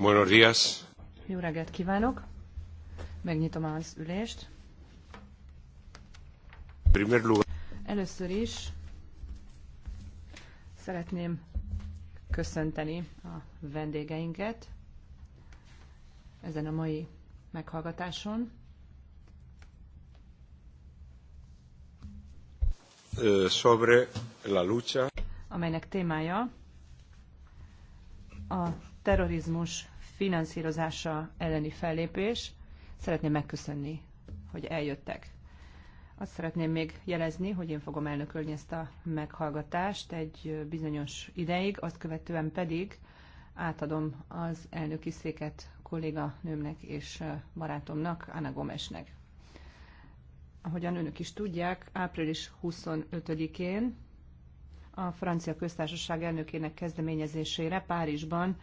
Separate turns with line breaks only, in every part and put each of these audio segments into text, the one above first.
Buenos días.
Jó reggelt kívánok. Megnyitom az ülést. Először is szeretném köszönteni a vendégeinket ezen a mai meghallgatáson.
Eh, sobre la lucha.
Amelynek témája a terrorizmus finanszírozása elleni fellépés. Szeretném megköszönni, hogy eljöttek. Azt szeretném még jelezni, hogy én fogom elnökölni ezt a meghallgatást egy bizonyos ideig, azt követően pedig átadom az elnöki széket kolléga nőmnek és barátomnak, Anna Gomesnek. Ahogyan önök is tudják, április 25-én a francia köztársaság elnökének kezdeményezésére Párizsban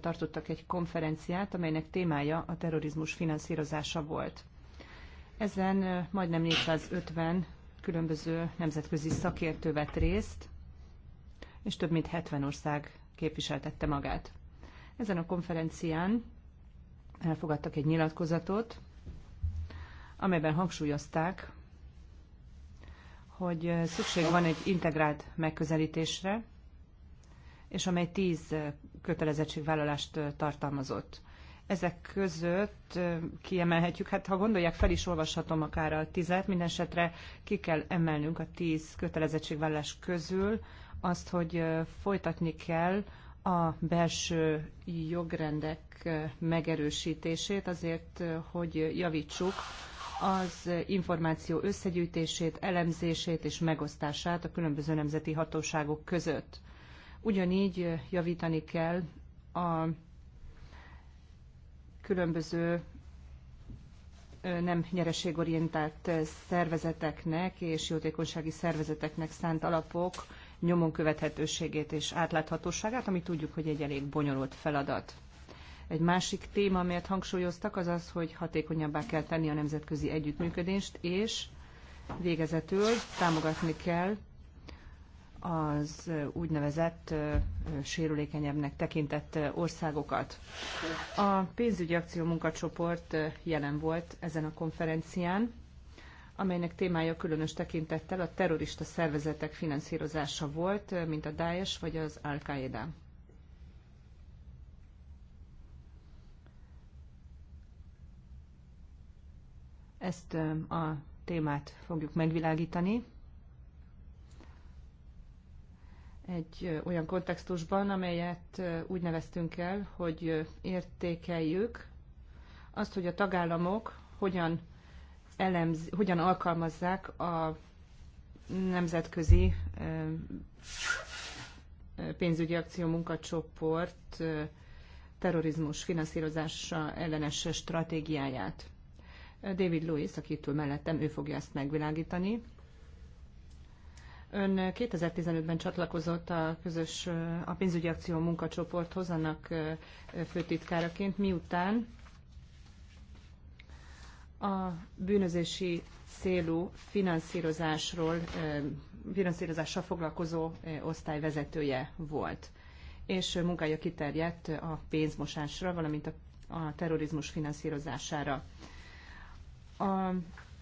tartottak egy konferenciát, amelynek témája a terrorizmus finanszírozása volt. Ezen majdnem 450 különböző nemzetközi szakértő vett részt, és több mint 70 ország képviseltette magát. Ezen a konferencián elfogadtak egy nyilatkozatot, amelyben hangsúlyozták, hogy szükség van egy integrált megközelítésre, és amely tíz kötelezettségvállalást tartalmazott. Ezek között kiemelhetjük, hát ha gondolják, fel is olvashatom akár a tizet, minden esetre ki kell emelnünk a tíz kötelezettségvállalás közül azt, hogy folytatni kell a belső jogrendek megerősítését azért, hogy javítsuk az információ összegyűjtését, elemzését és megosztását a különböző nemzeti hatóságok között. Ugyanígy javítani kell a különböző nem nyereségorientált szervezeteknek és jótékonysági szervezeteknek szánt alapok nyomon követhetőségét és átláthatóságát, ami tudjuk, hogy egy elég bonyolult feladat. Egy másik téma, amelyet hangsúlyoztak, az az, hogy hatékonyabbá kell tenni a nemzetközi együttműködést, és végezetül támogatni kell az úgynevezett sérülékenyebbnek tekintett országokat. A pénzügyi akció munkacsoport jelen volt ezen a konferencián, amelynek témája különös tekintettel a terrorista szervezetek finanszírozása volt, mint a Daesh vagy az Al-Qaeda. Ezt a témát fogjuk megvilágítani. egy olyan kontextusban, amelyet úgy neveztünk el, hogy értékeljük azt, hogy a tagállamok hogyan, elemz, hogyan alkalmazzák a nemzetközi pénzügyi akció munkacsoport terrorizmus finanszírozása ellenes stratégiáját. David Lewis, aki itt ül mellettem, ő fogja ezt megvilágítani. Ön 2015-ben csatlakozott a közös a pénzügyi akció munkacsoporthoz, annak főtitkáraként, miután a bűnözési célú finanszírozásról, finanszírozással foglalkozó osztály vezetője volt, és munkája kiterjedt a pénzmosásra, valamint a, a terrorizmus finanszírozására. A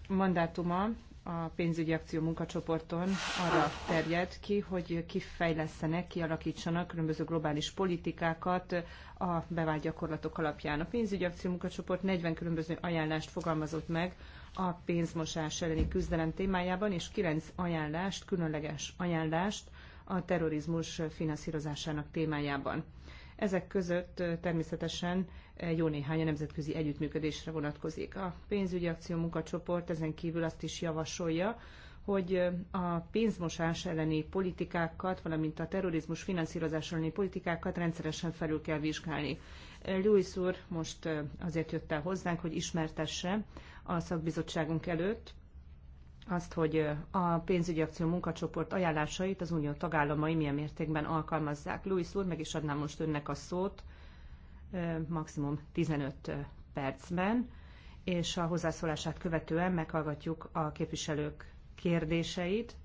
mandátuma a pénzügyi akció munkacsoporton arra terjed ki, hogy kifejlesztenek, kialakítsanak különböző globális politikákat a bevált gyakorlatok alapján. A pénzügyi akció munkacsoport 40 különböző ajánlást fogalmazott meg a pénzmosás elleni küzdelem témájában, és 9 ajánlást, különleges ajánlást a terrorizmus finanszírozásának témájában. Ezek között természetesen jó néhány a nemzetközi együttműködésre vonatkozik. A pénzügyi akció munkacsoport ezen kívül azt is javasolja, hogy a pénzmosás elleni politikákat, valamint a terrorizmus finanszírozás elleni politikákat rendszeresen felül kell vizsgálni. Louis úr most azért jött el hozzánk, hogy ismertesse a szakbizottságunk előtt azt, hogy a pénzügyi akció munkacsoport ajánlásait az unió tagállamai milyen mértékben alkalmazzák. Louis úr, meg is adnám most önnek a szót maximum 15 percben, és a hozzászólását követően meghallgatjuk a képviselők kérdéseit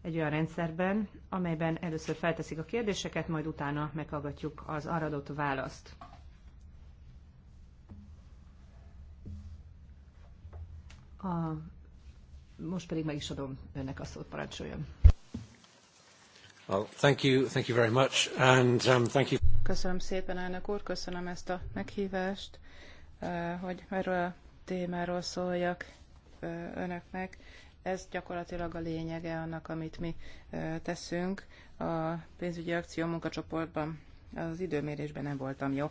egy olyan rendszerben, amelyben először felteszik a kérdéseket, majd utána meghallgatjuk az arra adott választ. A
most pedig meg is adom önnek a szót, parancsoljon.
Well, thank you, thank
you very much, and um, thank you. Köszönöm szépen, elnök úr, köszönöm ezt a meghívást, eh, hogy erről a témáról szóljak eh, önöknek. Ez gyakorlatilag a lényege annak, amit mi eh, teszünk a pénzügyi akció munkacsoportban az időmérésben nem voltam jó.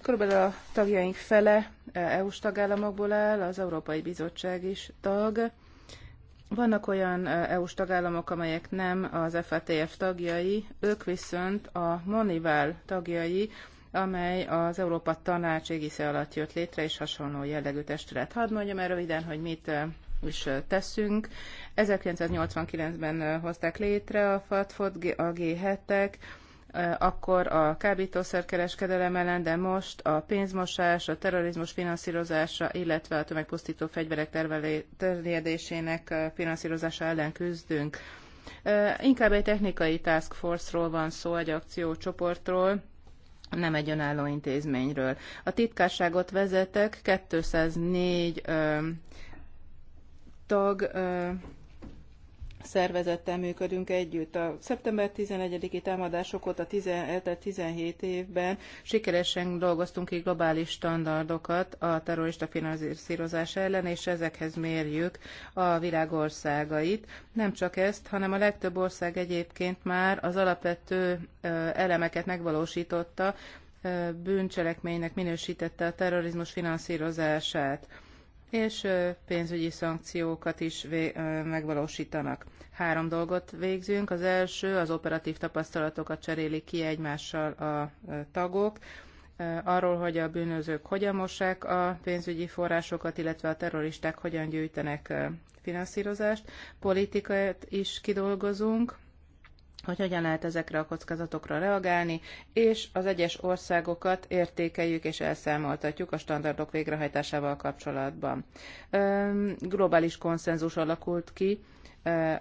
Körülbelül a tagjaink fele EU-s e tagállamokból áll, az Európai Bizottság is tag, vannak olyan EU-s tagállamok, amelyek nem az FATF tagjai, ők viszont a Monival tagjai, amely az Európa Tanács égisze alatt jött létre, és hasonló jellegű testület. Hadd mondjam el röviden, hogy mit is teszünk. 1989-ben hozták létre a FATFOT, a G7-ek, akkor a kábítószerkereskedelem ellen, de most a pénzmosás, a terrorizmus finanszírozása, illetve a tömegpusztító fegyverek terjedésének finanszírozása ellen küzdünk. Inkább egy technikai task force-ról van szó, egy akciócsoportról, nem egy önálló intézményről. A titkárságot vezetek, 204 ö, tag ö, szervezettel működünk együtt. A szeptember 11-i támadások óta 10, eltelt 17 évben sikeresen dolgoztunk ki globális standardokat a terrorista finanszírozás ellen, és ezekhez mérjük a világ országait. Nem csak ezt, hanem a legtöbb ország egyébként már az alapvető elemeket megvalósította, bűncselekménynek minősítette a terrorizmus finanszírozását és pénzügyi szankciókat is megvalósítanak. Három dolgot végzünk. Az első, az operatív tapasztalatokat cserélik ki egymással a tagok, arról, hogy a bűnözők hogyan mossák a pénzügyi forrásokat, illetve a terroristák hogyan gyűjtenek finanszírozást. Politikát is kidolgozunk, hogy hogyan lehet ezekre a kockázatokra reagálni, és az egyes országokat értékeljük és elszámoltatjuk a standardok végrehajtásával kapcsolatban. Globális konszenzus alakult ki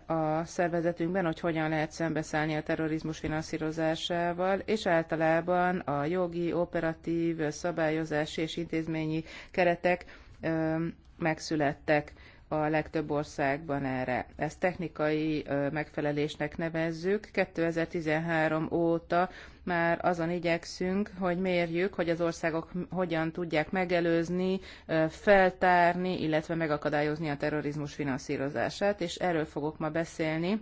a szervezetünkben, hogy hogyan lehet szembeszállni a terrorizmus finanszírozásával, és általában a jogi, operatív, szabályozási és intézményi keretek megszülettek a legtöbb országban erre. Ezt technikai megfelelésnek nevezzük. 2013 óta már azon igyekszünk, hogy mérjük, hogy az országok hogyan tudják megelőzni, feltárni, illetve megakadályozni a terrorizmus finanszírozását, és erről fogok ma beszélni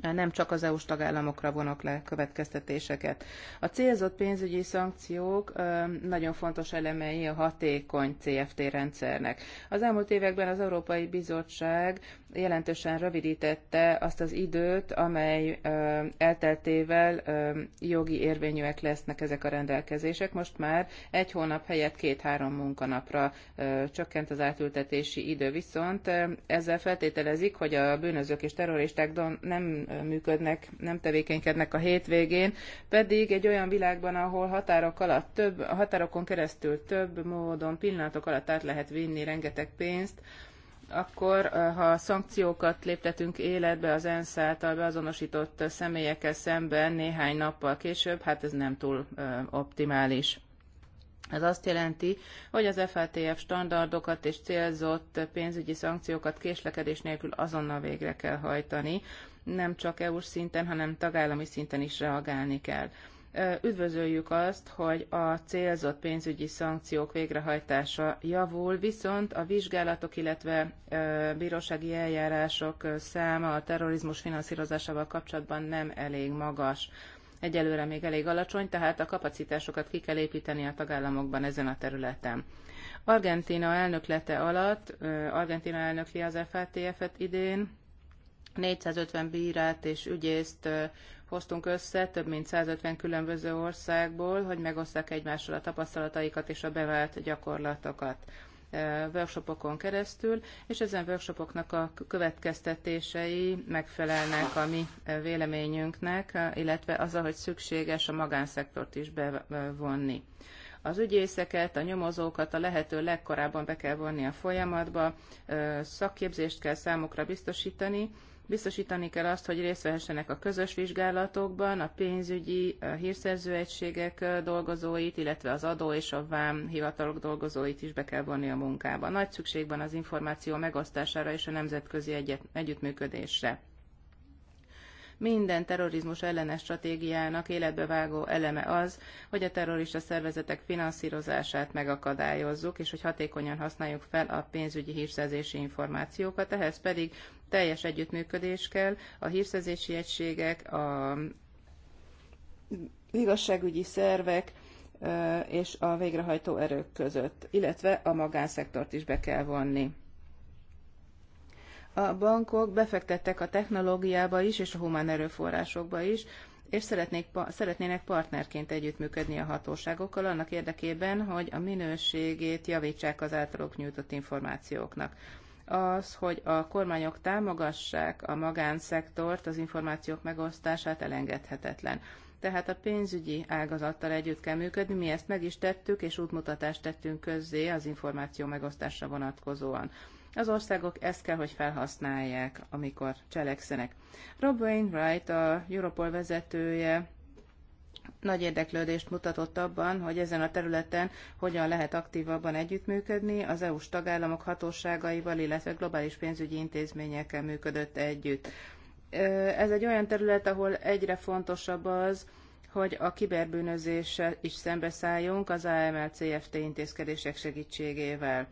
nem csak az EU-s tagállamokra vonok le következtetéseket. A célzott pénzügyi szankciók nagyon fontos elemei a hatékony CFT rendszernek. Az elmúlt években az Európai Bizottság jelentősen rövidítette azt az időt, amely elteltével jogi érvényűek lesznek ezek a rendelkezések. Most már egy hónap helyett két-három munkanapra csökkent az átültetési idő, viszont ezzel feltételezik, hogy a bűnözők és terroristák nem működnek, nem tevékenykednek a hétvégén, pedig egy olyan világban, ahol határok alatt több, a határokon keresztül több módon, pillanatok alatt át lehet vinni rengeteg pénzt, akkor ha szankciókat léptetünk életbe az ENSZ által beazonosított személyekkel szemben néhány nappal később, hát ez nem túl optimális. Ez azt jelenti, hogy az FATF standardokat és célzott pénzügyi szankciókat késlekedés nélkül azonnal végre kell hajtani, nem csak EU-s szinten, hanem tagállami szinten is reagálni kell. Üdvözöljük azt, hogy a célzott pénzügyi szankciók végrehajtása javul, viszont a vizsgálatok, illetve bírósági eljárások száma a terrorizmus finanszírozásával kapcsolatban nem elég magas. Egyelőre még elég alacsony, tehát a kapacitásokat ki kell építeni a tagállamokban ezen a területen. Argentina elnöklete alatt, Argentina elnökli az FATF-et idén, 450 bírát és ügyészt hoztunk össze több mint 150 különböző országból, hogy megosszák egymással a tapasztalataikat és a bevált gyakorlatokat workshopokon keresztül, és ezen workshopoknak a következtetései megfelelnek a mi véleményünknek, illetve az, hogy szükséges a magánszektort is bevonni. Az ügyészeket, a nyomozókat a lehető legkorábban be kell vonni a folyamatba, szakképzést kell számukra biztosítani, Biztosítani kell azt, hogy részt vehessenek a közös vizsgálatokban, a pénzügyi a egységek dolgozóit, illetve az adó és a vám hivatalok dolgozóit is be kell vonni a munkába. Nagy szükség van az információ megosztására és a nemzetközi egyet, együttműködésre. Minden terrorizmus ellenes stratégiának életbe vágó eleme az, hogy a terrorista szervezetek finanszírozását megakadályozzuk, és hogy hatékonyan használjuk fel a pénzügyi hírszerzési információkat, ehhez pedig teljes együttműködés kell, a hírszerzési egységek, a igazságügyi szervek, és a végrehajtó erők között, illetve a magánszektort is be kell vonni a bankok befektettek a technológiába is, és a humán erőforrásokba is, és szeretnék, szeretnének partnerként együttműködni a hatóságokkal annak érdekében, hogy a minőségét javítsák az általuk nyújtott információknak. Az, hogy a kormányok támogassák a magánszektort, az információk megosztását elengedhetetlen. Tehát a pénzügyi ágazattal együtt kell működni, mi ezt meg is tettük, és útmutatást tettünk közzé az információ megosztásra vonatkozóan. Az országok ezt kell, hogy felhasználják, amikor cselekszenek. Rob Wainwright, a Europol vezetője, nagy érdeklődést mutatott abban, hogy ezen a területen hogyan lehet aktívabban együttműködni. Az EU-s tagállamok hatóságaival, illetve globális pénzügyi intézményekkel működött együtt. Ez egy olyan terület, ahol egyre fontosabb az, hogy a kiberbűnözéssel is szembeszálljunk az AML-CFT intézkedések segítségével.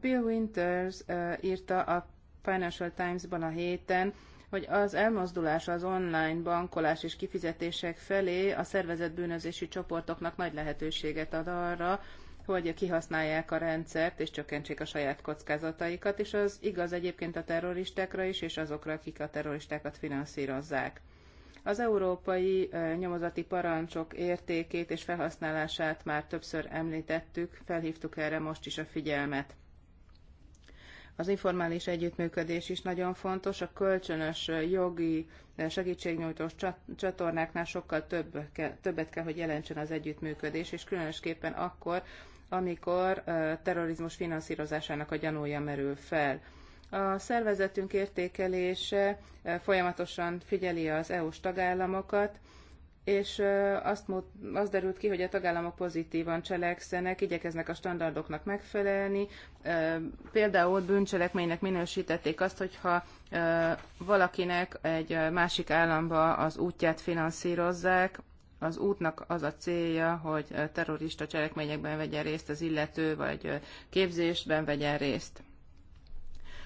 Bill Winters írta a Financial Times-ban a héten, hogy az elmozdulás az online bankolás és kifizetések felé a szervezett bűnözési csoportoknak nagy lehetőséget ad arra, hogy kihasználják a rendszert és csökkentsék a saját kockázataikat, és az igaz egyébként a terroristákra is, és azokra, akik a terroristákat finanszírozzák. Az európai nyomozati parancsok értékét és felhasználását már többször említettük, felhívtuk erre most is a figyelmet. Az informális együttműködés is nagyon fontos, a kölcsönös jogi segítségnyújtós csatornáknál sokkal több, többet kell, hogy jelentsen az együttműködés, és különösképpen akkor, amikor terrorizmus finanszírozásának a gyanúja merül fel a szervezetünk értékelése eh, folyamatosan figyeli az EU-s tagállamokat, és eh, azt, az derült ki, hogy a tagállamok pozitívan cselekszenek, igyekeznek a standardoknak megfelelni. Eh, például bűncselekménynek minősítették azt, hogyha valakinek egy másik államba az útját finanszírozzák, az útnak az a célja, hogy terrorista cselekményekben vegyen részt az illető, vagy képzésben vegyen részt.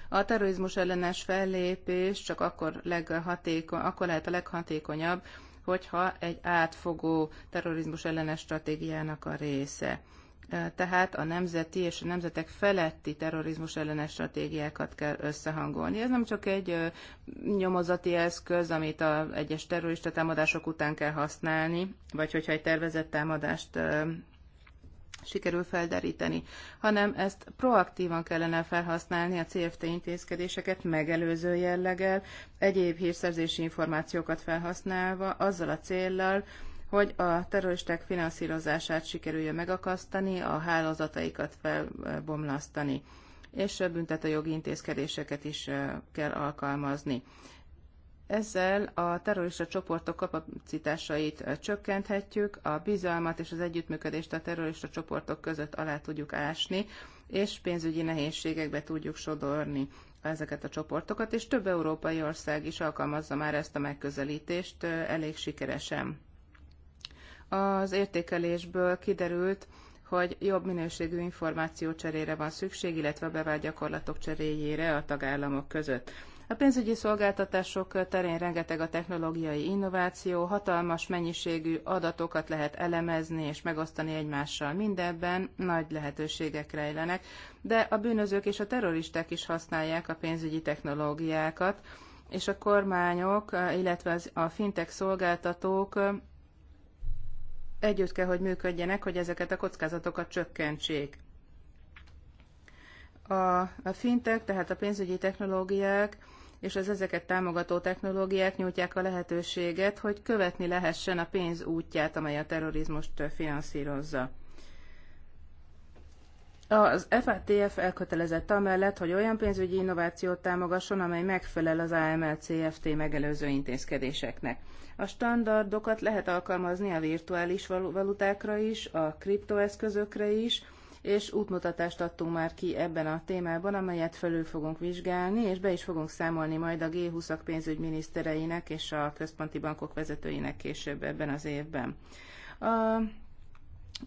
A terrorizmus ellenes fellépés csak akkor, leghatékony, akkor lehet a leghatékonyabb, hogyha egy átfogó terrorizmus ellenes stratégiának a része. Tehát a nemzeti és a nemzetek feletti terrorizmus ellenes stratégiákat kell összehangolni. Ez nem csak egy nyomozati eszköz, amit a egyes terrorista támadások után kell használni, vagy hogyha egy tervezett támadást sikerül felderíteni, hanem ezt proaktívan kellene felhasználni a CFT intézkedéseket megelőző jelleggel, egyéb hírszerzési információkat felhasználva, azzal a céllal, hogy a terroristák finanszírozását sikerüljön megakasztani, a hálózataikat felbomlasztani és büntetőjogi intézkedéseket is eh, kell alkalmazni. Ezzel a terrorista csoportok kapacitásait csökkenthetjük, a bizalmat és az együttműködést a terrorista csoportok között alá tudjuk ásni, és pénzügyi nehézségekbe tudjuk sodorni ezeket a csoportokat, és több európai ország is alkalmazza már ezt a megközelítést elég sikeresen. Az értékelésből kiderült, hogy jobb minőségű információ cserére van szükség, illetve bevált gyakorlatok cseréjére a tagállamok között. A pénzügyi szolgáltatások terén rengeteg a technológiai innováció, hatalmas mennyiségű adatokat lehet elemezni és megosztani egymással. Mindebben nagy lehetőségek rejlenek, de a bűnözők és a terroristák is használják a pénzügyi technológiákat, és a kormányok, illetve a fintech szolgáltatók együtt kell, hogy működjenek, hogy ezeket a kockázatokat csökkentsék. A, fintech, tehát a pénzügyi technológiák és az ezeket támogató technológiák nyújtják a lehetőséget, hogy követni lehessen a pénz útját, amely a terrorizmust finanszírozza. Az FATF elkötelezett amellett, hogy olyan pénzügyi innovációt támogasson, amely megfelel az AML-CFT megelőző intézkedéseknek. A standardokat lehet alkalmazni a virtuális valutákra is, a kriptoeszközökre is, és útmutatást adtunk már ki ebben a témában, amelyet felül fogunk vizsgálni, és be is fogunk számolni majd a G20-ak pénzügyminisztereinek és a központi bankok vezetőinek később ebben az évben. A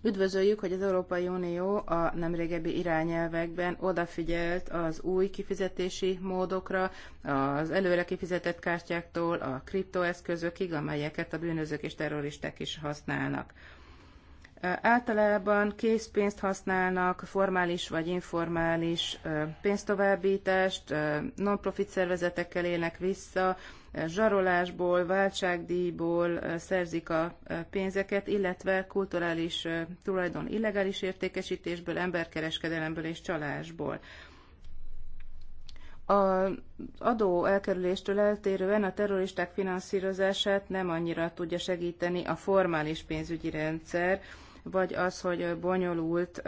Üdvözöljük, hogy az Európai Unió a nemrégebbi irányelvekben odafigyelt az új kifizetési módokra, az előre kifizetett kártyáktól a kriptoeszközökig, amelyeket a bűnözők és terroristák is használnak. Általában készpénzt használnak, formális vagy informális pénztovábbítást, non-profit szervezetekkel élnek vissza, zsarolásból, váltságdíjból szerzik a pénzeket, illetve kulturális tulajdon illegális értékesítésből, emberkereskedelemből és csalásból. a adó elkerüléstől eltérően a terroristák finanszírozását nem annyira tudja segíteni a formális pénzügyi rendszer, vagy az, hogy bonyolult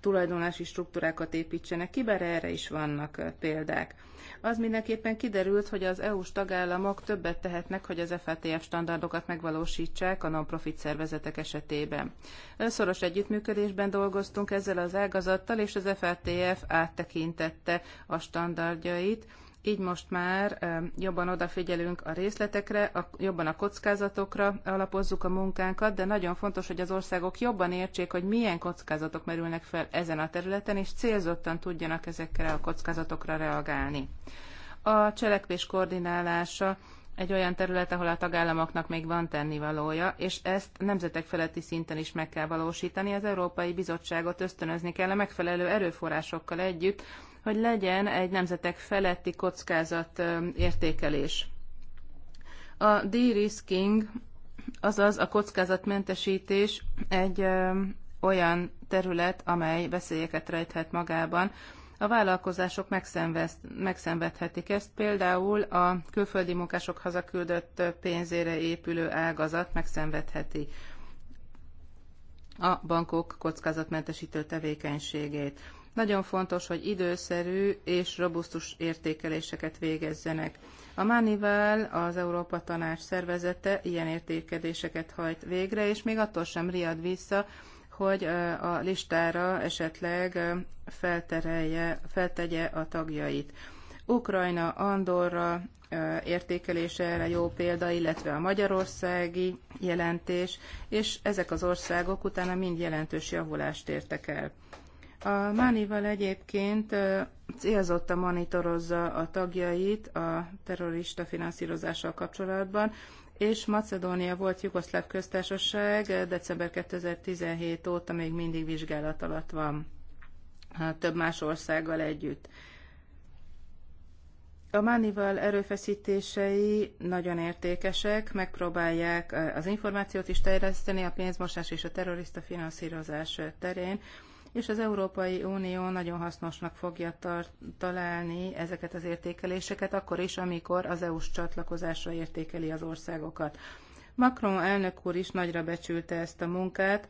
tulajdonlási struktúrákat építsenek ki, bár erre is vannak példák. Az mindenképpen kiderült, hogy az EU-s tagállamok többet tehetnek, hogy az FATF standardokat megvalósítsák a non-profit szervezetek esetében. Szoros együttműködésben dolgoztunk ezzel az ágazattal, és az FATF áttekintette a standardjait, így most már jobban odafigyelünk a részletekre, a, jobban a kockázatokra alapozzuk a munkánkat, de nagyon fontos, hogy az országok jobban értsék, hogy milyen kockázatok merülnek fel ezen a területen, és célzottan tudjanak ezekre a kockázatokra reagálni. A cselekvés koordinálása egy olyan terület, ahol a tagállamoknak még van tennivalója, és ezt nemzetek feletti szinten is meg kell valósítani. Az Európai Bizottságot ösztönözni kell a megfelelő erőforrásokkal együtt, hogy legyen egy nemzetek feletti kockázat értékelés. A de-risking, azaz a kockázatmentesítés egy olyan terület, amely veszélyeket rejthet magában. A vállalkozások megszenvedhetik ezt, például a külföldi munkások hazaküldött pénzére épülő ágazat megszenvedheti a bankok kockázatmentesítő tevékenységét. Nagyon fontos, hogy időszerű és robusztus értékeléseket végezzenek. A Mánivel az Európa Tanács szervezete ilyen értékeléseket hajt végre, és még attól sem riad vissza, hogy a listára esetleg felterelje, feltegye a tagjait. Ukrajna, Andorra értékelése erre jó példa, illetve a magyarországi jelentés, és ezek az országok utána mind jelentős javulást értek el. A Mánival egyébként célzotta monitorozza a tagjait a terrorista finanszírozással kapcsolatban, és Macedónia volt Jugoszláv köztársaság, december 2017 óta még mindig vizsgálat alatt van több más országgal együtt. A Mánival erőfeszítései nagyon értékesek, megpróbálják az információt is terjeszteni a pénzmosás és a terrorista finanszírozás terén, és az Európai Unió nagyon hasznosnak fogja találni ezeket az értékeléseket, akkor is, amikor az EU-s csatlakozásra értékeli az országokat. Macron elnök úr is nagyra becsülte ezt a munkát,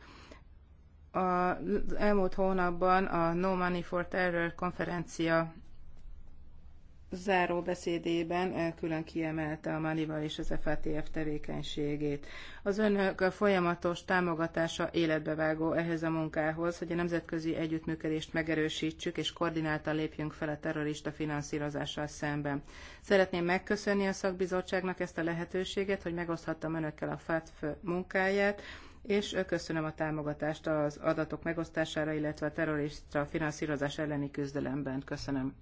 az elmúlt hónapban a No Money for Terror konferencia záró beszédében külön kiemelte a Malival és az FATF tevékenységét. Az önök folyamatos támogatása életbevágó ehhez a munkához, hogy a nemzetközi együttműködést megerősítsük és koordináltan lépjünk fel a terrorista finanszírozással szemben. Szeretném megköszönni a szakbizottságnak ezt a lehetőséget, hogy megoszthattam önökkel a FATF munkáját, és köszönöm a támogatást az adatok megosztására, illetve a terrorista finanszírozás elleni küzdelemben. Köszönöm.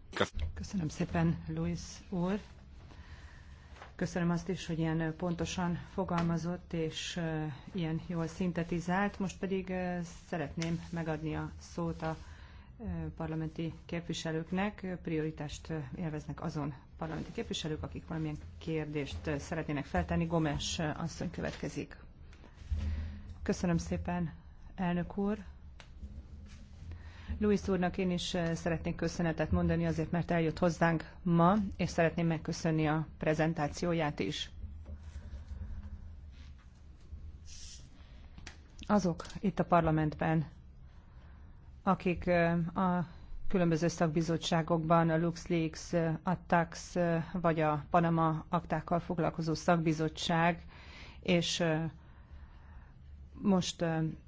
Köszönöm szépen, Luis úr. Köszönöm azt is, hogy ilyen pontosan fogalmazott és ilyen jól szintetizált. Most pedig szeretném megadni a szót a parlamenti képviselőknek. Prioritást élveznek azon parlamenti képviselők, akik valamilyen kérdést szeretnének feltenni. Gomes asszony következik. Köszönöm szépen, elnök úr. Louis úrnak én is eh, szeretnék köszönetet mondani azért, mert eljött hozzánk ma, és szeretném megköszönni a prezentációját is. Azok itt a parlamentben, akik eh, a különböző szakbizottságokban, a LuxLeaks, eh, a TAX vagy a Panama aktákkal foglalkozó szakbizottság és most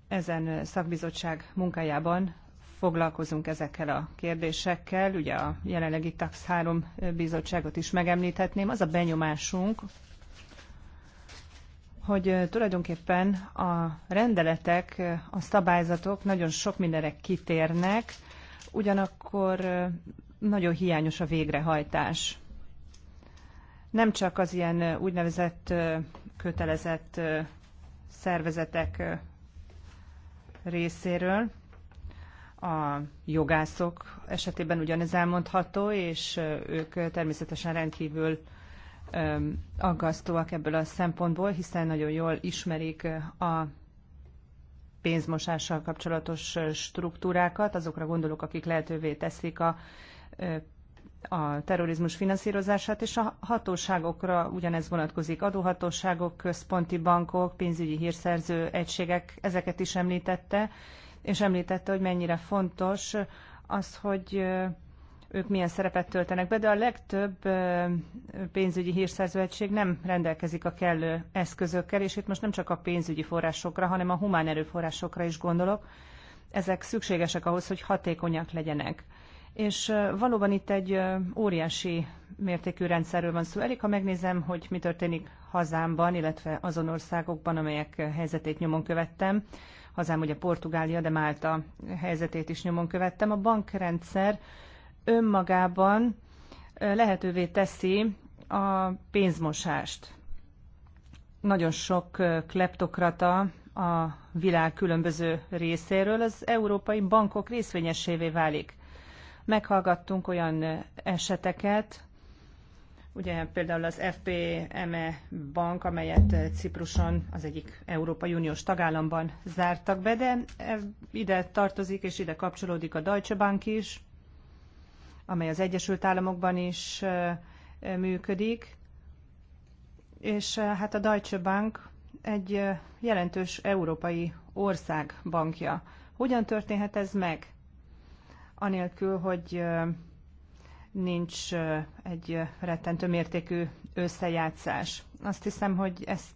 ezen szakbizottság munkájában foglalkozunk ezekkel a kérdésekkel. Ugye a jelenlegi TAX 3 bizottságot is megemlíthetném. Az a benyomásunk, hogy tulajdonképpen a rendeletek, a szabályzatok nagyon sok mindenre kitérnek, ugyanakkor nagyon hiányos a végrehajtás. Nem csak az ilyen úgynevezett kötelezett szervezetek részéről. A jogászok esetében ugyanez elmondható, és ők természetesen rendkívül aggasztóak ebből a szempontból, hiszen nagyon jól ismerik a pénzmosással kapcsolatos struktúrákat, azokra gondolok, akik lehetővé teszik a a terrorizmus finanszírozását, és a hatóságokra ugyanez vonatkozik. Adóhatóságok, központi bankok, pénzügyi hírszerző egységek, ezeket is említette, és említette, hogy mennyire fontos az, hogy ők milyen szerepet töltenek be, de a legtöbb pénzügyi hírszerzőegység nem rendelkezik a kellő eszközökkel, és itt most nem csak a pénzügyi forrásokra, hanem a humán erőforrásokra is gondolok. Ezek szükségesek ahhoz, hogy hatékonyak legyenek és valóban itt egy óriási mértékű rendszerről van szó. Elég, ha megnézem, hogy mi történik hazámban, illetve azon országokban, amelyek helyzetét nyomon követtem, hazám ugye Portugália, de Málta helyzetét is nyomon követtem, a bankrendszer önmagában lehetővé teszi a pénzmosást. Nagyon sok kleptokrata a világ különböző részéről az európai bankok részvényesévé válik Meghallgattunk olyan eseteket, ugye például az FPME bank, amelyet Cipruson, az egyik Európai Uniós tagállamban zártak be, de ide tartozik és ide kapcsolódik a Deutsche Bank is, amely az Egyesült Államokban is működik. És hát a Deutsche Bank egy jelentős európai ország bankja. Hogyan történhet ez meg? anélkül, hogy nincs egy rettentő mértékű összejátszás. Azt hiszem, hogy ezt,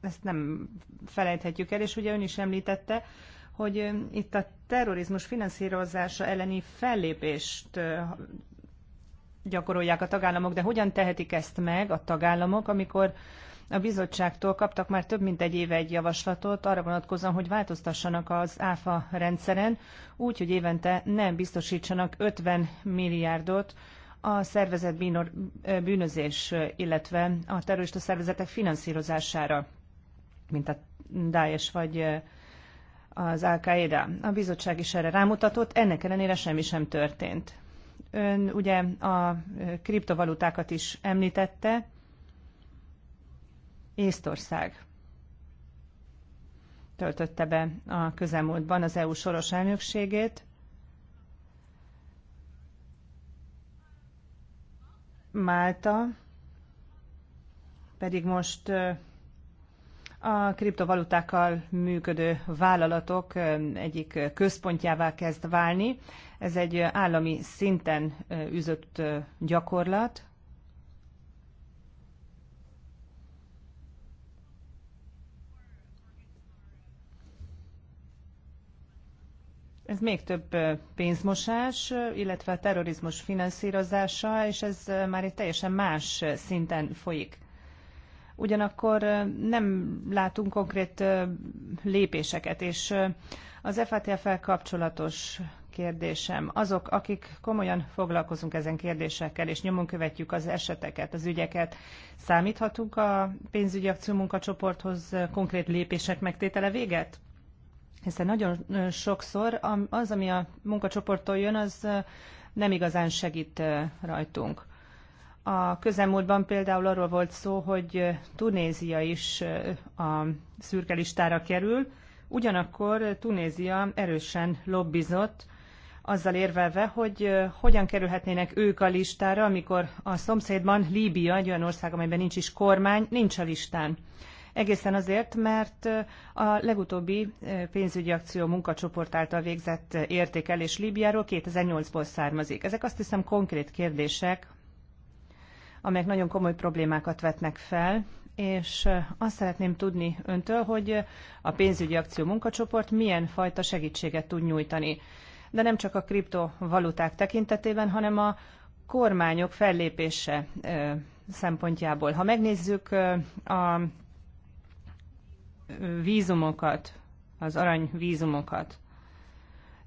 ezt nem felejthetjük el, és ugye ön is említette, hogy itt a terrorizmus finanszírozása elleni fellépést gyakorolják a tagállamok, de hogyan tehetik ezt meg a tagállamok, amikor a bizottságtól kaptak már több mint egy éve egy javaslatot arra vonatkozóan, hogy változtassanak az áfa rendszeren, úgy, hogy évente nem biztosítsanak 50 milliárdot a szervezet bűnözés, illetve a terrorista szervezetek finanszírozására, mint a Daesh vagy az Al-Qaeda. A bizottság is erre rámutatott, ennek ellenére semmi sem történt. Ön ugye a kriptovalutákat is említette, Észtország töltötte be a közelmúltban az EU soros elnökségét. Málta pedig most a kriptovalutákkal működő vállalatok egyik központjává kezd válni. Ez egy állami szinten üzött gyakorlat, Ez még több pénzmosás, illetve a terrorizmus finanszírozása, és ez már egy teljesen más szinten folyik. Ugyanakkor nem látunk konkrét lépéseket, és az fatf el kapcsolatos kérdésem. Azok, akik komolyan foglalkozunk ezen kérdésekkel, és nyomon követjük az eseteket, az ügyeket, számíthatunk a pénzügyi akció munkacsoporthoz konkrét lépések megtétele véget? hiszen nagyon sokszor az, ami a munkacsoporttól jön, az nem igazán segít rajtunk. A közelmúltban például arról volt szó, hogy Tunézia is a szürke listára kerül, ugyanakkor Tunézia erősen lobbizott, azzal érvelve, hogy hogyan kerülhetnének ők a listára, amikor a szomszédban Líbia, egy olyan ország, amelyben nincs is kormány, nincs a listán egészen azért, mert a legutóbbi pénzügyi akció munkacsoport által végzett értékelés Líbiáról 2008-ból származik. Ezek azt hiszem konkrét kérdések, amelyek nagyon komoly problémákat vetnek fel, és azt szeretném tudni öntől, hogy a pénzügyi akció munkacsoport milyen fajta segítséget tud nyújtani. De nem csak a kriptovaluták tekintetében, hanem a kormányok fellépése szempontjából. Ha megnézzük a vízumokat, az arany vízumokat,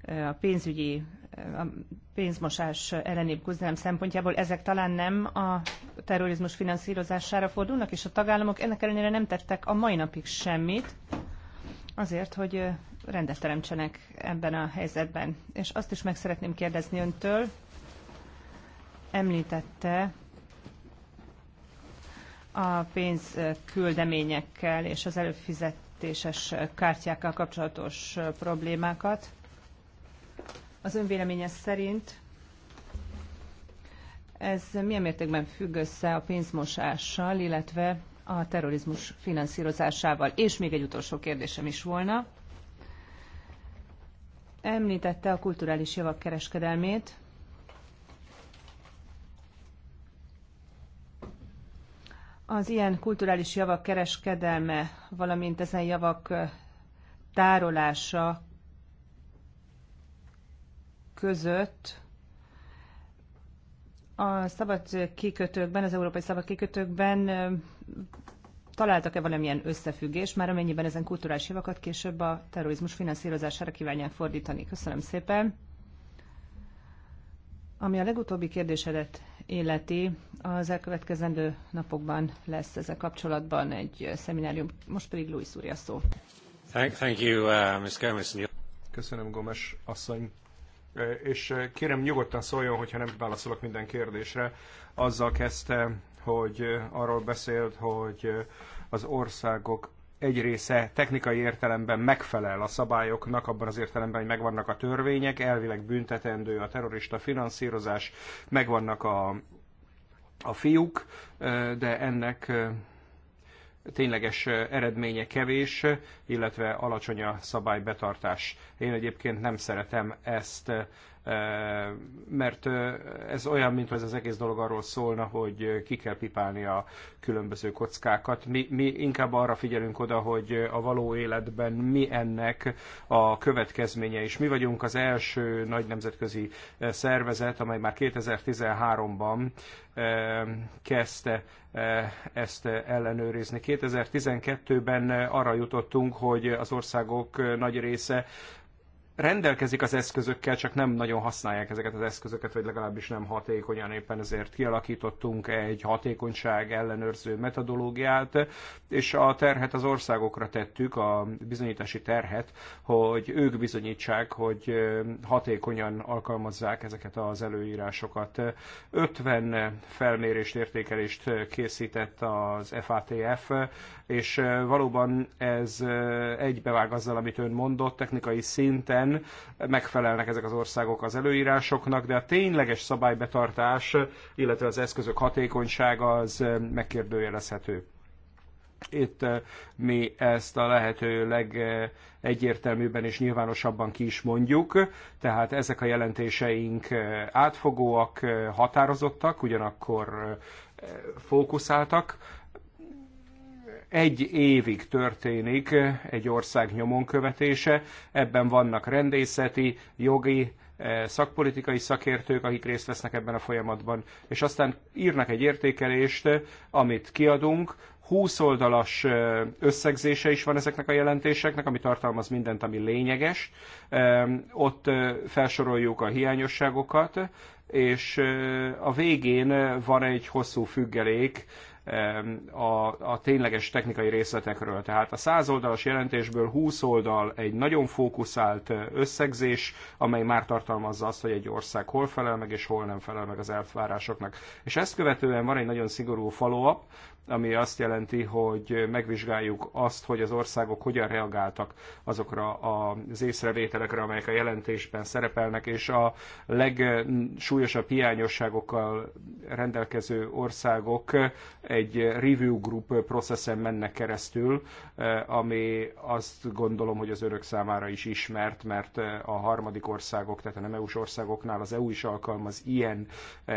a pénzügyi, a pénzmosás elleni küzdelem szempontjából ezek talán nem a terrorizmus finanszírozására fordulnak, és a tagállamok ennek ellenére nem tettek a mai napig semmit, azért, hogy rendet teremtsenek ebben a helyzetben. És azt is meg szeretném kérdezni öntől, említette a pénzküldeményekkel eh, és az előfizetéses kártyákkal kapcsolatos eh, problémákat. Az véleménye szerint ez milyen mértékben függ össze a pénzmosással, illetve a terrorizmus finanszírozásával? És még egy utolsó kérdésem is volna. Említette a kulturális javak kereskedelmét. Az ilyen kulturális javak kereskedelme, valamint ezen javak tárolása között a szabad kikötőkben, az európai szabad kikötőkben találtak-e valamilyen összefüggés, már amennyiben ezen kulturális javakat később a terrorizmus finanszírozására kívánják fordítani. Köszönöm szépen. Ami a legutóbbi kérdésedet illeti, az elkövetkezendő napokban lesz ezzel kapcsolatban egy szeminárium. Most
pedig Louis úr szó. Thank, thank you, uh, Ms. Gomez. Köszönöm, Gomes asszony. E, és e, kérem, nyugodtan szóljon, hogyha nem válaszolok minden kérdésre. Azzal kezdte, hogy e, arról beszélt, hogy az országok egy része technikai értelemben megfelel a szabályoknak, abban az értelemben, hogy megvannak a törvények, elvileg büntetendő a terrorista finanszírozás, megvannak a, a fiúk, de ennek tényleges eredménye kevés, illetve alacsony a szabálybetartás. Én egyébként nem szeretem ezt mert ez olyan, mintha ez az egész dolog arról szólna, hogy ki kell pipálni a különböző kockákat. Mi, mi inkább arra figyelünk oda, hogy a való életben mi ennek a következménye is. Mi vagyunk az első nagy nemzetközi szervezet, amely már 2013-ban kezdte ezt ellenőrizni. 2012-ben arra jutottunk, hogy az országok nagy része rendelkezik az eszközökkel, csak nem nagyon használják ezeket az eszközöket, vagy legalábbis nem hatékonyan. Éppen ezért kialakítottunk egy hatékonyság ellenőrző metodológiát, és a terhet az országokra tettük, a bizonyítási terhet, hogy ők bizonyítsák, hogy hatékonyan alkalmazzák ezeket az előírásokat. 50 felmérést, értékelést készített az FATF és valóban ez egybevág azzal, amit ön mondott, technikai szinten megfelelnek ezek az országok az előírásoknak, de a tényleges szabálybetartás, illetve az eszközök hatékonysága az megkérdőjelezhető itt mi ezt a lehető legegyértelműbben és nyilvánosabban ki is mondjuk, tehát ezek a jelentéseink átfogóak, határozottak, ugyanakkor fókuszáltak, egy évig történik egy ország nyomon követése, ebben vannak rendészeti, jogi, eh, szakpolitikai szakértők, akik részt vesznek ebben a folyamatban, és aztán írnak egy értékelést, amit kiadunk, 20 oldalas eh, összegzése is van ezeknek a jelentéseknek, ami tartalmaz mindent, ami lényeges. Ott eh, felsoroljuk a hiányosságokat, és a végén van egy hosszú függelék a, a tényleges technikai részletekről. Tehát a 100 oldalas jelentésből 20 oldal egy nagyon fókuszált összegzés, amely már tartalmazza azt, hogy egy ország hol felel meg és hol nem felel meg az elvárásoknak. És ezt követően van egy nagyon szigorú follow-up, ami azt jelenti, hogy megvizsgáljuk azt, hogy az országok hogyan reagáltak azokra az észrevételekre, amelyek a jelentésben szerepelnek, és a legsúlyosabb hiányosságokkal rendelkező országok egy review group processen mennek keresztül, ami azt gondolom, hogy az örök számára is ismert, mert a harmadik országok, tehát a nem EU-s országoknál az EU is alkalmaz ilyen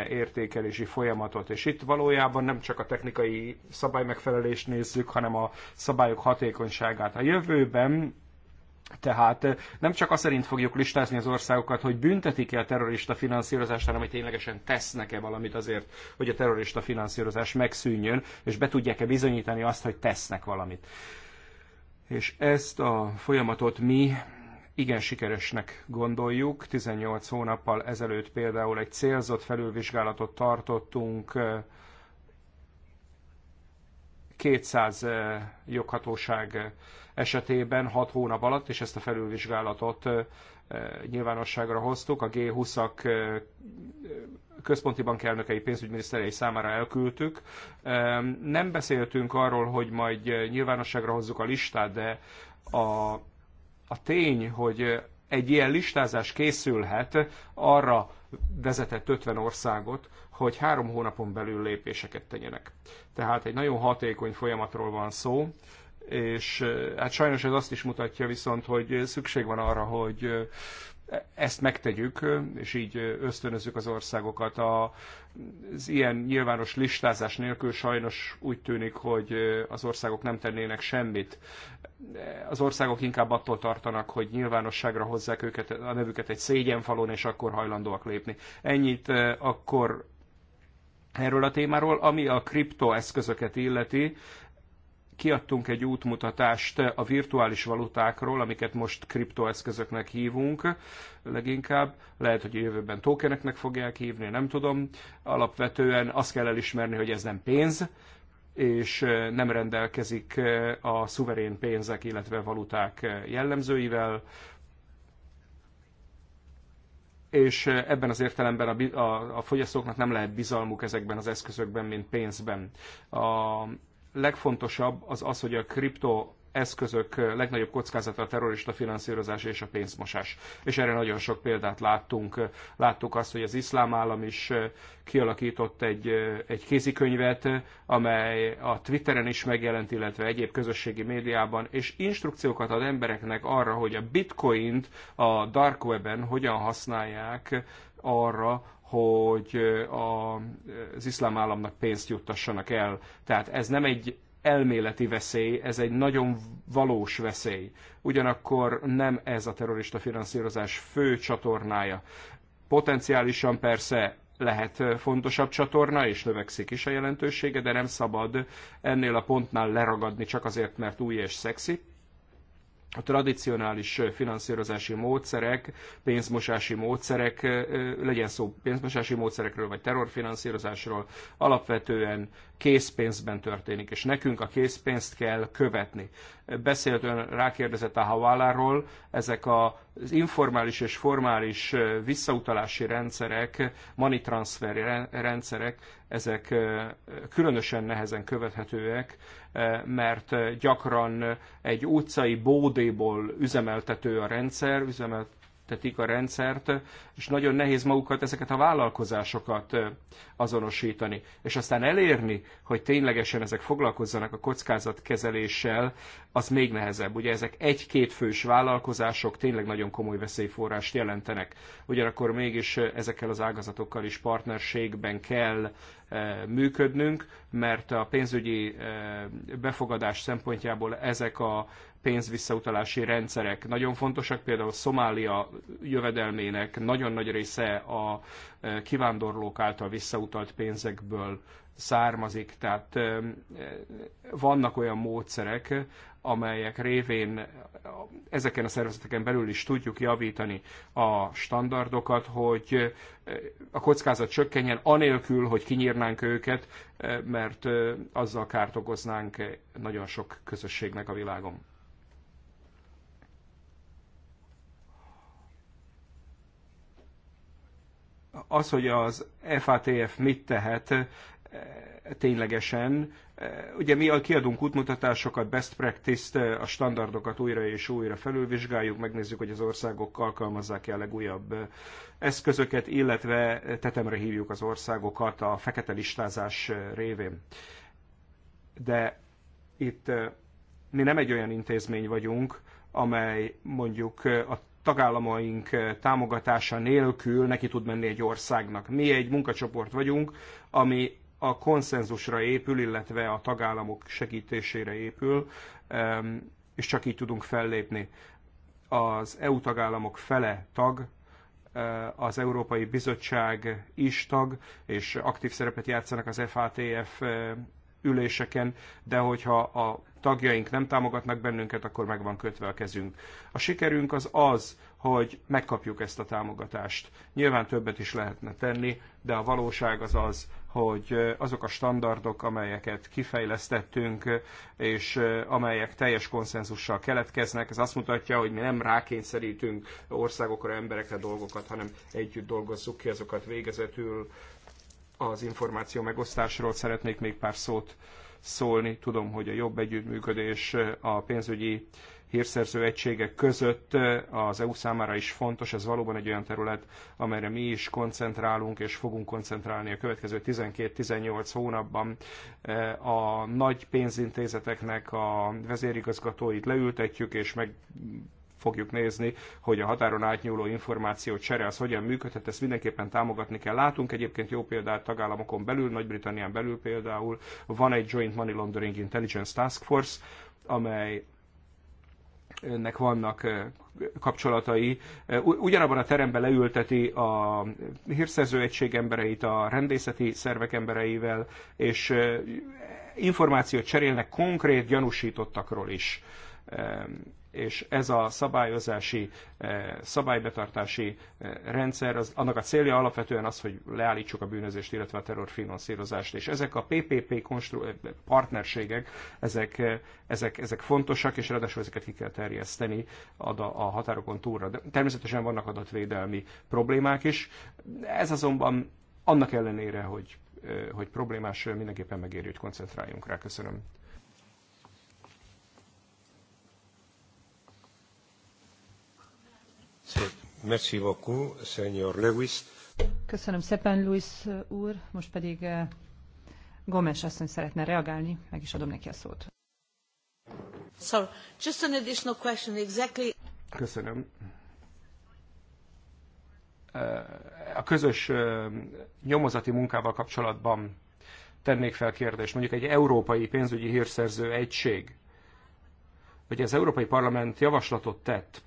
értékelési folyamatot, és itt valójában nem csak a technikai szabálymegfelelést nézzük, hanem a szabályok hatékonyságát. A jövőben tehát nem csak az szerint fogjuk listázni az országokat, hogy büntetik-e a terrorista finanszírozást, hanem hogy ténylegesen tesznek-e valamit azért, hogy a terrorista finanszírozás megszűnjön, és be tudják-e bizonyítani azt, hogy tesznek valamit. És ezt a folyamatot mi igen sikeresnek gondoljuk. 18 hónappal ezelőtt például egy célzott felülvizsgálatot tartottunk 200 eh, joghatóság eh, esetében 6 hónap alatt, és ezt a felülvizsgálatot eh, nyilvánosságra hoztuk. A G20-ak központi elnökei pénzügyminiszterei számára elküldtük. Nem beszéltünk arról, hogy majd nyilvánosságra hozzuk a listát, de a, a tény, hogy egy ilyen listázás készülhet, arra vezetett 50 országot, hogy három hónapon belül lépéseket tegyenek. Tehát egy nagyon hatékony folyamatról van szó, és hát sajnos ez azt is mutatja viszont, hogy szükség van arra, hogy ezt megtegyük, és így ösztönözzük az országokat. A, az ilyen nyilvános listázás nélkül sajnos úgy tűnik, hogy az országok nem tennének semmit. Az országok inkább attól tartanak, hogy nyilvánosságra hozzák őket, a nevüket egy szégyenfalon, és akkor hajlandóak lépni. Ennyit akkor erről a témáról. Ami a kriptoeszközöket illeti, kiadtunk egy útmutatást a virtuális valutákról, amiket most kriptoeszközöknek hívunk leginkább. Lehet, hogy a jövőben tokeneknek fogják hívni, nem tudom. Alapvetően azt kell elismerni, hogy ez nem pénz, és nem rendelkezik a szuverén pénzek, illetve valuták jellemzőivel és ebben az értelemben a, a, a fogyasztóknak nem lehet bizalmuk ezekben az eszközökben, mint pénzben. A legfontosabb az az, hogy a kripto eszközök legnagyobb kockázata a terrorista finanszírozás és a pénzmosás. És erre nagyon sok példát láttunk. Láttuk azt, hogy az iszlám állam is eh, kialakított egy, eh, egy kézikönyvet, eh, amely a Twitteren is megjelent, illetve egyéb közösségi médiában, és instrukciókat ad embereknek arra, hogy a bitcoint a dark webben hogyan használják arra, hogy az iszlám államnak pénzt juttassanak el. Tehát ez nem egy elméleti veszély, ez egy nagyon valós veszély. Ugyanakkor nem ez a terrorista finanszírozás fő csatornája. Potenciálisan persze lehet fontosabb csatorna, és növekszik is a jelentősége, de nem szabad ennél a pontnál leragadni csak azért, mert új és szexi. A tradicionális finanszírozási módszerek, pénzmosási módszerek, legyen szó pénzmosási módszerekről vagy terrorfinanszírozásról, alapvetően készpénzben történik, és nekünk a készpénzt kell követni. Beszélt ön, rákérdezett a haváláról, ezek az informális és formális visszautalási rendszerek, money transfer rendszerek, ezek különösen nehezen követhetőek, mert gyakran egy utcai bódéból üzemeltető a rendszer, üzemelt működtetik a rendszert, és nagyon nehéz magukat, ezeket a vállalkozásokat azonosítani. És aztán elérni, hogy ténylegesen ezek foglalkozzanak a kockázatkezeléssel, az még nehezebb. Ugye ezek egy-két fős vállalkozások tényleg nagyon komoly veszélyforrást jelentenek. Ugyanakkor mégis ezekkel az ágazatokkal is partnerségben kell működnünk, mert a pénzügyi befogadás szempontjából ezek a pénzvisszautalási rendszerek nagyon fontosak, például Szomália jövedelmének nagyon nagy része a e, kivándorlók által visszautalt pénzekből származik, tehát e, vannak olyan módszerek, amelyek révén ezeken a szervezeteken belül is tudjuk javítani a standardokat, hogy e, a kockázat csökkenjen, anélkül, hogy kinyírnánk őket, mert azzal kárt okoznánk nagyon sok közösségnek a világon. az, hogy az FATF mit tehet e, ténylegesen, e, ugye mi kiadunk útmutatásokat, best practice-t, e, a standardokat újra és újra felülvizsgáljuk, megnézzük, hogy az országok alkalmazzák-e a legújabb eszközöket, illetve tetemre hívjuk az országokat a fekete listázás révén. De itt mi nem egy olyan intézmény vagyunk, amely mondjuk a tagállamaink eh, támogatása nélkül neki tud menni egy országnak. Mi egy munkacsoport vagyunk, ami a konszenzusra épül, illetve a tagállamok segítésére épül, és csak így tudunk fellépni. Az EU tagállamok fele tag, eh, az Európai Bizottság is tag, és aktív szerepet játszanak az FATF eh, üléseken, de hogyha a tagjaink nem támogatnak bennünket, akkor meg van kötve a kezünk. A sikerünk az az, hogy megkapjuk ezt a támogatást. Nyilván többet is lehetne tenni, de a valóság az az, hogy azok a standardok, amelyeket kifejlesztettünk, és amelyek teljes konszenzussal keletkeznek, ez azt mutatja, hogy mi nem rákényszerítünk országokra, emberekre dolgokat, hanem együtt dolgozzuk ki azokat végezetül. Az információ megosztásról szeretnék még pár szót szólni. Tudom, hogy a jobb együttműködés a pénzügyi hírszerző egységek között az EU számára is fontos, ez valóban egy olyan terület, amelyre mi is koncentrálunk és fogunk koncentrálni a következő 12-18 hónapban. A nagy pénzintézeteknek a vezérigazgatóit leültetjük és meg fogjuk nézni, hogy a határon átnyúló információ csere az hogyan működhet, ezt mindenképpen támogatni kell. Látunk egyébként jó példát tagállamokon belül, Nagy-Britannián belül például van egy Joint Money Laundering Intelligence Task Force, amely ennek vannak kapcsolatai. Ugyanabban a teremben leülteti a hírszerző egység embereit, a rendészeti szervek embereivel, és információt cserélnek konkrét gyanúsítottakról is és ez a szabályozási, eh, szabálybetartási eh, rendszer, az, annak a célja alapvetően az, hogy leállítsuk a bűnözést, illetve a terrorfinanszírozást. És ezek a PPP konstru- eh, partnerségek, ezek, ezek, ezek fontosak, és ráadásul ezeket ki kell terjeszteni a, a határokon túlra. De természetesen vannak adatvédelmi problémák is. Ez azonban annak ellenére, hogy, hogy problémás, mindenképpen megérjük, koncentráljunk rá. Köszönöm.
Köszönöm szépen, Luis úr. Most pedig eh, Gomes asszony szeretne reagálni, meg is adom neki a szót. Sorry, just an additional question, exactly.
Köszönöm. Eh, a közös eh, nyomozati munkával kapcsolatban tennék fel kérdést. Mondjuk egy európai pénzügyi hírszerző egység, hogy az Európai Parlament javaslatot tett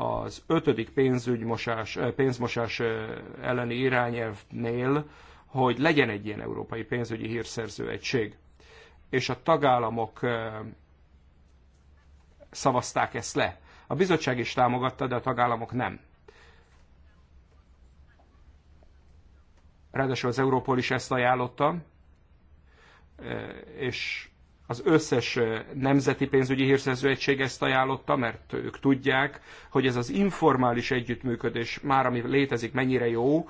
az ötödik pénzügymosás, eh, pénzmosás eh, elleni irányelvnél, hogy legyen egy ilyen európai pénzügyi hírszerző egység. És a tagállamok eh, szavazták ezt le. A bizottság is támogatta, de a tagállamok nem. Ráadásul az Európol is ezt ajánlotta, és az összes eh, nemzeti pénzügyi hírszerzőegység ezt ajánlotta, mert ők tudják, hogy ez az informális együttműködés már, ami létezik, mennyire jó,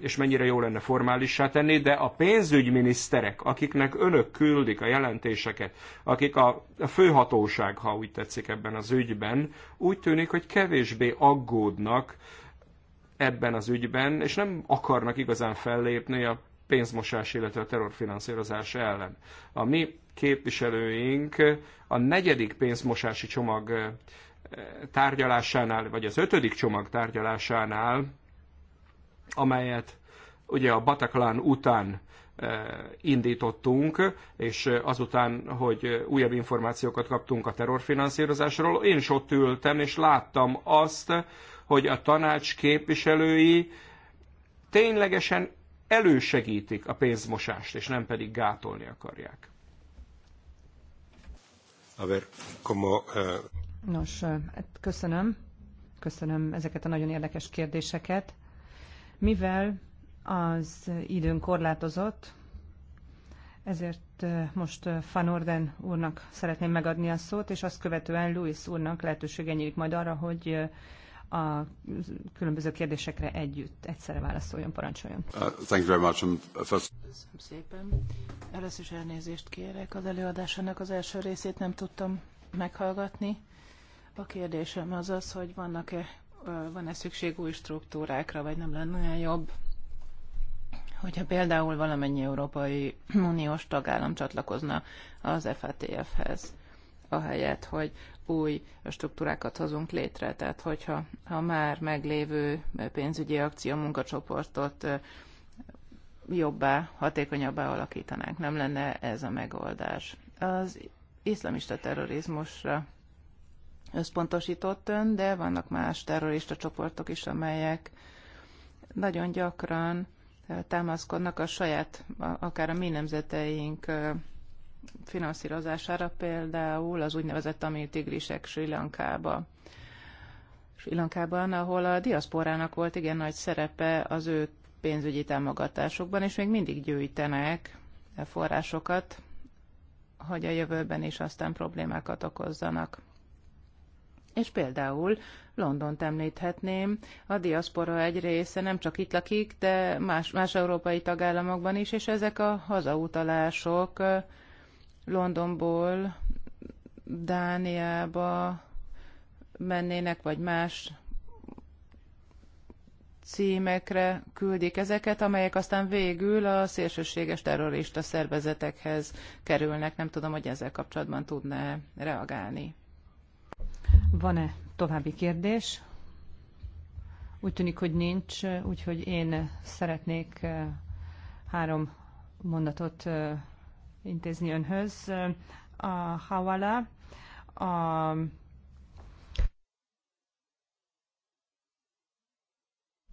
és mennyire jó lenne formálissá tenni, de a pénzügyminiszterek, akiknek önök küldik a jelentéseket, akik a főhatóság, ha úgy tetszik ebben az ügyben, úgy tűnik, hogy kevésbé aggódnak ebben az ügyben, és nem akarnak igazán fellépni a pénzmosás, illetve a terrorfinanszírozás ellen. A mi képviselőink a negyedik pénzmosási csomag eh, tárgyalásánál, vagy az ötödik csomag tárgyalásánál, amelyet ugye a Bataclan után eh, indítottunk, és eh, azután, hogy újabb információkat kaptunk a terrorfinanszírozásról, én is ott ültem, és láttam azt, hogy a tanács képviselői ténylegesen elősegítik a pénzmosást, és nem pedig gátolni akarják. A ver, como, eh,
Nos, eh, köszönöm. Köszönöm ezeket a nagyon érdekes kérdéseket. Mivel az időn korlátozott, ezért eh, most Van Orden úrnak szeretném megadni a szót, és azt követően Louis úrnak lehetősége nyílik majd arra, hogy a különböző kérdésekre együtt egyszerre válaszoljon, parancsoljon. Uh,
thank you very much. Um, first... Köszönöm szépen. Először is elnézést kérek. Az előadásának az első részét nem tudtam meghallgatni. A kérdésem az az, hogy vannak-e, uh, van-e szükség új struktúrákra, vagy nem lenne olyan jobb, hogyha például valamennyi Európai Uniós tagállam csatlakozna az FATF-hez ahelyett, hogy új struktúrákat hozunk létre. Tehát, hogyha ha már meglévő pénzügyi akció munkacsoportot jobbá, hatékonyabbá alakítanánk. Nem lenne ez a megoldás. Az iszlamista terrorizmusra összpontosított ön, de vannak más terrorista csoportok is, amelyek nagyon gyakran támaszkodnak a saját, akár a mi nemzeteink finanszírozására, például az úgynevezett tamil tigrisek Sri Lankába. Sri Lankában, ahol a diaszporának volt igen nagy szerepe az ő pénzügyi támogatásokban, és még mindig gyűjtenek e forrásokat, hogy a jövőben is aztán problémákat okozzanak. És például Londont említhetném, a diaszpora egy része nem csak itt lakik, de más, más európai tagállamokban is, és ezek a hazautalások Londonból Dániába mennének, vagy más címekre küldik ezeket, amelyek aztán végül a szélsőséges terrorista szervezetekhez kerülnek. Nem tudom, hogy ezzel kapcsolatban tudná reagálni. Van-e további kérdés?
Úgy tűnik, hogy nincs, úgyhogy én szeretnék eh, három mondatot eh, intézni önhöz. A Hawala, a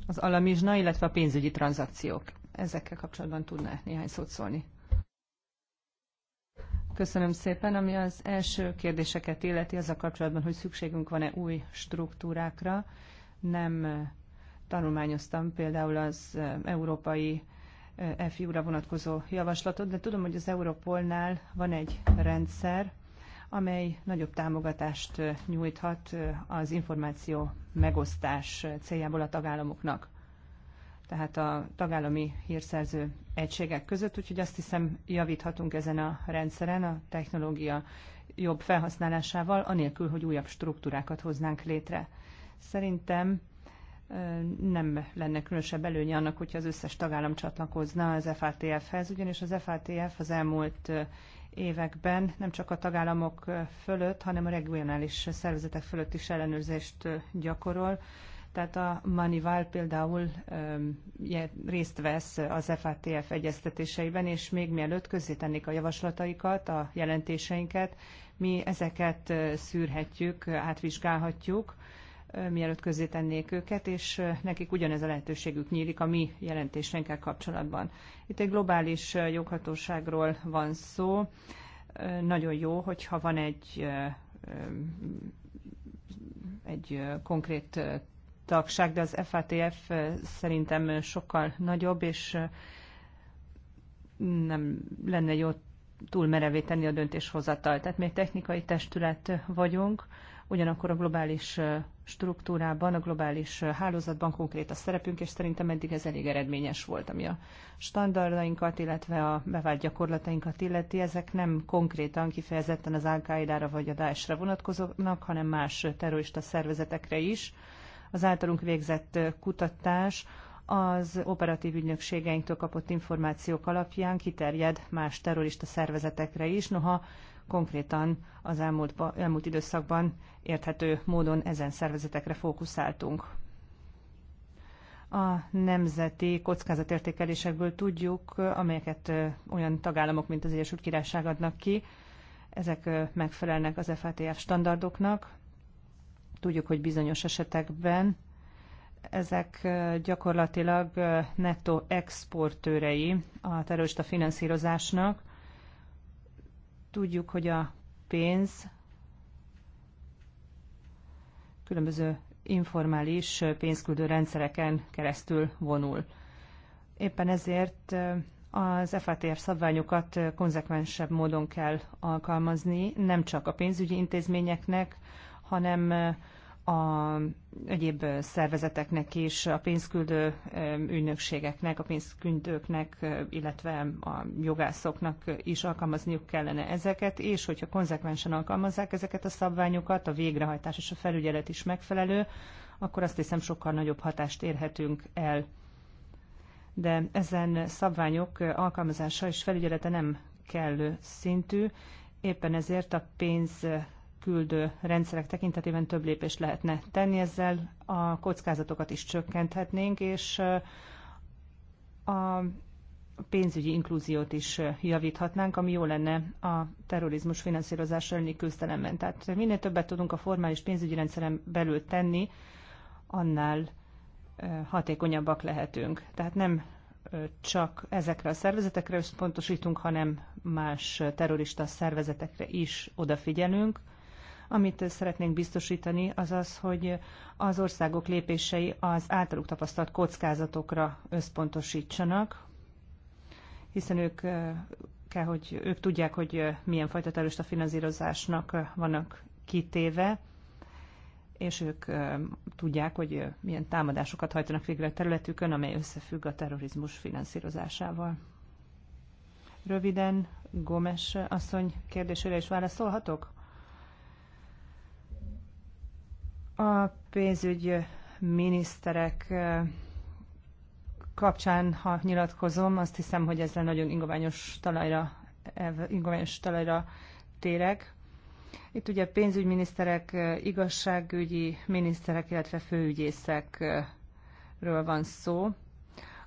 az alamizsna, illetve a pénzügyi tranzakciók. Ezekkel kapcsolatban tudná néhány szót szólni. Köszönöm szépen. Ami az első kérdéseket illeti, az a kapcsolatban, hogy szükségünk van-e új struktúrákra. Nem eh, tanulmányoztam például az eh, európai Eh, FIU-ra vonatkozó javaslatot, de tudom, hogy az Europolnál van egy rendszer, amely nagyobb támogatást eh, nyújthat eh, az információ megosztás céljából a tagállamoknak, tehát a tagállami hírszerző egységek között, úgyhogy azt hiszem javíthatunk ezen a rendszeren a technológia jobb felhasználásával, anélkül, hogy újabb struktúrákat hoznánk létre. Szerintem nem lenne különösebb előnye annak, hogyha az összes tagállam csatlakozna az FATF-hez, ugyanis az FATF az elmúlt években nem csak a tagállamok fölött, hanem a regionális szervezetek fölött is ellenőrzést gyakorol. Tehát a Manival például részt vesz az FATF egyeztetéseiben, és még mielőtt közzétennék a javaslataikat, a jelentéseinket, mi ezeket szűrhetjük, átvizsgálhatjuk, mielőtt közzétennék őket, és nekik ugyanez a lehetőségük nyílik a mi jelentésünkkel kapcsolatban. Itt egy globális joghatóságról van szó. Nagyon jó, hogyha van egy, egy konkrét tagság, de az FATF szerintem sokkal nagyobb, és nem lenne jó túl merevé tenni a döntéshozatal. Tehát mi egy technikai testület vagyunk, ugyanakkor a globális struktúrában, a globális hálózatban konkrét a szerepünk, és szerintem eddig ez elég eredményes volt, ami a standardainkat, illetve a bevált gyakorlatainkat illeti. Ezek nem konkrétan kifejezetten az al vagy a daesh vonatkoznak, hanem más terrorista szervezetekre is. Az általunk végzett kutatás az operatív ügynökségeinktől kapott információk alapján kiterjed más terrorista szervezetekre is, noha konkrétan az elmúlt, elmúlt időszakban érthető módon ezen szervezetekre fókuszáltunk. A nemzeti kockázatértékelésekből tudjuk, amelyeket olyan tagállamok, mint az Egyesült Királyság adnak ki, ezek megfelelnek az FATF standardoknak. Tudjuk, hogy bizonyos esetekben ezek gyakorlatilag nettó exportőrei a terrorista finanszírozásnak, Tudjuk, hogy a pénz különböző informális pénzküldő rendszereken keresztül vonul. Éppen ezért az FATR szabványokat konzekvensebb módon kell alkalmazni, nem csak a pénzügyi intézményeknek, hanem a egyéb szervezeteknek is, a pénzküldő ügynökségeknek, a pénzküldőknek, illetve a jogászoknak is alkalmazniuk kellene ezeket, és hogyha konzekvensen alkalmazzák ezeket a szabványokat, a végrehajtás és a felügyelet is megfelelő, akkor azt hiszem sokkal nagyobb hatást érhetünk el. De ezen szabványok alkalmazása és felügyelete nem kellő szintű, éppen ezért a pénz küldő rendszerek tekintetében több lépést lehetne tenni, ezzel a kockázatokat is csökkenthetnénk, és a pénzügyi inkluziót is javíthatnánk, ami jó lenne a terrorizmus finanszírozása elleni küzdelemben. Tehát minél többet tudunk a formális pénzügyi rendszeren belül tenni, annál hatékonyabbak lehetünk. Tehát nem csak ezekre a szervezetekre összpontosítunk, hanem más terrorista szervezetekre is odafigyelünk, amit szeretnénk biztosítani, az az, hogy az országok lépései az általuk tapasztalt kockázatokra összpontosítsanak, hiszen ők kell, hogy ők tudják, hogy milyen fajta terrorista finanszírozásnak vannak kitéve, és ők tudják, hogy milyen támadásokat hajtanak végre a területükön, amely összefügg a terrorizmus finanszírozásával. Röviden Gomes asszony kérdésére is válaszolhatok? A pénzügy miniszterek kapcsán, ha nyilatkozom, azt hiszem, hogy ezzel nagyon ingoványos talajra, ingoványos talajra térek. Itt ugye pénzügyminiszterek, igazságügyi miniszterek, illetve főügyészekről van szó.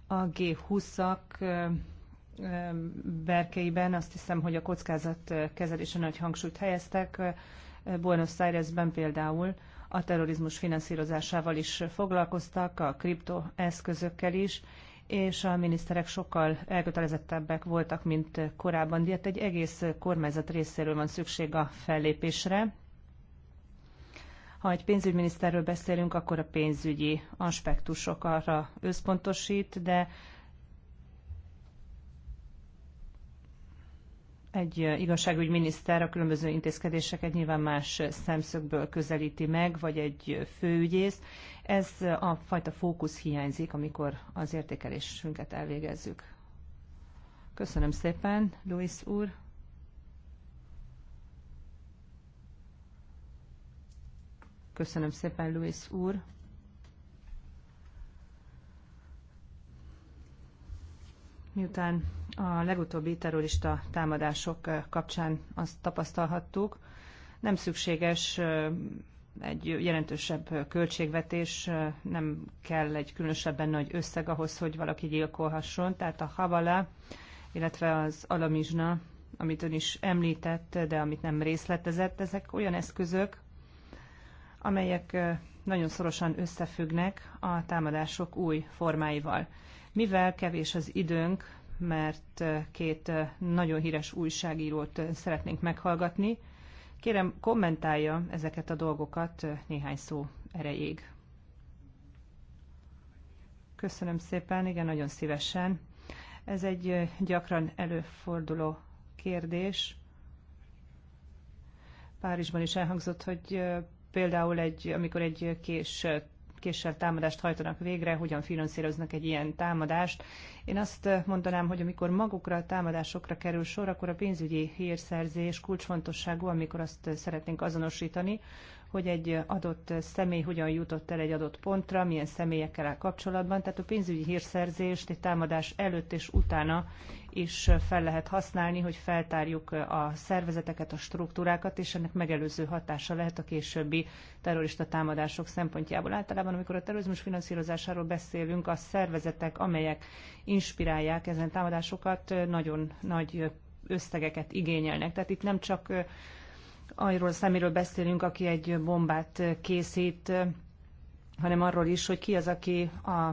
A G20-ak berkeiben azt hiszem, hogy a kockázat kezelésen nagy hangsúlyt helyeztek. Buenos Airesben például a terrorizmus finanszírozásával is foglalkoztak, a kriptoeszközökkel is, és a miniszterek sokkal elkötelezettebbek voltak, mint korábban. Diát egy egész kormányzat részéről van szükség a fellépésre. Ha egy pénzügyminiszterről beszélünk, akkor a pénzügyi aspektusok arra összpontosít, de egy miniszter, a különböző intézkedéseket nyilván más szemszögből közelíti meg, vagy egy főügyész. Ez a fajta fókusz hiányzik, amikor az értékelésünket elvégezzük. Köszönöm szépen, Luis úr. Köszönöm szépen, Luis úr. Miután a legutóbbi terrorista támadások kapcsán azt tapasztalhattuk, nem szükséges egy jelentősebb költségvetés, nem kell egy különösebben nagy összeg ahhoz, hogy valaki gyilkolhasson. Tehát a Havala, illetve az Alamizsna, amit ön is említett, de amit nem részletezett, ezek olyan eszközök, amelyek nagyon szorosan összefüggnek a támadások új formáival. Mivel kevés az időnk, mert két nagyon híres újságírót szeretnénk meghallgatni. Kérem, kommentálja ezeket a dolgokat néhány szó erejéig. Köszönöm szépen, igen, nagyon szívesen. Ez egy gyakran előforduló kérdés. Párizsban is elhangzott, hogy például egy, amikor egy kés késsel támadást hajtanak végre, hogyan finanszíroznak egy ilyen támadást. Én azt eh, mondanám, hogy amikor magukra a támadásokra kerül sor, akkor a pénzügyi hírszerzés kulcsfontosságú, amikor azt eh, szeretnénk azonosítani, hogy egy adott eh, személy hogyan jutott el egy adott pontra, milyen személyekkel áll kapcsolatban. Tehát a pénzügyi hírszerzést egy támadás előtt és utána is fel lehet használni, hogy feltárjuk a szervezeteket, a struktúrákat, és ennek megelőző hatása lehet a későbbi terrorista támadások szempontjából. Általában, amikor a terrorizmus finanszírozásáról beszélünk, a szervezetek, amelyek inspirálják ezen támadásokat, nagyon nagy összegeket igényelnek. Tehát itt nem csak arról a szeméről beszélünk, aki egy bombát készít, hanem arról is, hogy ki az, aki a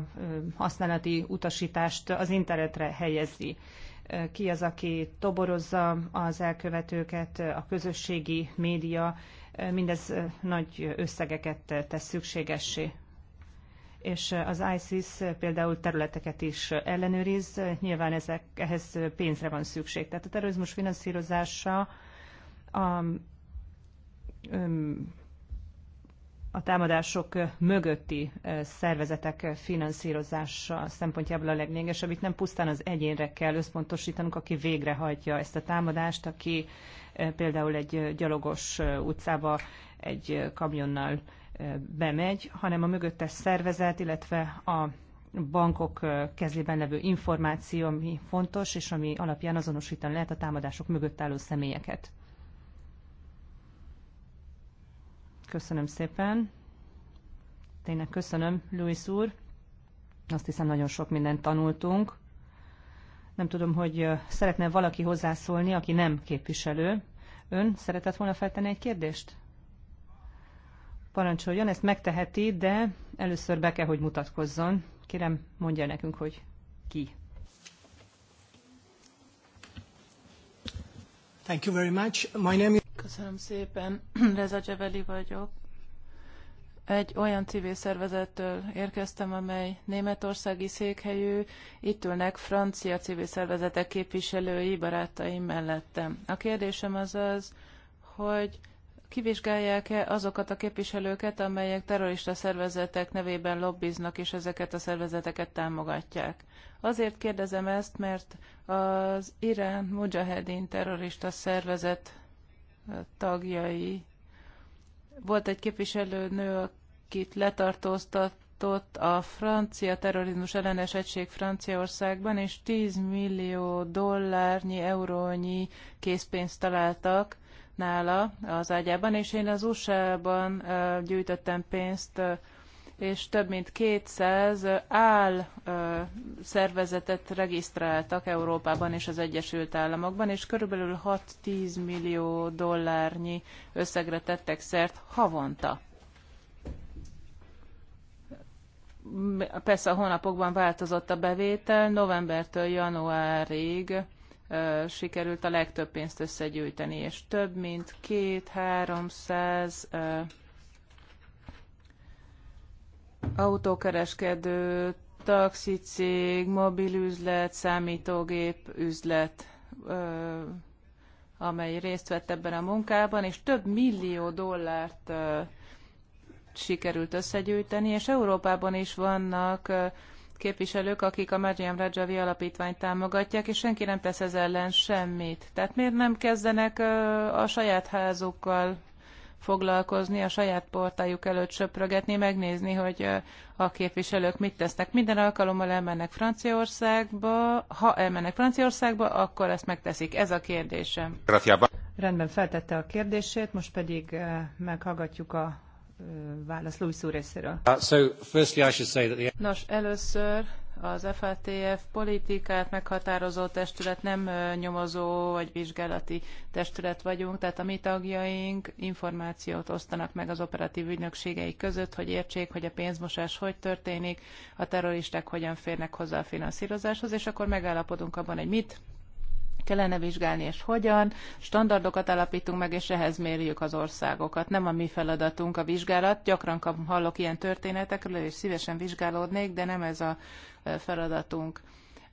használati utasítást az internetre helyezi ki az, aki toborozza az elkövetőket, a közösségi média, mindez nagy összegeket tesz szükségessé. És az ISIS például területeket is ellenőriz, nyilván ezek, ehhez pénzre van szükség. Tehát a terrorizmus finanszírozása a, a támadások mögötti szervezetek finanszírozása szempontjából a legnégesebb. Itt nem pusztán az egyénre kell összpontosítanunk, aki végrehajtja ezt a támadást, aki például egy gyalogos utcába egy kamionnal bemegy, hanem a mögöttes szervezet, illetve a bankok kezében levő információ, ami fontos, és ami alapján azonosítani lehet a támadások mögött álló személyeket. Köszönöm szépen. Tényleg köszönöm, Luis úr. Azt hiszem, nagyon sok mindent tanultunk. Nem tudom, hogy szeretne valaki hozzászólni, aki nem képviselő. Ön szeretett volna feltenni egy kérdést? Parancsoljon, ezt megteheti, de először be kell, hogy mutatkozzon. Kérem, mondja nekünk, hogy ki.
Thank you very much. My name is... Köszönöm szépen. Reza Cseveli vagyok. Egy olyan civil szervezettől érkeztem, amely németországi székhelyű. Itt ülnek francia civil szervezetek képviselői barátaim mellettem. A kérdésem az az, hogy kivizsgálják-e azokat a képviselőket, amelyek terrorista szervezetek nevében lobbiznak, és ezeket a szervezeteket támogatják. Azért kérdezem ezt, mert az Irán Mujahedin terrorista szervezet tagjai. Volt egy képviselőnő, akit letartóztatott a francia terrorizmus ellenes egység Franciaországban, és 10 millió dollárnyi, eurónyi készpénzt találtak nála az ágyában, és én az USA-ban gyűjtöttem pénzt és több mint 200 áll szervezetet regisztráltak Európában és az Egyesült Államokban, és körülbelül 6-10 millió dollárnyi összegre tettek szert havonta. Persze a hónapokban változott a bevétel, novembertől januárig sikerült a legtöbb pénzt összegyűjteni, és több mint két-háromszáz autókereskedő, taxicég, mobilüzlet, számítógép üzlet, amely részt vett ebben a munkában, és több millió dollárt sikerült összegyűjteni, és Európában is vannak képviselők, akik a Mariam Rajavi alapítványt támogatják, és senki nem tesz ez ellen semmit. Tehát miért nem kezdenek a saját házukkal foglalkozni, a saját portájuk előtt söprögetni, megnézni, hogy a képviselők mit tesznek. Minden alkalommal elmennek Franciaországba, ha elmennek Franciaországba, akkor ezt megteszik. Ez a kérdésem.
Rendben feltette a kérdését, most pedig
meghallgatjuk a válasz Louis úr részéről.
Uh,
Nos, először az FATF politikát meghatározó testület, nem nyomozó vagy vizsgálati testület vagyunk, tehát a mi tagjaink információt osztanak meg az operatív ügynökségei között, hogy értsék, hogy a pénzmosás hogy történik, a terroristák hogyan férnek hozzá a finanszírozáshoz, és akkor megállapodunk abban, hogy mit kellene vizsgálni, és hogyan. Standardokat alapítunk meg, és ehhez mérjük az országokat. Nem a mi feladatunk a vizsgálat. Gyakran hallok ilyen történetekről, és szívesen vizsgálódnék, de nem ez a feladatunk.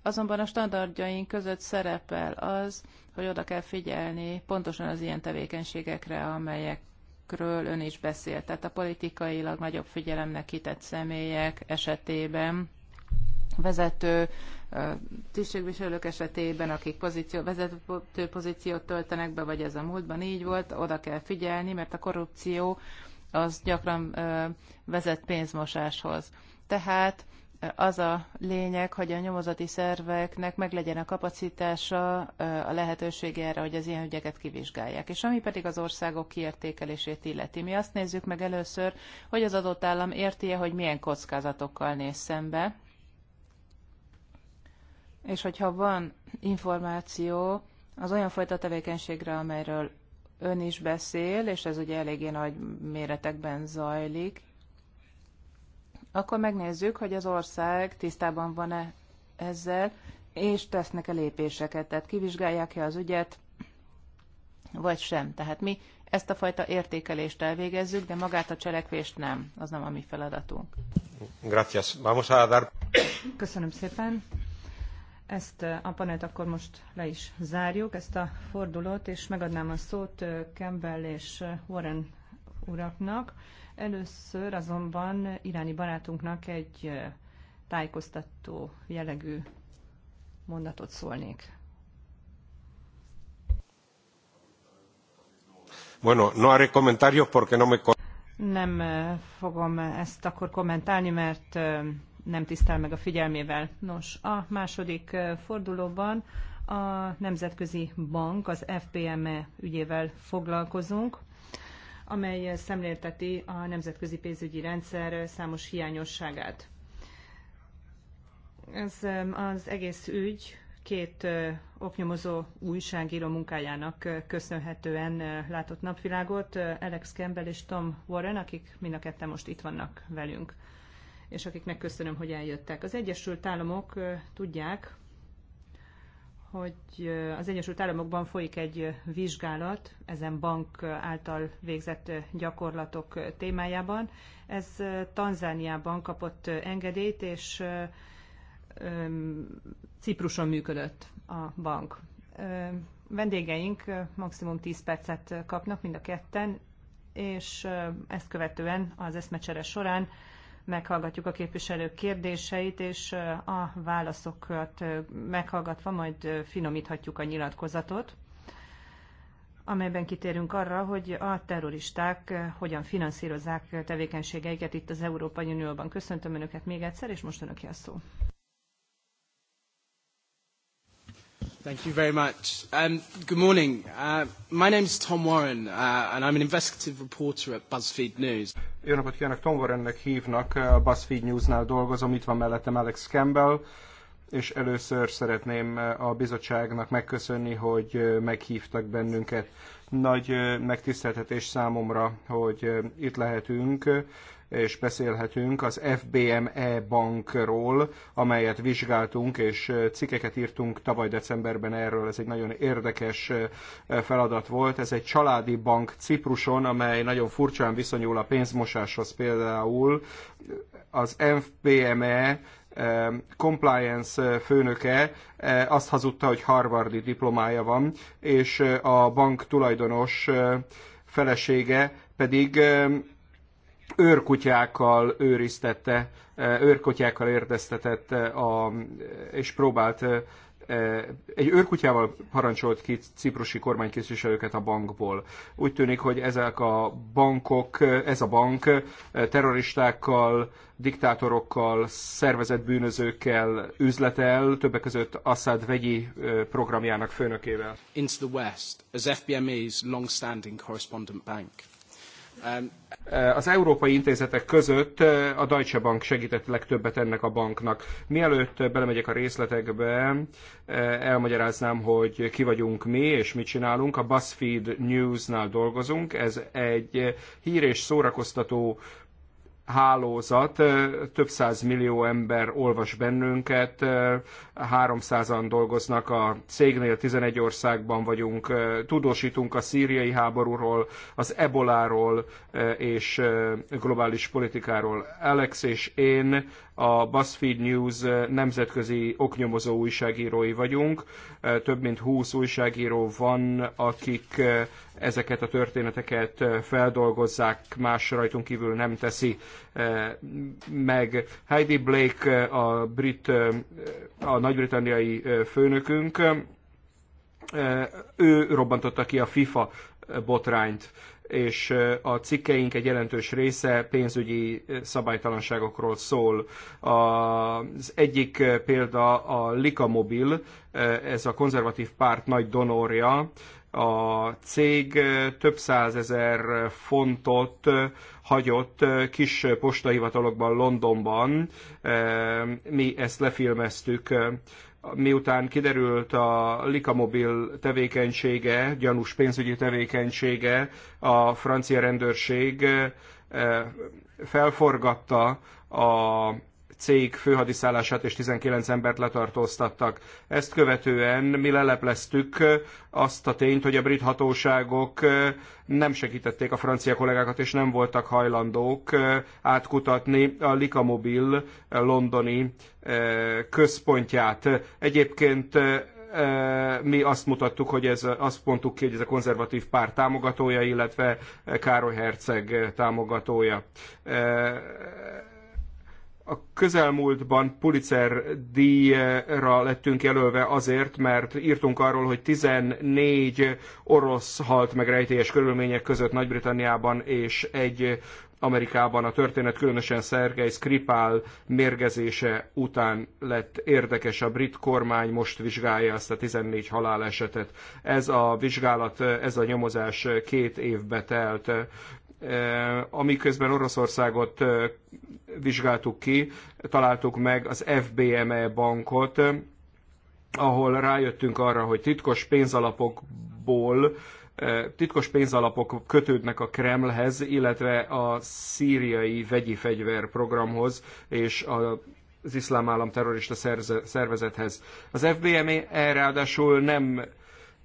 Azonban a standardjaink között szerepel az, hogy oda kell figyelni pontosan az ilyen tevékenységekre, amelyekről ön is beszélt, tehát a politikailag nagyobb figyelemnek kitett személyek esetében vezető tisztségviselők esetében, akik pozíció, vezető pozíciót töltenek be, vagy ez a múltban így volt, oda kell figyelni, mert a korrupció az gyakran vezet pénzmosáshoz. Tehát az a lényeg, hogy a nyomozati szerveknek meglegyen a kapacitása, a lehetősége erre, hogy az ilyen ügyeket kivizsgálják. És ami pedig az országok kiértékelését illeti. Mi azt nézzük meg először, hogy az adott állam érti -e, hogy milyen kockázatokkal néz szembe, és hogyha van információ az olyan fajta tevékenységre, amelyről ön is beszél, és ez ugye eléggé nagy méretekben zajlik, akkor megnézzük, hogy az ország tisztában van-e ezzel, és tesznek-e lépéseket, tehát kivizsgálják-e az ügyet, vagy sem. Tehát mi ezt a fajta értékelést elvégezzük, de magát a cselekvést nem. Az nem a mi feladatunk.
Gracias. Vamos a dar...
Köszönöm szépen. Ezt a panelt akkor most
le is zárjuk, ezt a fordulót, és megadnám a szót Campbell és Warren uraknak. Először azonban iráni barátunknak egy tájékoztató jellegű mondatot szólnék.
Bueno, no haré comentarios porque no me...
Nem fogom ezt akkor kommentálni, mert nem tisztel meg a figyelmével. Nos, a második fordulóban a Nemzetközi Bank, az FPME ügyével foglalkozunk, amely szemlélteti a nemzetközi pénzügyi rendszer számos hiányosságát. Ez az egész ügy két oknyomozó újságíró munkájának köszönhetően látott napvilágot, Alex Campbell és Tom Warren, akik mind a ketten most itt vannak velünk és akiknek köszönöm, hogy eljöttek. Az Egyesült Államok tudják, hogy az Egyesült Államokban folyik egy vizsgálat ezen bank által végzett gyakorlatok témájában. Ez Tanzániában kapott engedélyt, és Cipruson működött a bank. Vendégeink maximum 10 percet kapnak mind a ketten, és ezt követően az eszmecsere során meghallgatjuk a képviselők kérdéseit, és a válaszokat meghallgatva majd finomíthatjuk a nyilatkozatot amelyben kitérünk arra, hogy a terroristák hogyan finanszírozzák tevékenységeiket itt az Európai Unióban. Köszöntöm Önöket még egyszer, és most Önöké a szó.
Thank you very much. Um, good morning. Uh, my name is Tom Warren, uh, and I'm an investigative reporter at BuzzFeed News. Jó napot kívánok, Tom Warrennek hívnak, a BuzzFeed News-nál dolgozom, itt van mellettem Alex Campbell, és először szeretném uh, a bizottságnak megköszönni, hogy uh, meghívtak bennünket. Nagy uh, megtiszteltetés számomra, hogy itt lehetünk és beszélhetünk az FBME bankról, amelyet vizsgáltunk, és cikkeket írtunk tavaly decemberben erről, ez egy nagyon érdekes feladat volt. Ez egy családi bank Cipruson, amely nagyon furcsán viszonyul a pénzmosáshoz például. Az FBME compliance főnöke azt hazudta, hogy harvardi diplomája van, és a bank tulajdonos felesége pedig őrkutyákkal őriztette, őrkutyákkal érdeztetett, a, és próbált egy őrkutyával parancsolt ki ciprusi kormányképviselőket a bankból. Úgy tűnik, hogy ezek a bankok, ez a bank terroristákkal, diktátorokkal, szervezett bűnözőkkel üzletel, többek között Assad vegyi programjának főnökével. Into the West, as FBME's long-standing correspondent bank. Um, az európai intézetek között uh, a Deutsche Bank segített legtöbbet ennek a banknak. Mielőtt belemegyek a részletekbe, uh, elmagyaráznám, hogy ki vagyunk mi és mit csinálunk. A BuzzFeed News-nál dolgozunk. Ez egy hír és szórakoztató hálózat, több száz millió ember olvas bennünket, 300-an dolgoznak a cégnél, 11 országban vagyunk, tudósítunk a szíriai háborúról, az eboláról és globális politikáról. Alex és én a BuzzFeed News nemzetközi oknyomozó újságírói vagyunk. Több mint 20 újságíró van, akik ezeket a történeteket feldolgozzák, más rajtunk kívül nem teszi meg. Heidi Blake a brit, a nagy-britanniai főnökünk, ő robbantotta ki a FIFA botrányt és a cikkeink egy jelentős része pénzügyi szabálytalanságokról szól. Az egyik példa a Lika Mobil, ez a konzervatív párt nagy donorja, a cég több százezer fontot hagyott kis postahivatalokban Londonban. Mi ezt lefilmeztük miután kiderült a Likamobil tevékenysége, gyanús pénzügyi tevékenysége, a francia rendőrség eh, felforgatta a cég főhadiszállását és 19 embert letartóztattak. Ezt követően mi lelepleztük azt a tényt, hogy a brit hatóságok nem segítették a francia kollégákat, és nem voltak hajlandók átkutatni a Likamobil londoni központját. Egyébként mi azt mutattuk, hogy ez, azt mondtuk ki, hogy ez a konzervatív pár támogatója, illetve Károly Herceg támogatója a közelmúltban Pulitzer díjra lettünk jelölve azért, mert írtunk arról, hogy 14 orosz halt meg rejtélyes körülmények között Nagy-Britanniában, és egy Amerikában a történet különösen Szergei Skripal mérgezése után lett érdekes. A brit kormány most vizsgálja ezt a 14 halálesetet. Ez a vizsgálat, ez a nyomozás két évbe telt amiközben Oroszországot vizsgáltuk ki, találtuk meg az FBME bankot, ahol rájöttünk arra, hogy titkos pénzalapokból titkos pénzalapok kötődnek a Kremlhez, illetve a szíriai vegyi fegyver programhoz és a az iszlám állam terrorista szervezethez. Az FBME ráadásul nem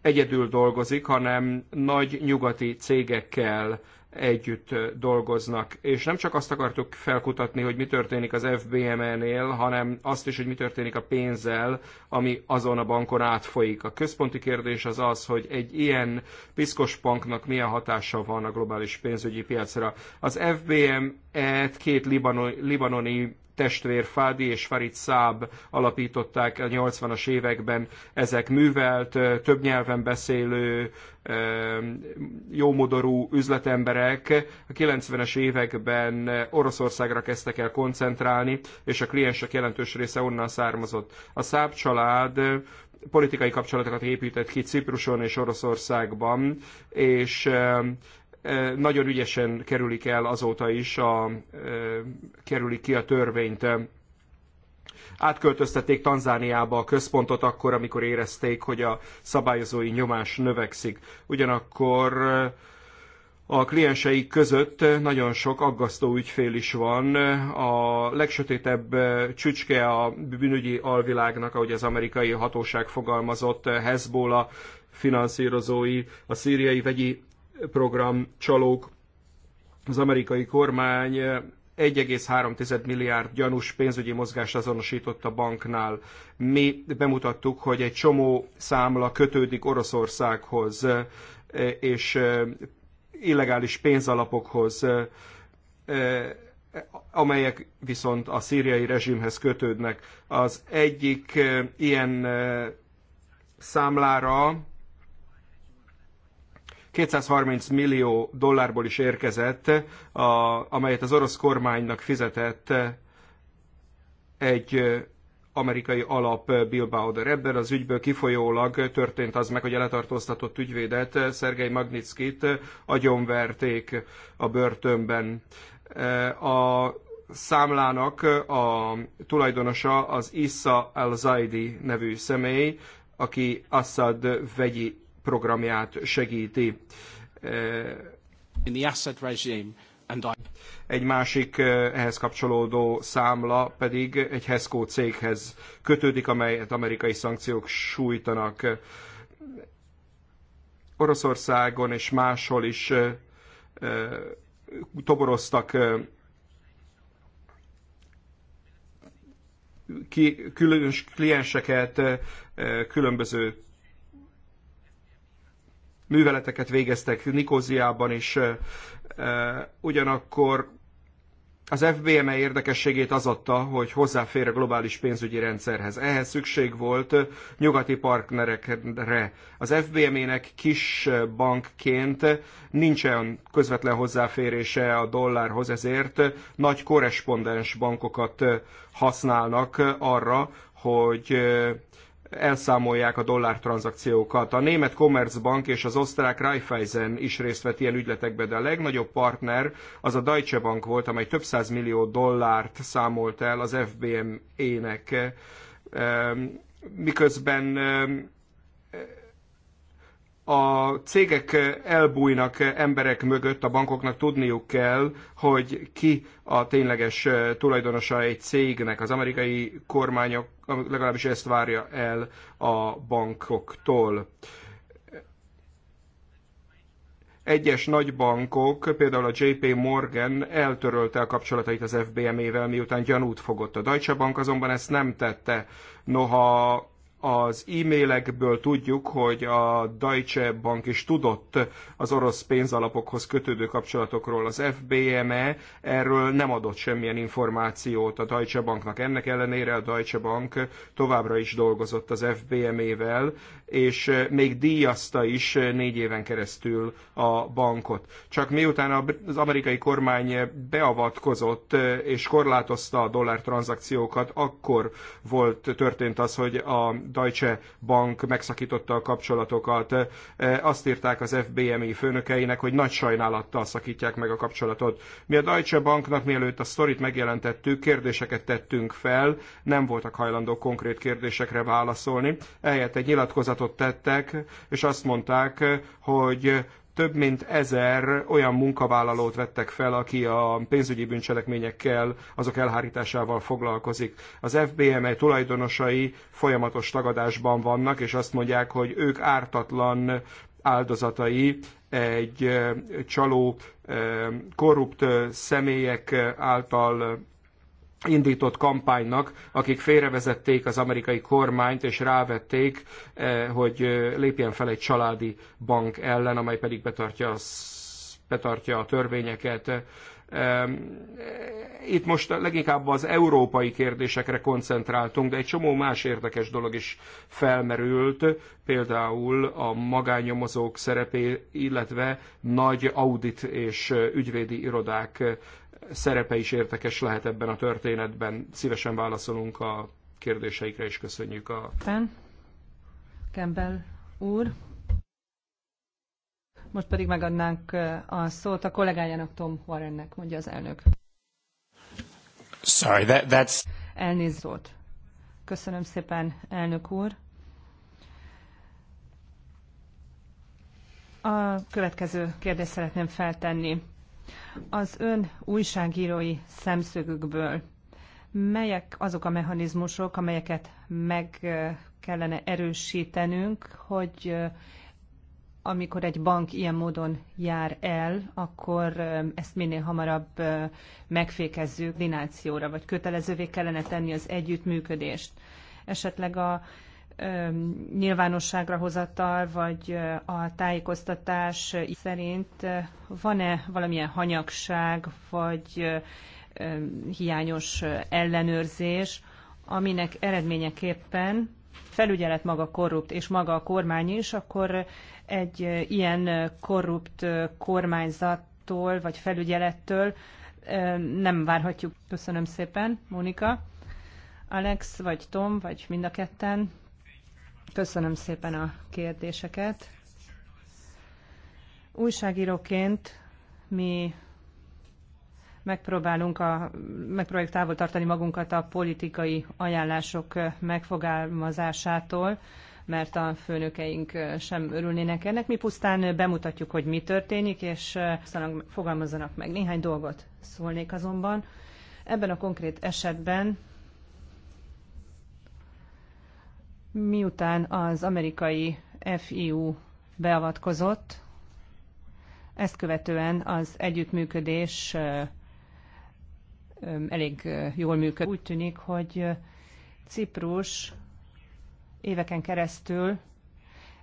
egyedül dolgozik, hanem nagy nyugati cégekkel együtt dolgoznak. És nem csak azt akartuk felkutatni, hogy mi történik az fbm nél hanem azt is, hogy mi történik a pénzzel, ami azon a bankon átfolyik. A központi kérdés az az, hogy egy ilyen piszkos banknak milyen hatása van a globális pénzügyi piacra. Az FBM et két libanoni, libanoni testvér Fadi és Farid Saab alapították a 80-as években. Ezek művelt, több nyelven beszélő, jómodorú üzletemberek a 90-es években Oroszországra kezdtek el koncentrálni, és a kliensek jelentős része onnan származott. A Száb család politikai kapcsolatokat épített ki Cipruson és Oroszországban, és nagyon ügyesen kerülik el azóta is, a, kerülik ki a törvényt. Átköltöztették Tanzániába a központot akkor, amikor érezték, hogy a szabályozói nyomás növekszik. Ugyanakkor a klienseik között nagyon sok aggasztó ügyfél is van. A legsötétebb csücske a bűnügyi alvilágnak, ahogy az amerikai hatóság fogalmazott, Hezbollah finanszírozói, a szíriai vegyi program csalók. Az amerikai kormány 1,3 eh, milliárd gyanús pénzügyi mozgást azonosított a banknál. Mi bemutattuk, hogy egy csomó számla kötődik Oroszországhoz eh, és eh, illegális pénzalapokhoz, amelyek viszont a szíriai rezsimhez kötődnek. Az egyik ilyen számlára 230 millió dollárból is érkezett, a, amelyet az orosz kormánynak fizetett egy amerikai alap Bill de ebben az ügyből kifolyólag történt az meg, hogy a letartóztatott ügyvédet, Szergei Magnitskit agyonverték a börtönben. A számlának a tulajdonosa az Issa al-Zaidi nevű személy, aki Assad vegyi programját segíti. In the asset regime and I... Egy másik ehhez kapcsolódó számla pedig egy Hesco céghez kötődik, amelyet amerikai szankciók sújtanak. Oroszországon és máshol is toboroztak ki, különös klienseket különböző műveleteket végeztek Nikóziában is. Ugyanakkor az FBME érdekességét az adta, hogy hozzáfér a globális pénzügyi rendszerhez. Ehhez szükség volt nyugati partnerekre. Az FBME-nek kis bankként nincsen közvetlen hozzáférése a dollárhoz, ezért nagy korrespondens bankokat használnak arra, hogy elszámolják a dollár tranzakciókat. A német Commerzbank és az osztrák Raiffeisen is részt vett ilyen ügyletekbe, de a legnagyobb partner az a Deutsche Bank volt, amely több száz millió dollárt számolt el az FBM-ének, miközben a cégek elbújnak emberek mögött, a bankoknak tudniuk kell, hogy ki a tényleges tulajdonosa egy cégnek. Az amerikai kormányok legalábbis ezt várja el a bankoktól. Egyes nagy bankok, például a JP Morgan eltörölte a kapcsolatait az FBM-ével, miután gyanút fogott. A Deutsche Bank azonban ezt nem tette. Noha az e-mailekből tudjuk, hogy a Deutsche Bank is tudott az orosz pénzalapokhoz kötődő kapcsolatokról. Az FBME erről nem adott semmilyen információt a Deutsche Banknak. Ennek ellenére a Deutsche Bank továbbra is dolgozott az FBME-vel, és még díjazta is négy éven keresztül a bankot. Csak miután az amerikai kormány beavatkozott és korlátozta a dollár tranzakciókat, akkor volt, történt az, hogy a Deutsche Bank megszakította a kapcsolatokat. E, azt írták az FBMI főnökeinek, hogy nagy sajnálattal szakítják meg a kapcsolatot. Mi a Deutsche Banknak mielőtt a sztorit megjelentettük, kérdéseket tettünk fel, nem voltak hajlandók konkrét kérdésekre válaszolni. Ehelyett egy nyilatkozatot tettek, és azt mondták, hogy több mint ezer olyan munkavállalót vettek fel, aki a pénzügyi bűncselekményekkel, azok elhárításával foglalkozik. Az FBM e tulajdonosai folyamatos tagadásban vannak, és azt mondják, hogy ők ártatlan áldozatai egy csaló korrupt személyek által indított kampánynak, akik félrevezették az amerikai kormányt, és rávették, eh, hogy eh, lépjen fel egy családi bank ellen, amely pedig betartja, betartja a törvényeket. Eh, itt most leginkább az európai kérdésekre koncentráltunk, de egy csomó más érdekes dolog is felmerült, például a magánnyomozók szerepé, illetve nagy audit és ügyvédi irodák szerepe is értekes lehet ebben a történetben. Szívesen válaszolunk a kérdéseikre, és köszönjük a...
Ben, Campbell úr. Most pedig megadnánk eh, a szót a kollégájának Tom Warrennek, mondja az elnök.
Sorry, that, that's...
Elnézzót. Köszönöm szépen, elnök úr. A következő kérdést szeretném feltenni. Az ön újságírói szemszögükből melyek azok a mechanizmusok, amelyeket meg kellene erősítenünk, hogy amikor egy bank ilyen módon jár el, akkor ezt minél hamarabb megfékezzük dinációra, vagy kötelezővé kellene tenni az együttműködést. Esetleg a nyilvánosságra hozatal, vagy a tájékoztatás szerint van-e valamilyen hanyagság, vagy hiányos ellenőrzés, aminek eredményeképpen felügyelet maga korrupt, és maga a kormány is, akkor egy ilyen korrupt kormányzattól, vagy felügyelettől nem várhatjuk. Köszönöm szépen, Mónika. Alex, vagy Tom, vagy mind a ketten. Köszönöm szépen a kérdéseket. Újságíróként mi megpróbálunk a, megpróbáljuk távol tartani magunkat a politikai ajánlások megfogalmazásától, mert a főnökeink sem örülnének ennek. Mi pusztán bemutatjuk, hogy mi történik, és szóval fogalmazzanak meg néhány dolgot. Szólnék azonban. Ebben a konkrét esetben miután az amerikai FIU beavatkozott, ezt követően az együttműködés elég jól működik. Úgy tűnik, hogy Ciprus éveken keresztül,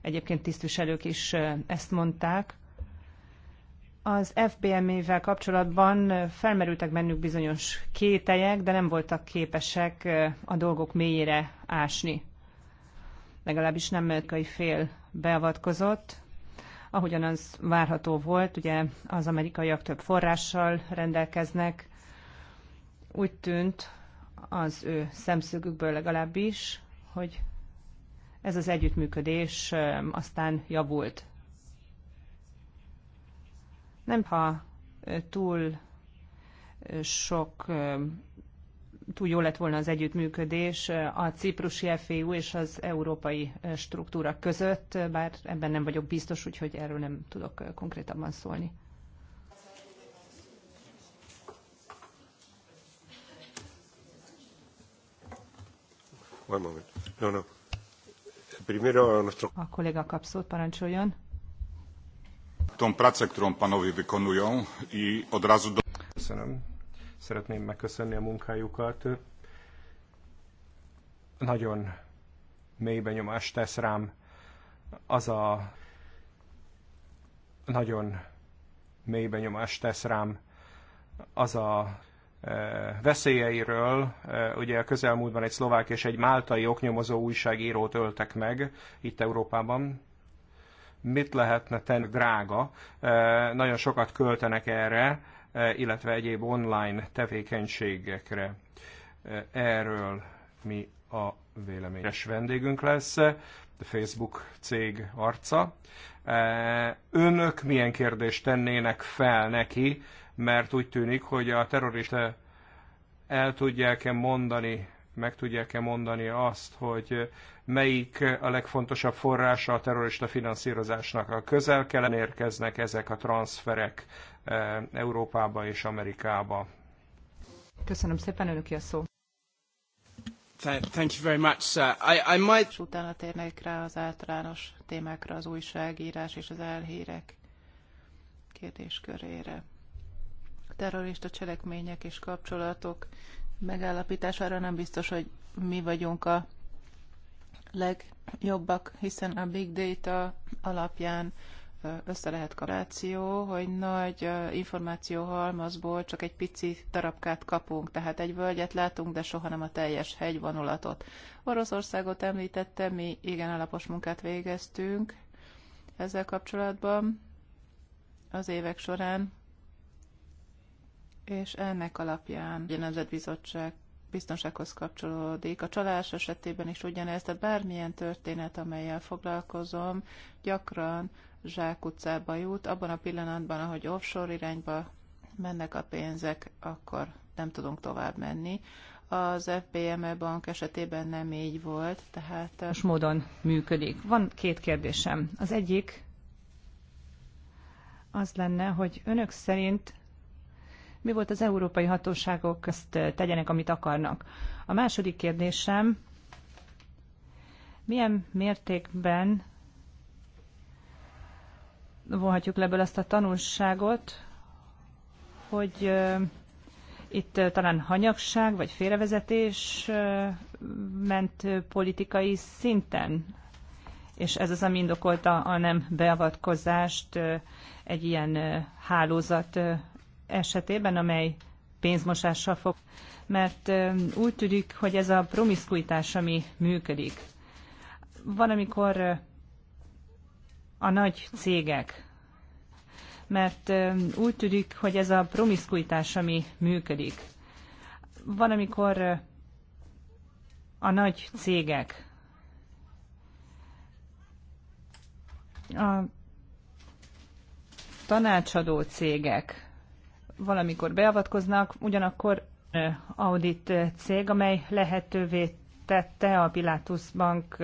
egyébként tisztviselők is ezt mondták, az fbm vel kapcsolatban felmerültek bennük bizonyos kételyek, de nem voltak képesek a dolgok mélyére ásni legalábbis nem amerikai fél beavatkozott, ahogyan az várható volt, ugye az amerikaiak több forrással rendelkeznek, úgy tűnt az ő szemszögükből legalábbis, hogy ez az együttműködés aztán javult. Nem ha túl sok túl jó lett volna az együttműködés a ciprusi FEU és az európai struktúra között, bár ebben nem vagyok biztos, úgyhogy erről nem tudok konkrétabban szólni.
One moment. No, no. Primero nuestro... A kolléga kap szót, parancsoljon. Tą którą panowie wykonują i od razu... Do... Köszönöm szeretném megköszönni a munkájukat. Nagyon mély benyomást tesz rám az a nagyon mély benyomást tesz rám az a e, veszélyeiről. E, ugye a közelmúltban egy szlovák és egy máltai oknyomozó újságírót öltek meg itt Európában. Mit lehetne tenni? Drága. E, nagyon sokat költenek erre E, illetve egyéb online tevékenységekre. E, erről mi a véleményes vendégünk lesz, a Facebook cég arca. E, önök milyen kérdést tennének fel neki, mert úgy tűnik, hogy a terrorista el tudják-e mondani, meg tudják-e mondani azt, hogy melyik a legfontosabb forrása a terrorista finanszírozásnak a közel kelen érkeznek ezek a transferek Eh, Európába és Amerikába.
Köszönöm szépen, önök a szó.
Thank you very much, sir. I, I might... És utána térnék rá az általános témákra, az újságírás és az elhírek kérdéskörére. Terrorista cselekmények és kapcsolatok megállapítására nem biztos, hogy mi vagyunk a legjobbak, hiszen a big data alapján össze lehet kapcsoláció, hogy nagy információhalmazból csak egy pici darabkát kapunk, tehát egy völgyet látunk, de soha nem a teljes hegyvonulatot. Oroszországot említettem, mi igen alapos munkát végeztünk ezzel kapcsolatban az évek során, és ennek alapján a Nemzetbizottság biztonsághoz kapcsolódik. A csalás esetében is ugyanez, tehát bármilyen történet, amelyel foglalkozom, gyakran zsákutcába jut, abban a pillanatban, ahogy offshore irányba mennek a pénzek, akkor nem tudunk tovább menni. Az FBME bank esetében nem így volt, tehát... Most
módon működik. Van két kérdésem. Az egyik az lenne, hogy önök szerint mi volt az európai hatóságok, ezt eh, tegyenek, amit akarnak. A második kérdésem, milyen mértékben vonhatjuk leből ezt a tanulságot, hogy itt talán hanyagság vagy félrevezetés ment politikai szinten, és ez az, ami indokolta a nem beavatkozást egy ilyen hálózat esetében, amely pénzmosással fog, mert úgy tűnik, hogy ez a promiszkuitás, ami működik. Van, amikor a nagy cégek. Mert úgy tűnik, hogy ez a promiszkuitás, ami működik. Van, amikor a nagy cégek a tanácsadó cégek valamikor beavatkoznak, ugyanakkor audit cég, amely lehetővé tette a Pilatus Bank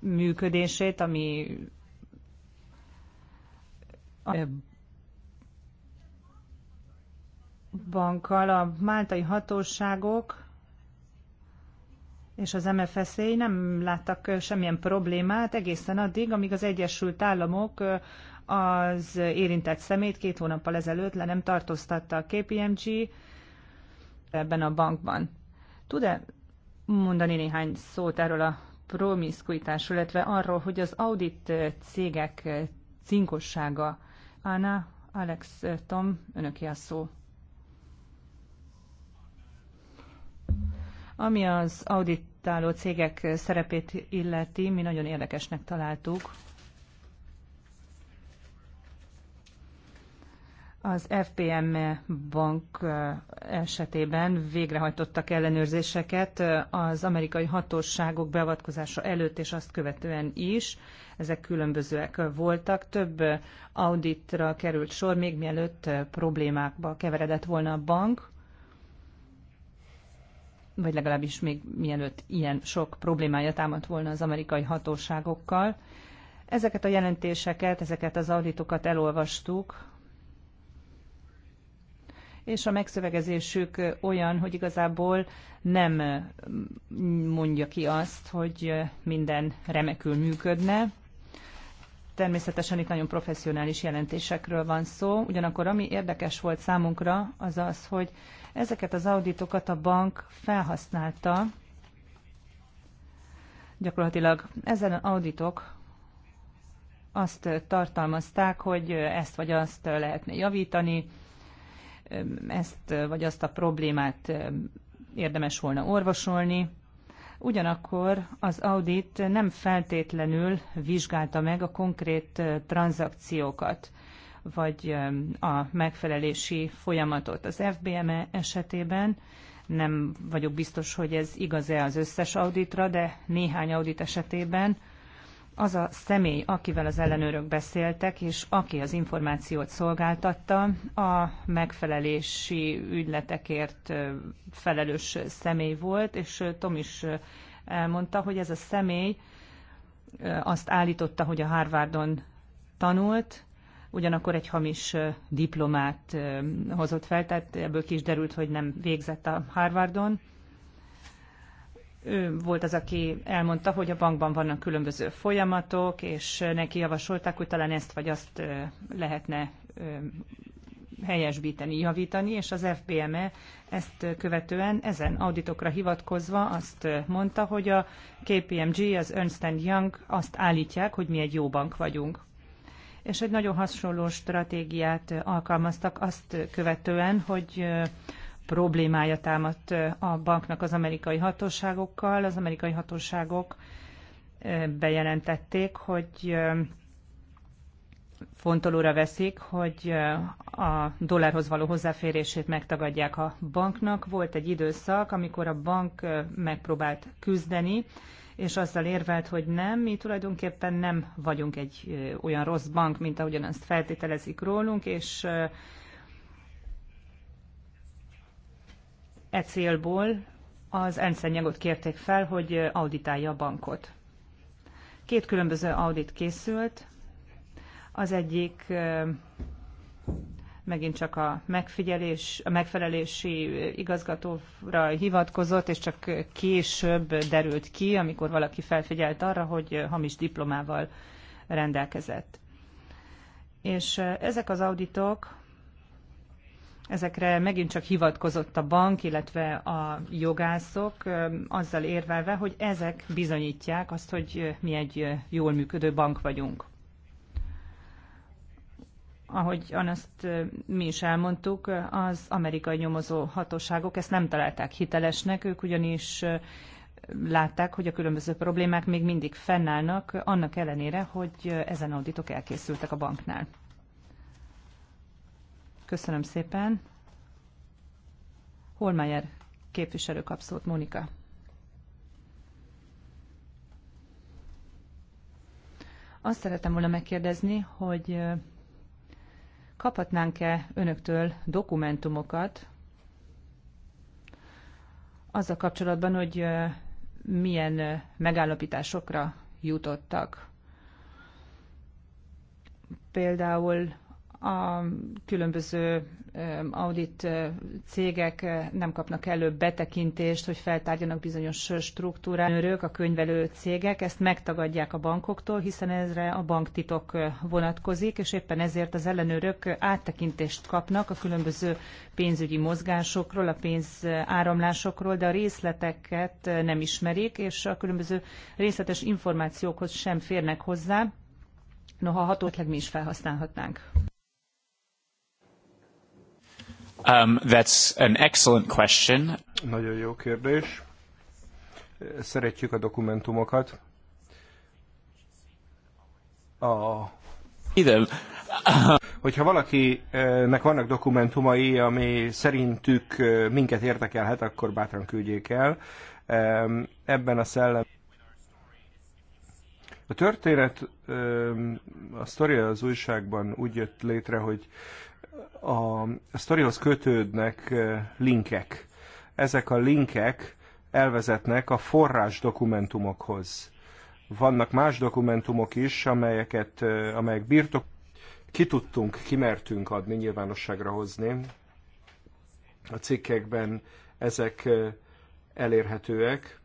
működését, ami E, bankkal a máltai hatóságok és az MFSZ nem láttak semmilyen problémát egészen addig, amíg az Egyesült Államok az érintett szemét két hónappal ezelőtt le nem tartóztatta a KPMG ebben a bankban. Tud-e mondani néhány szót erről a promiszkuitásról, illetve arról, hogy az audit cégek cinkossága Anna, Alex, Tom, Önök a szó. Ami az auditáló cégek szerepét illeti, mi nagyon érdekesnek találtuk. Az FPM bank esetében végrehajtottak ellenőrzéseket az amerikai hatóságok beavatkozása előtt és azt követően is ezek különbözőek voltak. Több auditra került sor, még mielőtt problémákba keveredett volna a bank, vagy legalábbis még mielőtt ilyen sok problémája támadt volna az amerikai hatóságokkal. Ezeket a jelentéseket, ezeket az auditokat elolvastuk, és a megszövegezésük olyan, hogy igazából nem mondja ki azt, hogy minden remekül működne, Természetesen itt nagyon professzionális jelentésekről van szó, ugyanakkor ami érdekes volt számunkra, az az, hogy ezeket az auditokat a bank felhasználta, gyakorlatilag ezen auditok azt tartalmazták, hogy ezt vagy azt lehetne javítani, ezt vagy azt a problémát érdemes volna orvosolni, Ugyanakkor az audit nem feltétlenül vizsgálta meg a konkrét tranzakciókat vagy a megfelelési folyamatot. Az FBME esetében nem vagyok biztos, hogy ez igaz-e az összes auditra, de néhány audit esetében az a személy, akivel az ellenőrök beszéltek, és aki az információt szolgáltatta, a megfelelési ügyletekért felelős személy volt, és Tom is elmondta, hogy ez a személy azt állította, hogy a Harvardon tanult, ugyanakkor egy hamis diplomát hozott fel, tehát ebből ki is derült, hogy nem végzett a Harvardon, ő volt az, aki elmondta, hogy a bankban vannak különböző folyamatok, és neki javasolták, hogy talán ezt vagy azt lehetne helyesbíteni, javítani, és az FBME ezt követően ezen auditokra hivatkozva azt mondta, hogy a KPMG, az Ernst Young azt állítják, hogy mi egy jó bank vagyunk. És egy nagyon hasonló stratégiát alkalmaztak azt követően, hogy problémája támadt a banknak az amerikai hatóságokkal. Az amerikai hatóságok bejelentették, hogy fontolóra veszik, hogy a dollárhoz való hozzáférését megtagadják a banknak. Volt egy időszak, amikor a bank megpróbált küzdeni, és azzal érvelt, hogy nem, mi tulajdonképpen nem vagyunk egy olyan rossz bank, mint ahogyan azt feltételezik rólunk, és E célból az enszennyagot kérték fel, hogy auditálja a bankot. Két különböző audit készült. Az egyik megint csak a, megfigyelés, a megfelelési igazgatóra hivatkozott, és csak később derült ki, amikor valaki felfigyelt arra, hogy hamis diplomával rendelkezett. És ezek az auditok Ezekre megint csak hivatkozott a bank, illetve a jogászok, azzal érvelve, hogy ezek bizonyítják azt, hogy mi egy jól működő bank vagyunk. Ahogy azt mi is elmondtuk, az amerikai nyomozó hatóságok ezt nem találták hitelesnek, ők ugyanis látták, hogy a különböző problémák még mindig fennállnak, annak ellenére, hogy ezen auditok elkészültek a banknál. Köszönöm szépen. Holmeyer képviselő kap szót, Mónika. Azt szeretem volna megkérdezni, hogy kaphatnánk-e önöktől dokumentumokat azzal kapcsolatban, hogy milyen megállapításokra jutottak. Például a különböző audit cégek nem kapnak elő betekintést, hogy feltárjanak bizonyos struktúránőrök, a könyvelő cégek, ezt megtagadják a bankoktól, hiszen ezre a banktitok vonatkozik, és éppen ezért az ellenőrök áttekintést kapnak a különböző pénzügyi mozgásokról, a pénzáramlásokról, de a részleteket nem ismerik, és a különböző részletes információkhoz sem férnek hozzá, noha hatótleg mi is felhasználhatnánk.
Um, that's an excellent question. Nagyon jó kérdés. Szeretjük a dokumentumokat. A... Idem. Hogyha valakinek vannak dokumentumai, ami szerintük minket érdekelhet, akkor bátran küldjék el. Ebben a szellem... A történet, a sztori az újságban úgy jött létre, hogy a, a sztorihoz kötődnek eh, linkek. Ezek a linkek elvezetnek a forrás dokumentumokhoz. Vannak más dokumentumok is, amelyeket, eh, amelyek birtok ki tudtunk, kimertünk adni, nyilvánosságra hozni. A cikkekben ezek eh, elérhetőek,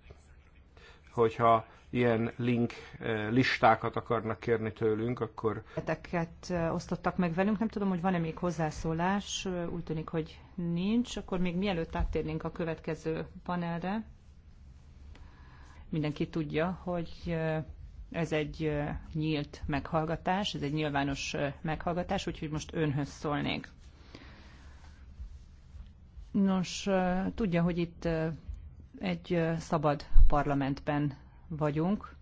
hogyha ilyen link eh, listákat akarnak kérni tőlünk, akkor...
Eteket eh, osztottak meg velünk, nem tudom, hogy van-e még hozzászólás, eh, úgy tűnik, hogy nincs, akkor még mielőtt áttérnénk a következő panelre, mindenki tudja, hogy ez egy nyílt meghallgatás, ez egy nyilvános meghallgatás, úgyhogy most önhöz szólnék. Nos, tudja, hogy itt egy szabad parlamentben vagyunk,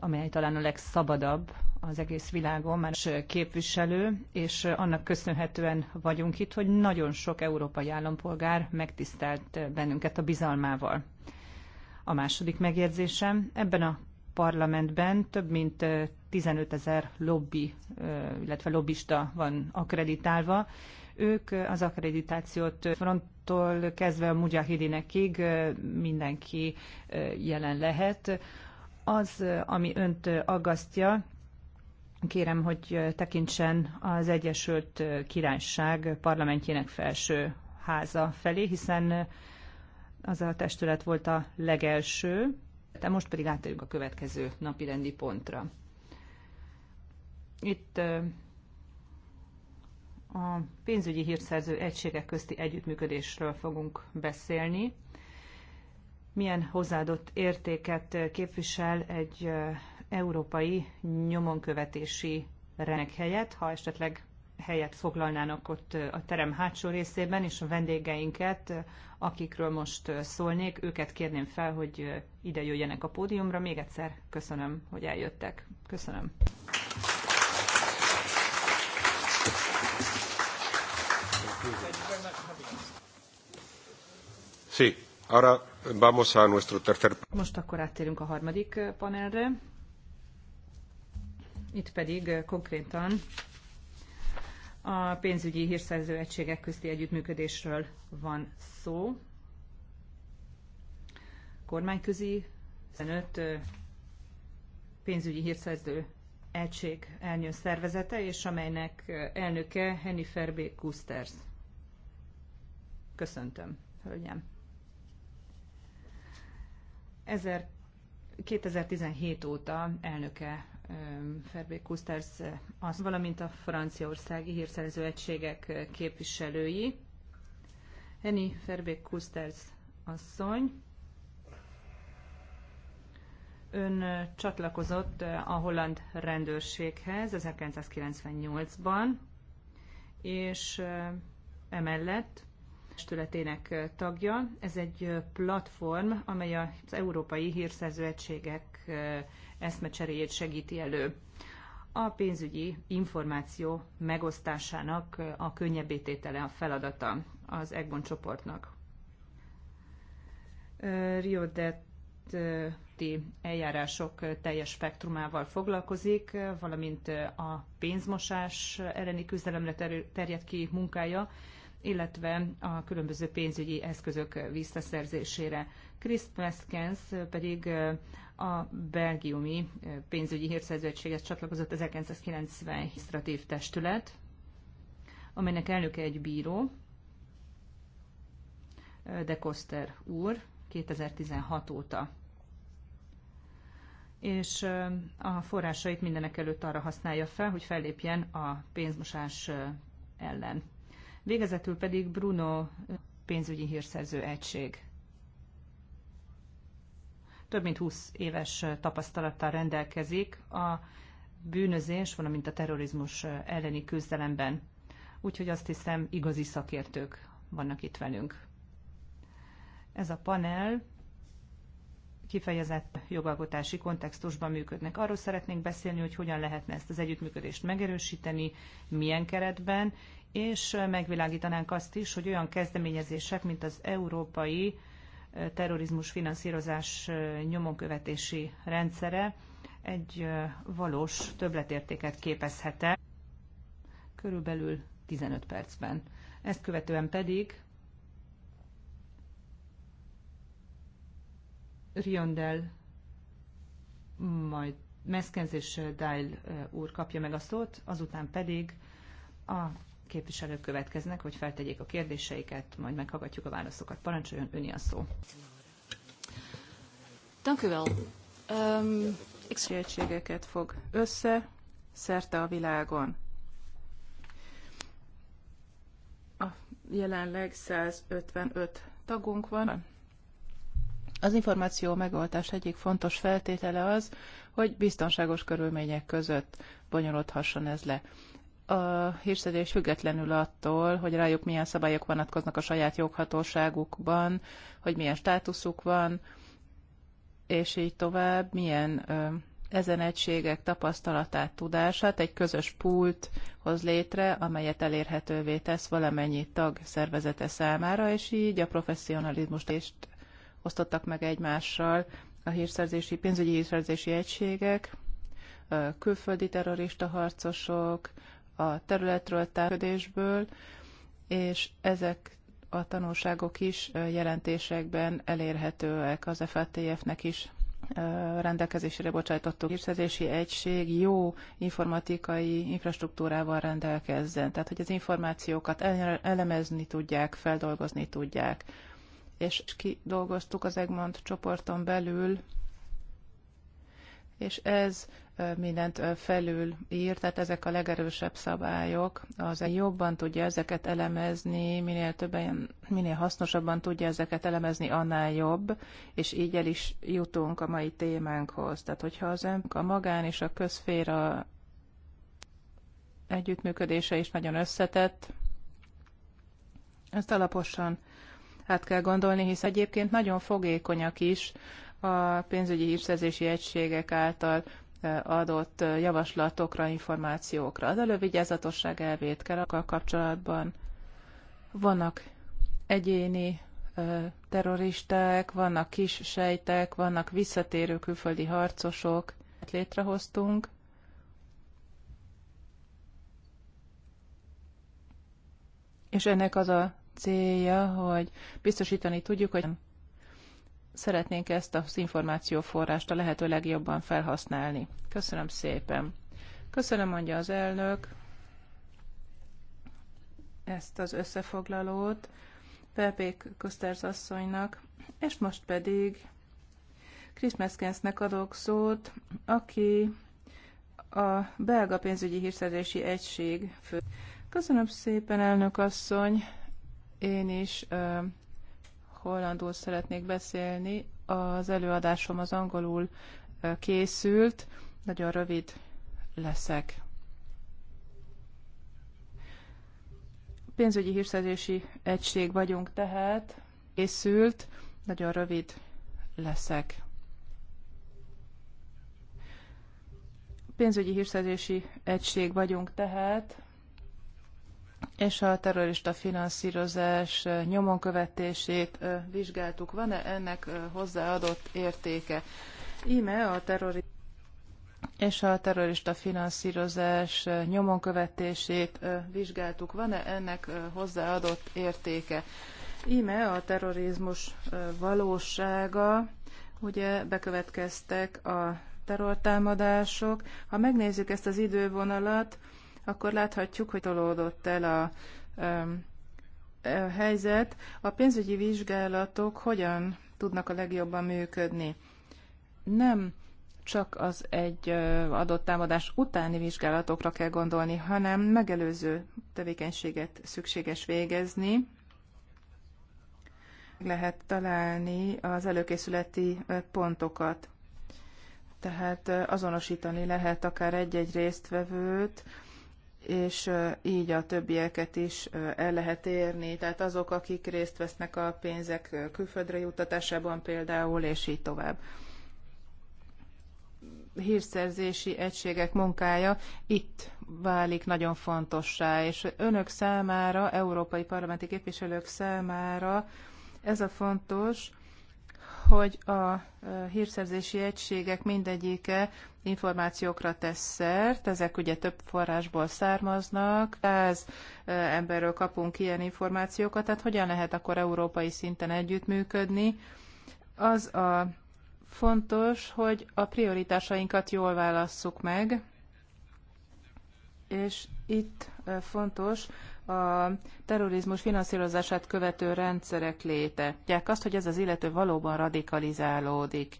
amely talán a legszabadabb az egész világon, már képviselő, és annak köszönhetően vagyunk itt, hogy nagyon sok európai állampolgár megtisztelt bennünket a bizalmával. A második megjegyzésem, ebben a parlamentben több mint 15 ezer lobby, illetve lobbista van akreditálva. Ők az akkreditációt front Kadafiéktól kezdve a Mujahidinekig mindenki jelen lehet. Az, ami önt aggasztja, kérem, hogy tekintsen az Egyesült Királyság parlamentjének felső háza felé, hiszen az a testület volt a legelső, de most pedig átérjük a következő napi rendi pontra. Itt a pénzügyi hírszerző egységek közti együttműködésről fogunk beszélni. Milyen hozzáadott értéket képvisel egy európai nyomonkövetési remek helyet, ha esetleg helyet foglalnának ott a terem hátsó részében, és a vendégeinket, akikről most szólnék, őket kérném fel, hogy ide jöjjenek a pódiumra. Még egyszer köszönöm, hogy eljöttek. Köszönöm.
Sí, ahora vamos a nuestro tercer...
Most akkor áttérünk a harmadik eh, panelre. Itt pedig eh, konkrétan a pénzügyi hírszerző egységek közti együttműködésről van szó. Kormányközi 15 eh, pénzügyi hírszerző egység elnyő szervezete, és amelynek elnöke Henny Ferbé Kusters. Köszöntöm, hölgyem. 2017 óta elnöke Ferbé Kusters, az, valamint a franciaországi hírszerző egységek képviselői. Eni Ferbé Kusters asszony, ön csatlakozott a holland rendőrséghez 1998-ban, és emellett testületének tagja. Ez egy platform, amely az Európai Hírszerző Egységek eszmecseréjét segíti elő. A pénzügyi információ megosztásának a könnyebbététele a feladata az Egbon csoportnak. Rio de eljárások teljes spektrumával foglalkozik, valamint a pénzmosás elleni küzdelemre terjed ki munkája, illetve a különböző pénzügyi eszközök visszaszerzésére. Chris Meskens pedig a belgiumi pénzügyi hírszerzőegységhez csatlakozott 1990 administratív testület, amelynek elnöke egy bíró, de Koster úr 2016 óta. És a forrásait mindenek előtt arra használja fel, hogy fellépjen a pénzmosás ellen. Végezetül pedig Bruno pénzügyi hírszerző egység. Több mint 20 éves tapasztalattal rendelkezik a bűnözés, valamint a terrorizmus elleni küzdelemben. Úgyhogy azt hiszem, igazi szakértők vannak itt velünk. Ez a panel kifejezett jogalkotási kontextusban működnek. Arról szeretnénk beszélni, hogy hogyan lehetne ezt az együttműködést megerősíteni, milyen keretben, és megvilágítanánk azt is, hogy olyan kezdeményezések, mint az európai terrorizmus finanszírozás nyomonkövetési rendszere egy valós többletértéket képezhet-e körülbelül 15 percben. Ezt követően pedig Riondel, majd Meszkenz és Dail úr kapja meg a szót, azután pedig a képviselők következnek, hogy feltegyék a kérdéseiket, majd meghallgatjuk a válaszokat. Parancsoljon öni a szó.
Dank Um, ehm, Egységeket fog össze szerte a világon. A jelenleg 155 tagunk van. Az információ megoldás egyik fontos feltétele az, hogy biztonságos körülmények között bonyolodhasson ez le a hírszedés függetlenül attól, hogy rájuk milyen szabályok vonatkoznak a saját joghatóságukban, hogy milyen státuszuk van, és így tovább, milyen ezen egységek tapasztalatát, tudását egy közös pult hoz létre, amelyet elérhetővé tesz valamennyi tag szervezete számára, és így a professzionalizmust is osztottak meg egymással a hírszerzési, pénzügyi hírszerzési egységek, külföldi terrorista harcosok, a területről, tárgyalásból, és ezek a tanulságok is jelentésekben elérhetőek az FATF-nek is rendelkezésére bocsájtottuk hírszerzési egység jó informatikai infrastruktúrával rendelkezzen, tehát hogy az információkat elemezni tudják, feldolgozni tudják. És kidolgoztuk az Egmont csoporton belül és ez mindent felül ír, tehát ezek a legerősebb szabályok, az jobban tudja ezeket elemezni, minél többen, minél hasznosabban tudja ezeket elemezni, annál jobb, és így el is jutunk a mai témánkhoz. Tehát, hogyha az a magán és a közféra együttműködése is nagyon összetett, ezt alaposan át kell gondolni, hisz egyébként nagyon fogékonyak is, a pénzügyi hírszerzési egységek által adott javaslatokra, információkra. Az elővigyázatosság elvét kell kapcsolatban. Vannak egyéni terroristák, vannak kis sejtek, vannak visszatérő külföldi harcosok. Létrehoztunk. És ennek az a célja, hogy biztosítani tudjuk, hogy szeretnénk ezt az információforrást a lehető legjobban felhasználni. Köszönöm szépen. Köszönöm, mondja az elnök, ezt az összefoglalót Pepék Kösterz asszonynak, és most pedig Chris Meskensnek adok szót, aki a belga pénzügyi hírszerzési egység fő. Köszönöm szépen, elnök asszony! Én is hollandul szeretnék beszélni. Az előadásom az angolul készült, nagyon rövid leszek. Pénzügyi hírszerzési egység vagyunk tehát, készült, nagyon rövid leszek. Pénzügyi hírszerzési egység vagyunk tehát, és a terrorista finanszírozás nyomon követését vizsgáltuk. Van-e ennek hozzáadott értéke? Íme a terrorista és a terrorista finanszírozás nyomon követését vizsgáltuk. Van-e ennek hozzáadott értéke? Íme a terrorizmus valósága, ugye bekövetkeztek a terrortámadások. Ha megnézzük ezt az idővonalat, akkor láthatjuk, hogy tolódott el a, a e, helyzet. A pénzügyi vizsgálatok hogyan tudnak a legjobban működni? Nem csak az egy adott támadás utáni vizsgálatokra kell gondolni, hanem megelőző tevékenységet szükséges végezni. Lehet találni az előkészületi pontokat. Tehát azonosítani lehet akár egy-egy résztvevőt, és így a többieket is el lehet érni. Tehát azok, akik részt vesznek a pénzek külföldre juttatásában például, és így tovább hírszerzési egységek munkája itt válik nagyon fontossá, és önök számára, európai parlamenti képviselők számára ez a fontos, hogy a hírszerzési egységek mindegyike információkra tesz szert, ezek ugye több forrásból származnak, ez emberről kapunk ilyen információkat, tehát hogyan lehet akkor európai szinten együttműködni. Az a fontos, hogy a prioritásainkat jól válasszuk meg, és itt fontos, a terrorizmus finanszírozását követő rendszerek léte. Tudják azt, hogy ez az illető valóban radikalizálódik.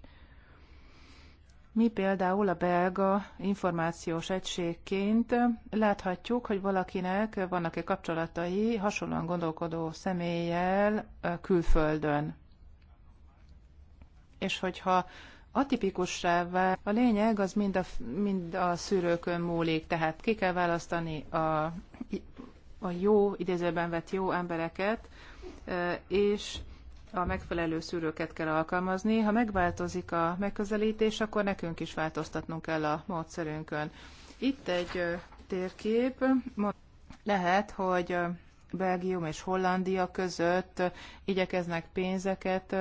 Mi például a belga információs egységként láthatjuk, hogy valakinek vannak-e kapcsolatai hasonlóan gondolkodó személlyel külföldön. És hogyha atipikussá vál, a lényeg az mind a, mind a szűrőkön múlik, tehát ki kell választani a a jó, idézőben vett jó embereket, és a megfelelő szűrőket kell alkalmazni. Ha megváltozik a megközelítés, akkor nekünk is változtatnunk kell a módszerünkön. Itt egy térkép. Lehet, hogy Belgium és Hollandia között igyekeznek pénzeket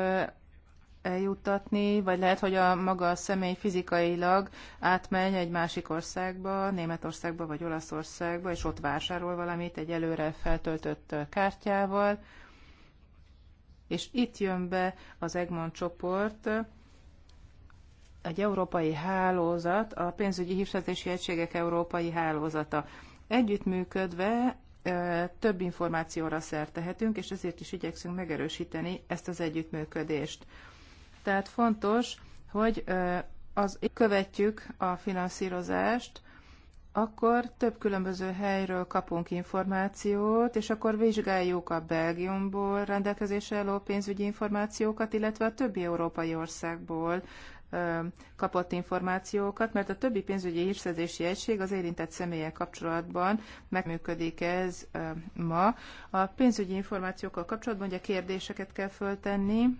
eljuttatni, vagy lehet, hogy a maga a személy fizikailag átmegy egy másik országba, Németországba vagy Olaszországba, és ott vásárol valamit egy előre feltöltött kártyával, és itt jön be az Egmont csoport, egy európai hálózat, a pénzügyi hívszetési egységek európai hálózata. Együttműködve több információra szert tehetünk, és ezért is igyekszünk megerősíteni ezt az együttműködést. Tehát fontos, hogy az követjük a finanszírozást, akkor több különböző helyről kapunk információt, és akkor vizsgáljuk a Belgiumból rendelkezésre álló pénzügyi információkat, illetve a többi európai országból kapott információkat, mert a többi pénzügyi hírszerzési egység az érintett személyek kapcsolatban megműködik ez ma. A pénzügyi információkkal kapcsolatban ugye kérdéseket kell föltenni,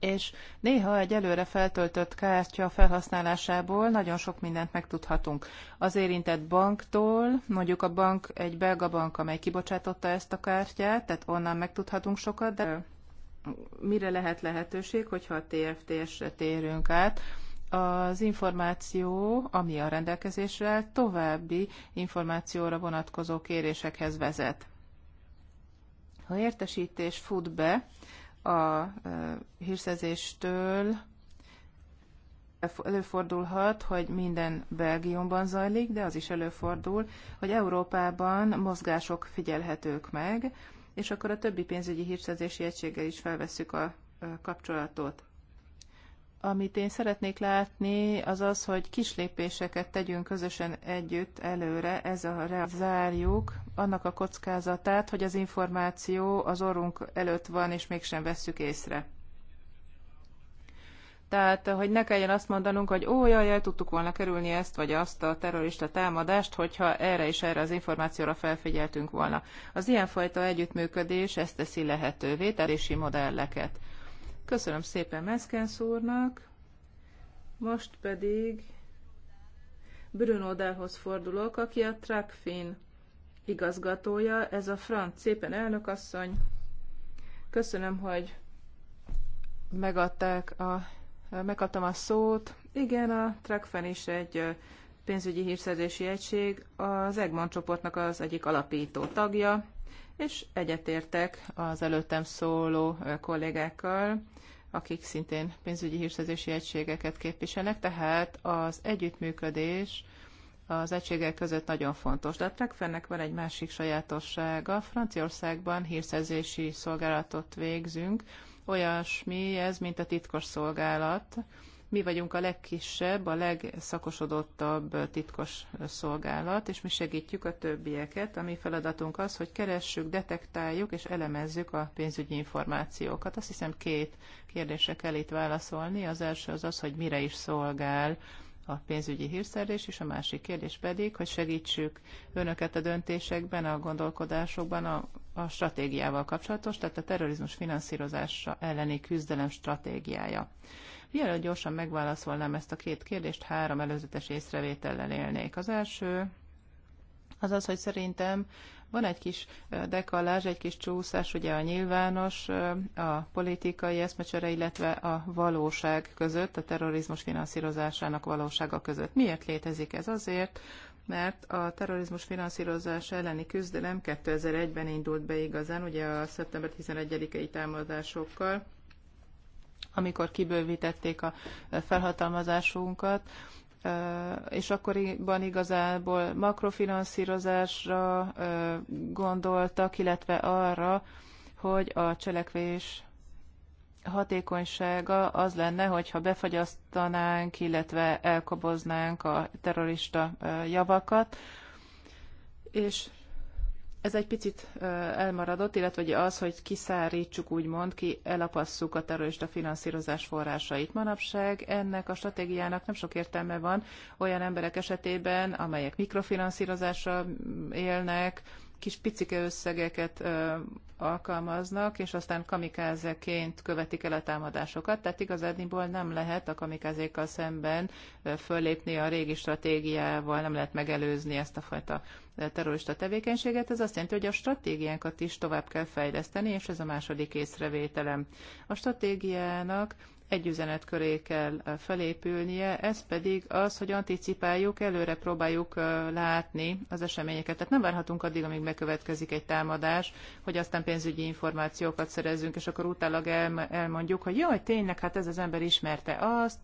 és néha egy előre feltöltött kártya felhasználásából nagyon sok mindent megtudhatunk. Az érintett banktól, mondjuk a bank egy belga bank, amely kibocsátotta ezt a kártyát, tehát onnan megtudhatunk sokat, de mire lehet lehetőség, hogyha a TFTS-re térünk át, az információ, ami a rendelkezésre további információra vonatkozó kérésekhez vezet. Ha értesítés fut be, a hírszerzéstől előfordulhat, hogy minden Belgiumban zajlik, de az is előfordul, hogy Európában mozgások figyelhetők meg, és akkor a többi pénzügyi hírszerzési egységgel is felveszük a kapcsolatot. Amit én szeretnék látni, az az, hogy kislépéseket tegyünk közösen együtt előre, ez a zárjuk annak a kockázatát, hogy az információ az orrunk előtt van, és mégsem vesszük észre. Tehát, hogy ne kelljen azt mondanunk, hogy ó, jaj, el tudtuk volna kerülni ezt vagy azt a terrorista támadást, hogyha erre és erre az információra felfigyeltünk volna. Az ilyenfajta együttműködés ezt teszi lehetővé, terési modelleket. Köszönöm szépen Meszkensz úrnak, most pedig Bruno Dához fordulok, aki a Trackfin igazgatója, ez a franc szépen elnökasszony. Köszönöm, hogy megadták a, megadtam a szót. Igen, a Trackfin is egy pénzügyi hírszerzési egység, az Egmont csoportnak az egyik alapító tagja, és egyetértek az előttem szóló kollégákkal, akik szintén pénzügyi hírszerzési egységeket képviselnek, tehát az együttműködés az egységek között nagyon fontos. De a Trekfennek van egy másik sajátossága. Franciaországban hírszerzési szolgálatot végzünk. Olyasmi ez, mint a titkos szolgálat, mi vagyunk a legkisebb, a legszakosodottabb titkos szolgálat, és mi segítjük a többieket. A mi feladatunk az, hogy keressük, detektáljuk és elemezzük a pénzügyi információkat. Azt hiszem két kérdésre kell itt válaszolni. Az első az az, hogy mire is szolgál a pénzügyi hírszerzés, és a másik kérdés pedig, hogy segítsük önöket a döntésekben, a gondolkodásokban, a, a stratégiával kapcsolatos, tehát a terrorizmus finanszírozása elleni küzdelem stratégiája. Mielőtt gyorsan megválaszolnám ezt a két kérdést, három előzetes észrevétellel élnék. Az első az az, hogy szerintem van egy kis dekalázs, egy kis csúszás, ugye a nyilvános, a politikai eszmecsere, illetve a valóság között, a terrorizmus finanszírozásának valósága között. Miért létezik ez? Azért, mert a terrorizmus finanszírozás elleni küzdelem 2001-ben indult be igazán, ugye a szeptember 11-i támadásokkal, amikor kibővítették a felhatalmazásunkat, és akkoriban igazából makrofinanszírozásra gondoltak, illetve arra, hogy a cselekvés hatékonysága az lenne, hogyha befagyasztanánk, illetve elkoboznánk a terrorista javakat, és ez egy picit elmaradott, illetve az, hogy kiszárítsuk, úgymond, ki elapasszuk a terrorista finanszírozás forrásait. Manapság ennek a stratégiának nem sok értelme van olyan emberek esetében, amelyek mikrofinanszírozással mm, élnek, kis picike összegeket alkalmaznak, és aztán kamikázeként követik el a támadásokat, tehát igazániból nem lehet a kamikázékkal szemben fölépni a régi stratégiával, nem lehet megelőzni ezt a fajta terrorista tevékenységet. Ez azt jelenti, hogy a stratégiánkat is tovább kell fejleszteni, és ez a második észrevételem. A stratégiának egy köré kell felépülnie, ez pedig az, hogy anticipáljuk, előre próbáljuk látni az eseményeket. Tehát nem várhatunk addig, amíg megkövetkezik egy támadás, hogy aztán pénzügyi információkat szerezzünk, és akkor utálag elmondjuk, hogy jaj, tényleg, hát ez az ember ismerte azt,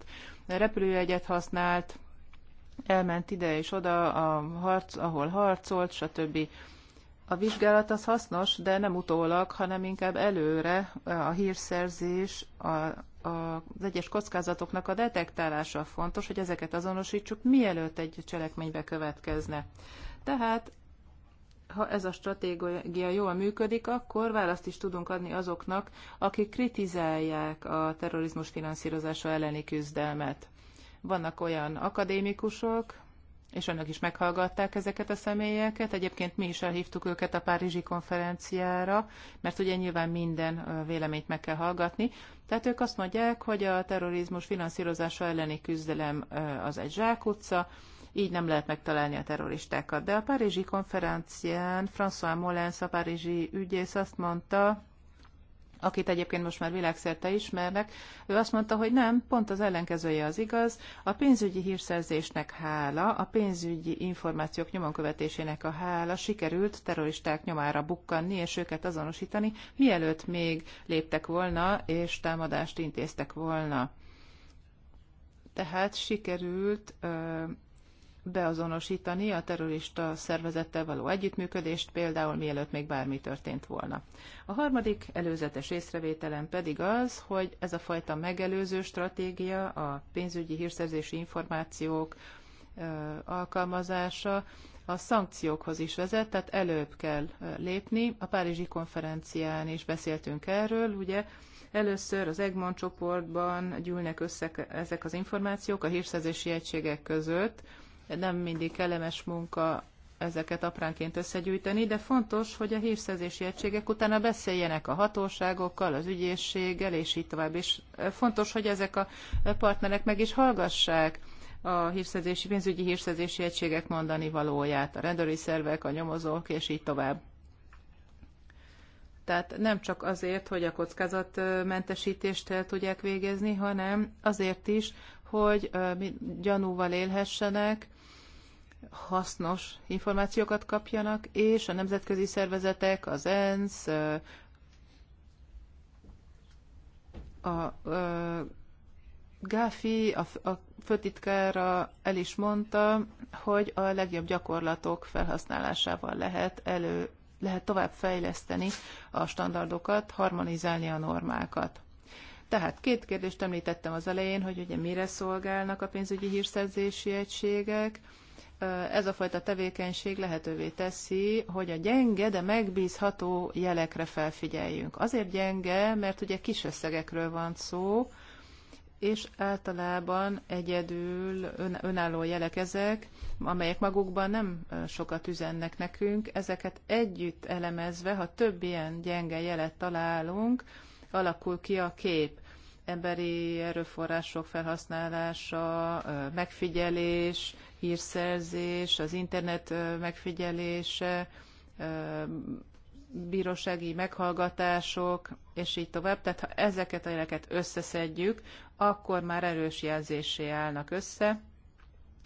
repülőjegyet használt, elment ide és oda, a harc, ahol harcolt, stb. A vizsgálat az hasznos, de nem utólag, hanem inkább előre a hírszerzés, a, az egyes kockázatoknak a detektálása fontos, hogy ezeket azonosítsuk, mielőtt egy cselekménybe következne. Tehát ha ez a stratégia jól működik, akkor választ is tudunk adni azoknak, akik kritizálják a terrorizmus finanszírozása elleni küzdelmet. Vannak olyan akadémikusok, és önök is meghallgatták ezeket a személyeket. Egyébként mi is elhívtuk őket a Párizsi konferenciára, mert ugye nyilván minden véleményt meg kell hallgatni. Tehát ők azt mondják, hogy a terrorizmus finanszírozása elleni küzdelem az egy zsákutca, így nem lehet megtalálni a terroristákat. De a Párizsi konferencián François Molens, a párizsi ügyész azt mondta, akit egyébként most már világszerte ismernek, ő azt mondta, hogy nem, pont az ellenkezője az igaz, a pénzügyi hírszerzésnek hála, a pénzügyi információk nyomonkövetésének a hála sikerült terroristák nyomára bukkanni és őket azonosítani, mielőtt még léptek volna és támadást intéztek volna. Tehát sikerült beazonosítani a terrorista szervezettel való együttműködést, például mielőtt még bármi történt volna. A harmadik előzetes észrevételem pedig az, hogy ez a fajta megelőző stratégia, a pénzügyi hírszerzési információk alkalmazása a szankciókhoz is vezet, tehát előbb kell lépni. A Párizsi konferencián is beszéltünk erről, ugye először az Egmont csoportban gyűlnek össze ezek az információk a hírszerzési egységek között, nem mindig kellemes munka ezeket apránként összegyűjteni, de fontos, hogy a hírszerzési egységek utána beszéljenek a hatóságokkal, az ügyészséggel, és így tovább. És fontos, hogy ezek a partnerek meg is hallgassák a hírszerzési, pénzügyi hírszerzési egységek mondani valóját, a rendőri szervek, a nyomozók, és így tovább. Tehát nem csak azért, hogy a kockázatmentesítést el tudják végezni, hanem azért is, hogy gyanúval élhessenek, hasznos információkat kapjanak, és a nemzetközi szervezetek, az ENSZ, a Gáfi, a, a főtitkára el is mondta, hogy a legjobb gyakorlatok felhasználásával lehet elő, lehet tovább fejleszteni a standardokat, harmonizálni a normákat. Tehát két kérdést említettem az elején, hogy ugye mire szolgálnak a pénzügyi hírszerzési egységek, ez a fajta tevékenység lehetővé teszi, hogy a gyenge, de megbízható jelekre felfigyeljünk. Azért gyenge, mert ugye kis összegekről van szó, és általában egyedül ön, önálló jelek ezek, amelyek magukban nem sokat üzennek nekünk, ezeket együtt elemezve, ha több ilyen gyenge jelet találunk, alakul ki a kép emberi erőforrások felhasználása, megfigyelés, hírszerzés, az internet megfigyelése, bírósági meghallgatások, és így tovább. Tehát ha ezeket a jeleket összeszedjük, akkor már erős jelzésé állnak össze,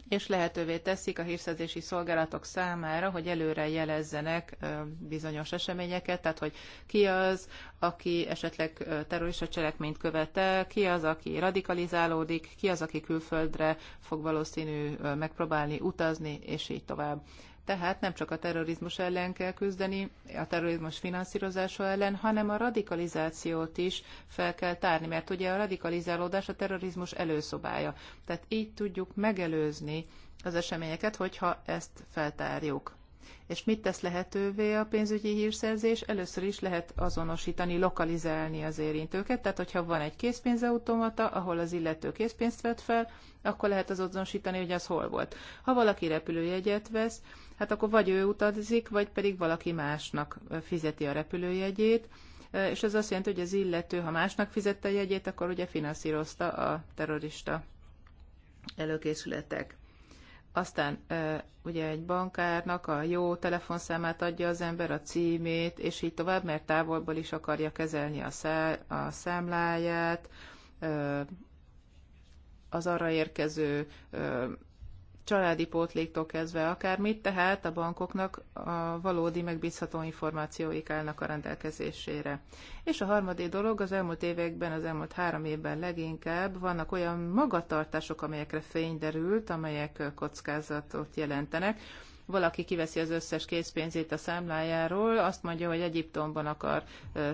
és lehetővé teszik a hírszerzési szolgálatok számára, hogy előre jelezzenek bizonyos eseményeket, tehát hogy ki az, aki esetleg terrorista cselekményt követel, ki az, aki radikalizálódik, ki az, aki külföldre fog valószínű megpróbálni utazni, és így tovább. Tehát nem csak a terrorizmus ellen kell küzdeni, a terrorizmus finanszírozása ellen, hanem a radikalizációt is fel kell tárni, mert ugye a radikalizálódás a terrorizmus előszobája. Tehát így tudjuk megelőzni az eseményeket, hogyha ezt feltárjuk. És mit tesz lehetővé a pénzügyi hírszerzés? Először is lehet azonosítani, lokalizálni az érintőket, tehát hogyha van egy készpénzautomata, ahol az illető készpénzt vett fel, akkor lehet az azonosítani, hogy az hol volt. Ha valaki repülőjegyet vesz, hát akkor vagy ő utazik, vagy pedig valaki másnak fizeti a repülőjegyét, és ez azt jelenti, hogy az illető, ha másnak fizette a jegyét, akkor ugye finanszírozta a terrorista előkészületek. Aztán ugye egy bankárnak a jó telefonszámát adja az ember, a címét, és így tovább, mert távolból is akarja kezelni a, szá- a számláját, az arra érkező családi pótléktól kezdve akármit, tehát a bankoknak a valódi megbízható információik állnak a rendelkezésére. És a harmadik dolog, az elmúlt években, az elmúlt három évben leginkább vannak olyan magatartások, amelyekre fény derült, amelyek kockázatot jelentenek, valaki kiveszi az összes készpénzét a számlájáról, azt mondja, hogy Egyiptomban akar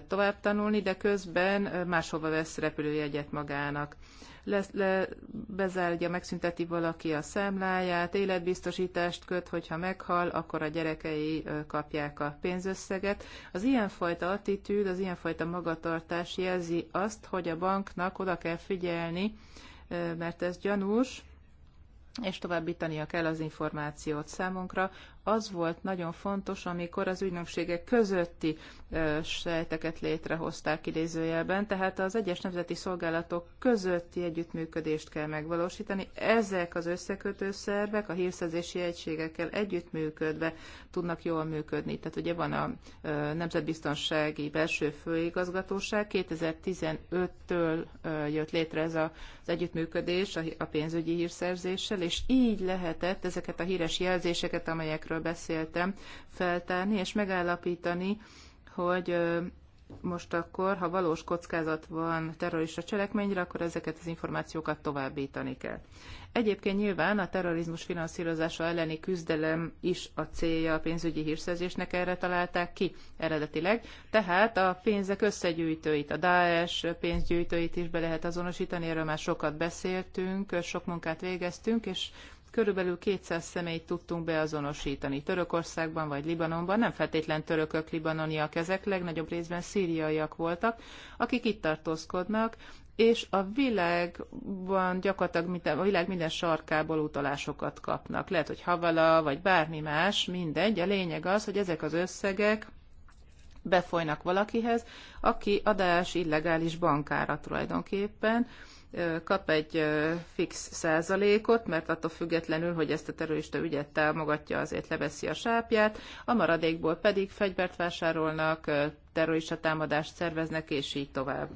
tovább tanulni, de közben máshova vesz repülőjegyet magának Le, le, bezárja, megszünteti valaki a számláját, életbiztosítást köt, hogyha meghal, akkor a gyerekei kapják a pénzösszeget. Az ilyenfajta attitűd, az ilyenfajta magatartás jelzi azt, hogy a banknak oda kell figyelni, mert ez gyanús, és továbbítania kell az információt számunkra, az volt nagyon fontos, amikor az ügynökségek közötti sejteket létrehozták idézőjelben, tehát az egyes nemzeti szolgálatok közötti együttműködést kell megvalósítani. Ezek az összekötő szervek a hírszerzési egységekkel együttműködve tudnak jól működni. Tehát ugye van a Nemzetbiztonsági Belső Főigazgatóság, 2015-től jött létre ez az együttműködés a pénzügyi hírszerzéssel, és így lehetett ezeket a híres jelzéseket, amelyekről amikről beszéltem, feltárni és megállapítani, hogy most akkor, ha valós kockázat van terrorista cselekményre, akkor ezeket az információkat továbbítani kell. Egyébként nyilván a terrorizmus finanszírozása elleni küzdelem is a célja a pénzügyi hírszerzésnek, erre találták ki eredetileg. Tehát a pénzek összegyűjtőit, a Daesh pénzgyűjtőit is be lehet azonosítani, erről már sokat beszéltünk, sok munkát végeztünk, és körülbelül 200 személyt tudtunk beazonosítani Törökországban vagy Libanonban, nem feltétlen törökök, libanoniak ezek, legnagyobb részben szíriaiak voltak, akik itt tartózkodnak, és a világban gyakorlatilag a világ minden sarkából utalásokat kapnak. Lehet, hogy havala, vagy bármi más, mindegy. A lényeg az, hogy ezek az összegek befolynak valakihez, aki adás illegális bankára tulajdonképpen, kap egy fix százalékot, mert attól függetlenül, hogy ezt a terrorista ügyet támogatja, azért leveszi a sápját, a maradékból pedig fegyvert vásárolnak, terrorista támadást szerveznek, és így tovább.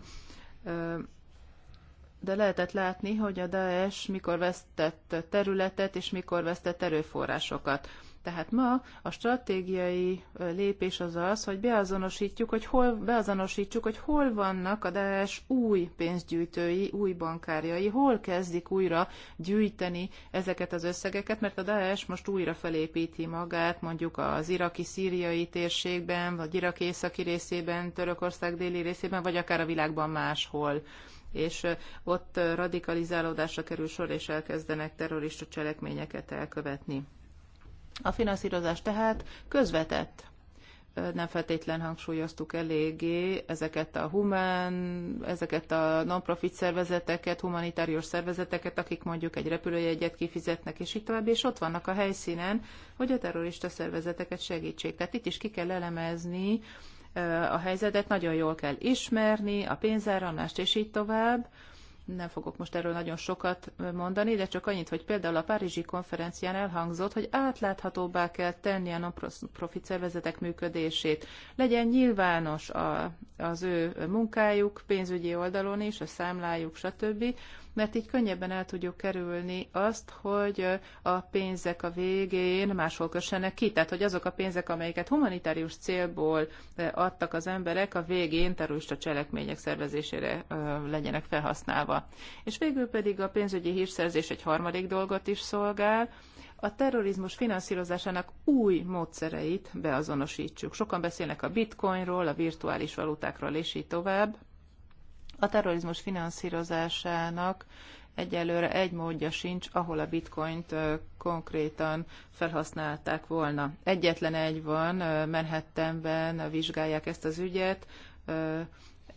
De lehetett látni, hogy a Daesh mikor vesztett területet, és mikor vesztett erőforrásokat. Tehát ma a stratégiai lépés az az, hogy beazonosítjuk, hogy hol, beazonosítsuk, hogy hol vannak a DAS új pénzgyűjtői, új bankárjai, hol kezdik újra gyűjteni ezeket az összegeket, mert a DAS most újra felépíti magát, mondjuk az iraki-szíriai térségben, vagy irak északi részében, Törökország déli részében, vagy akár a világban máshol és ott radikalizálódásra kerül sor, és elkezdenek terrorista cselekményeket elkövetni. A finanszírozás tehát közvetett nem feltétlen hangsúlyoztuk eléggé ezeket a humán, ezeket a non-profit szervezeteket, humanitárius szervezeteket, akik mondjuk egy repülőjegyet kifizetnek, és így tovább, és ott vannak a helyszínen, hogy a terrorista szervezeteket segítsék. Tehát itt is ki kell elemezni a helyzetet, nagyon jól kell ismerni a pénzáramlást, és így tovább nem fogok most erről nagyon sokat mondani, de csak annyit, hogy például a Párizsi konferencián elhangzott, hogy átláthatóbbá kell tenni a non-profit szervezetek működését. Legyen nyilvános a, az ő munkájuk pénzügyi oldalon is, a számlájuk, stb mert így könnyebben el tudjuk kerülni azt, hogy a pénzek a végén máshol kössenek ki. Tehát, hogy azok a pénzek, amelyeket humanitárius célból eh, adtak az emberek, a végén terrorista cselekmények szervezésére eh, legyenek felhasználva. És végül pedig a pénzügyi hírszerzés egy harmadik dolgot is szolgál, a terrorizmus finanszírozásának új módszereit beazonosítsuk. Sokan beszélnek a bitcoinról, a virtuális valutákról, és így tovább. A terrorizmus finanszírozásának egyelőre egy módja sincs, ahol a bitcoint konkrétan felhasználták volna. Egyetlen egy van, Manhattanben vizsgálják ezt az ügyet,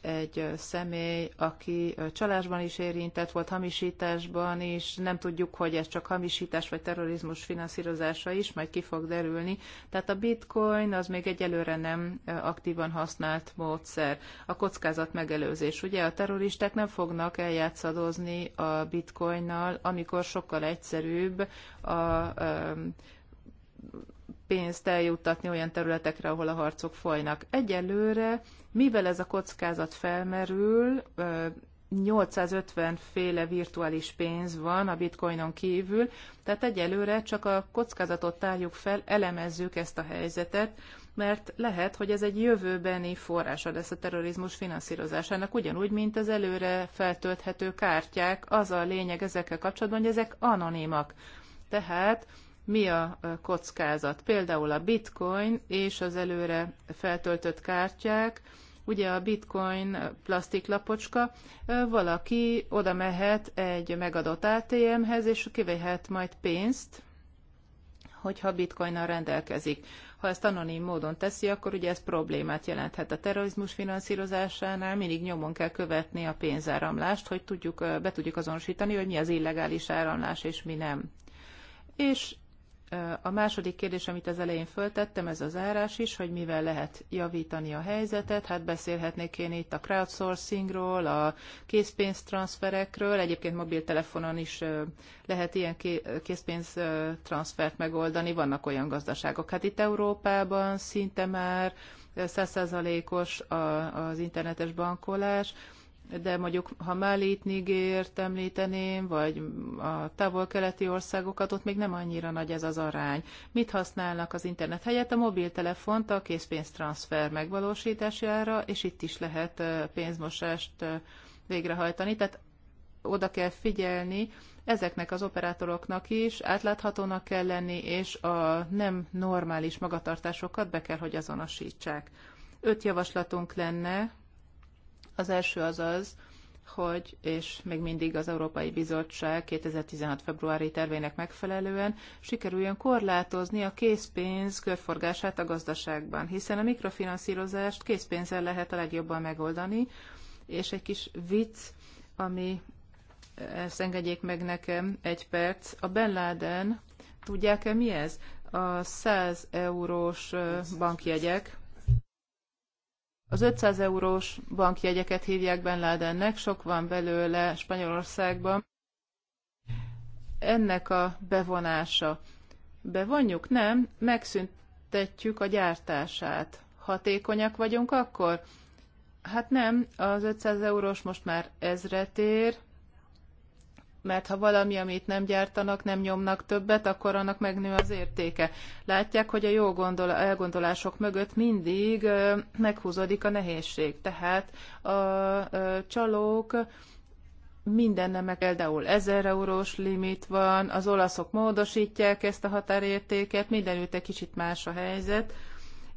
egy személy, aki csalásban is érintett volt, hamisításban is, nem tudjuk, hogy ez csak hamisítás vagy terrorizmus finanszírozása is, majd ki fog derülni. Tehát a bitcoin az még egyelőre nem aktívan használt módszer. A kockázat megelőzés. Ugye a terroristák nem fognak eljátszadozni a bitcoinnal, amikor sokkal egyszerűbb a, a pénzt eljuttatni olyan területekre, ahol a harcok folynak. Egyelőre, mivel ez a kockázat felmerül, 850 féle virtuális pénz van a bitcoinon kívül, tehát egyelőre csak a kockázatot tárjuk fel, elemezzük ezt a helyzetet, mert lehet, hogy ez egy jövőbeni forrása lesz a terrorizmus finanszírozásának, ugyanúgy, mint az előre feltölthető kártyák. Az a lényeg ezekkel kapcsolatban, hogy ezek anonimak. Tehát mi a kockázat. Például a bitcoin és az előre feltöltött kártyák, ugye a bitcoin plastiklapocska, valaki oda mehet egy megadott ATM-hez, és kivehet majd pénzt, hogyha bitcoinnal rendelkezik. Ha ezt anonim módon teszi, akkor ugye ez problémát jelenthet a terrorizmus finanszírozásánál, mindig nyomon kell követni a pénzáramlást, hogy tudjuk, be tudjuk azonosítani, hogy mi az illegális áramlás és mi nem. És a második kérdés, amit az elején föltettem, ez az árás is, hogy mivel lehet javítani a helyzetet. Hát beszélhetnék én itt a crowdsourcingról, a készpénztranszferekről. Egyébként mobiltelefonon is lehet ilyen készpénztranszfert megoldani. Vannak olyan gazdaságok. Hát itt Európában szinte már százszázalékos az internetes bankolás de mondjuk ha Málit, Nigért említeném, vagy a távol-keleti országokat, ott még nem annyira nagy ez az arány. Mit használnak az internet helyett? A mobiltelefont a készpénztranszfer megvalósítására, és itt is lehet pénzmosást végrehajtani. Tehát oda kell figyelni, ezeknek az operátoroknak is átláthatónak kell lenni, és a nem normális magatartásokat be kell, hogy azonosítsák. Öt javaslatunk lenne, az első az az, hogy, és még mindig az Európai Bizottság 2016. februári tervének megfelelően sikerüljön korlátozni a készpénz körforgását a gazdaságban, hiszen a mikrofinanszírozást készpénzzel lehet a legjobban megoldani, és egy kis vicc, ami ezt engedjék meg nekem egy perc. A Ben Laden, tudják-e mi ez? A 100 eurós bankjegyek, az 500 eurós bankjegyeket hívják Ben Ladennek, sok van belőle Spanyolországban. Ennek a bevonása. Bevonjuk? Nem, megszüntetjük a gyártását. Hatékonyak vagyunk akkor? Hát nem, az 500 eurós most már ezret ér, mert ha valami, amit nem gyártanak, nem nyomnak többet, akkor annak megnő az értéke. Látják, hogy a jó gondol- elgondolások mögött mindig ö, meghúzódik a nehézség. Tehát a ö, csalók mindenne meg például 1000 eurós limit van, az olaszok módosítják ezt a határértéket, mindenütt egy kicsit más a helyzet. Ö,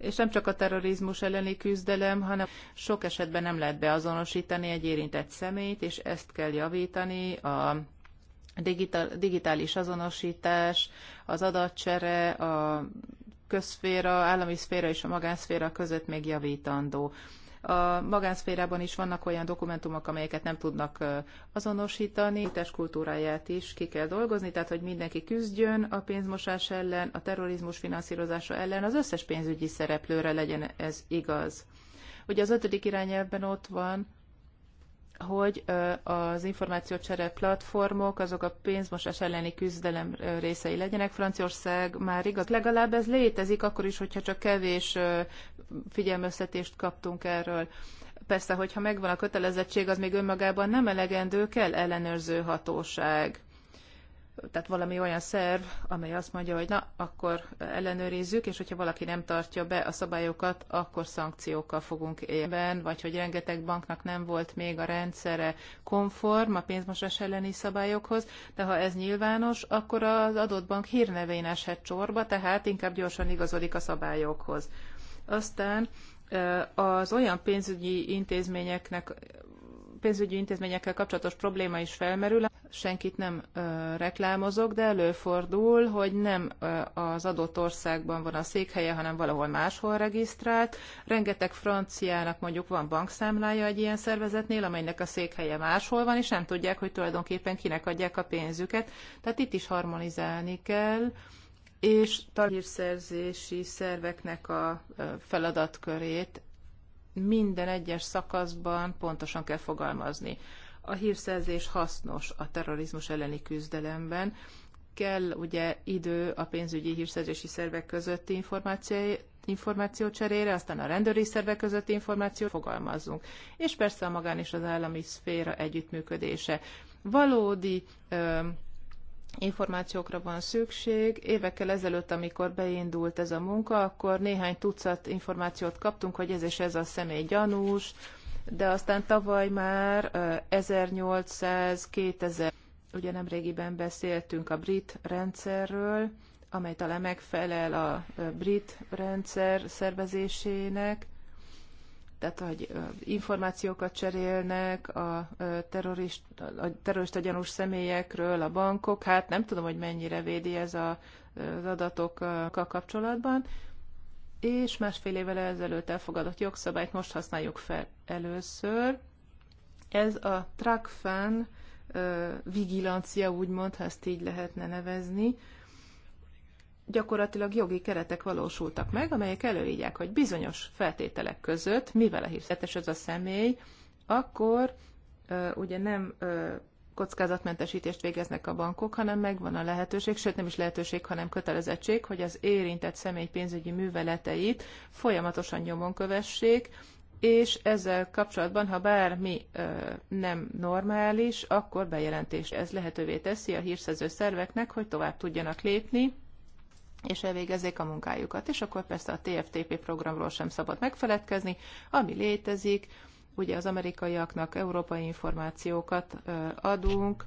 és nem csak a terrorizmus elleni küzdelem, hanem sok esetben nem lehet beazonosítani egy érintett szemét, és ezt kell javítani a digitális azonosítás, az adatcsere, a közszféra, állami szféra és a magánszféra között még javítandó. A magánszférában is vannak olyan dokumentumok, amelyeket nem tudnak azonosítani. A kultúráját is ki kell dolgozni, tehát hogy mindenki küzdjön a pénzmosás ellen, a terrorizmus finanszírozása ellen, az összes pénzügyi szereplőre legyen ez igaz. Ugye az ötödik irányelvben ott van, hogy az információcsere platformok azok a pénzmosás elleni küzdelem részei legyenek. Franciaország már igaz, legalább ez létezik, akkor is, hogyha csak kevés figyelmeztetést kaptunk erről. Persze, hogyha megvan a kötelezettség, az még önmagában nem elegendő, kell ellenőrző hatóság tehát valami olyan szerv, amely azt mondja, hogy na, akkor ellenőrizzük, és hogyha valaki nem tartja be a szabályokat, akkor szankciókkal fogunk élben, vagy hogy rengeteg banknak nem volt még a rendszere konform a pénzmosás elleni szabályokhoz, de ha ez nyilvános, akkor az adott bank hírnevén eshet csorba, tehát inkább gyorsan igazodik a szabályokhoz. Aztán az olyan pénzügyi intézményeknek pénzügyi intézményekkel kapcsolatos probléma is felmerül. Senkit nem ö, reklámozok, de előfordul, hogy nem ö, az adott országban van a székhelye, hanem valahol máshol regisztrált. Rengeteg franciának mondjuk van bankszámlája egy ilyen szervezetnél, amelynek a székhelye máshol van, és nem tudják, hogy tulajdonképpen kinek adják a pénzüket. Tehát itt is harmonizálni kell és taghírszerzési szerveknek a feladatkörét minden egyes szakaszban pontosan kell fogalmazni. A hírszerzés hasznos a terrorizmus elleni küzdelemben, kell ugye idő a pénzügyi hírszerzési szervek közötti információ, információ cserére, aztán a rendőri szervek közötti információ fogalmazzunk. És persze a magán és az állami szféra együttműködése. Valódi ö, információkra van szükség. Évekkel ezelőtt, amikor beindult ez a munka, akkor néhány tucat információt kaptunk, hogy ez és ez a személy gyanús, de aztán tavaly már 1800-2000, ugye nemrégiben beszéltünk a brit rendszerről, amely talán megfelel a brit rendszer szervezésének, tehát hogy információkat cserélnek a, terrorista, a terrorista gyanús személyekről, a bankok, hát nem tudom, hogy mennyire védi ez a, az adatokkal kapcsolatban, és másfél évvel ezelőtt elfogadott jogszabályt most használjuk fel először. Ez a TRACFAN vigilancia, úgymond, ha ezt így lehetne nevezni, gyakorlatilag jogi keretek valósultak meg, amelyek előírják, hogy bizonyos feltételek között, mivel a hírszertes az a személy, akkor ugye nem kockázatmentesítést végeznek a bankok, hanem megvan a lehetőség, sőt nem is lehetőség, hanem kötelezettség, hogy az érintett személy pénzügyi műveleteit folyamatosan nyomon kövessék, és ezzel kapcsolatban, ha bármi ö, nem normális, akkor bejelentés. Ez lehetővé teszi a hírszerző szerveknek, hogy tovább tudjanak lépni, és elvégezzék a munkájukat. És akkor persze a TFTP programról sem szabad megfeledkezni, ami létezik, ugye az amerikaiaknak európai információkat adunk,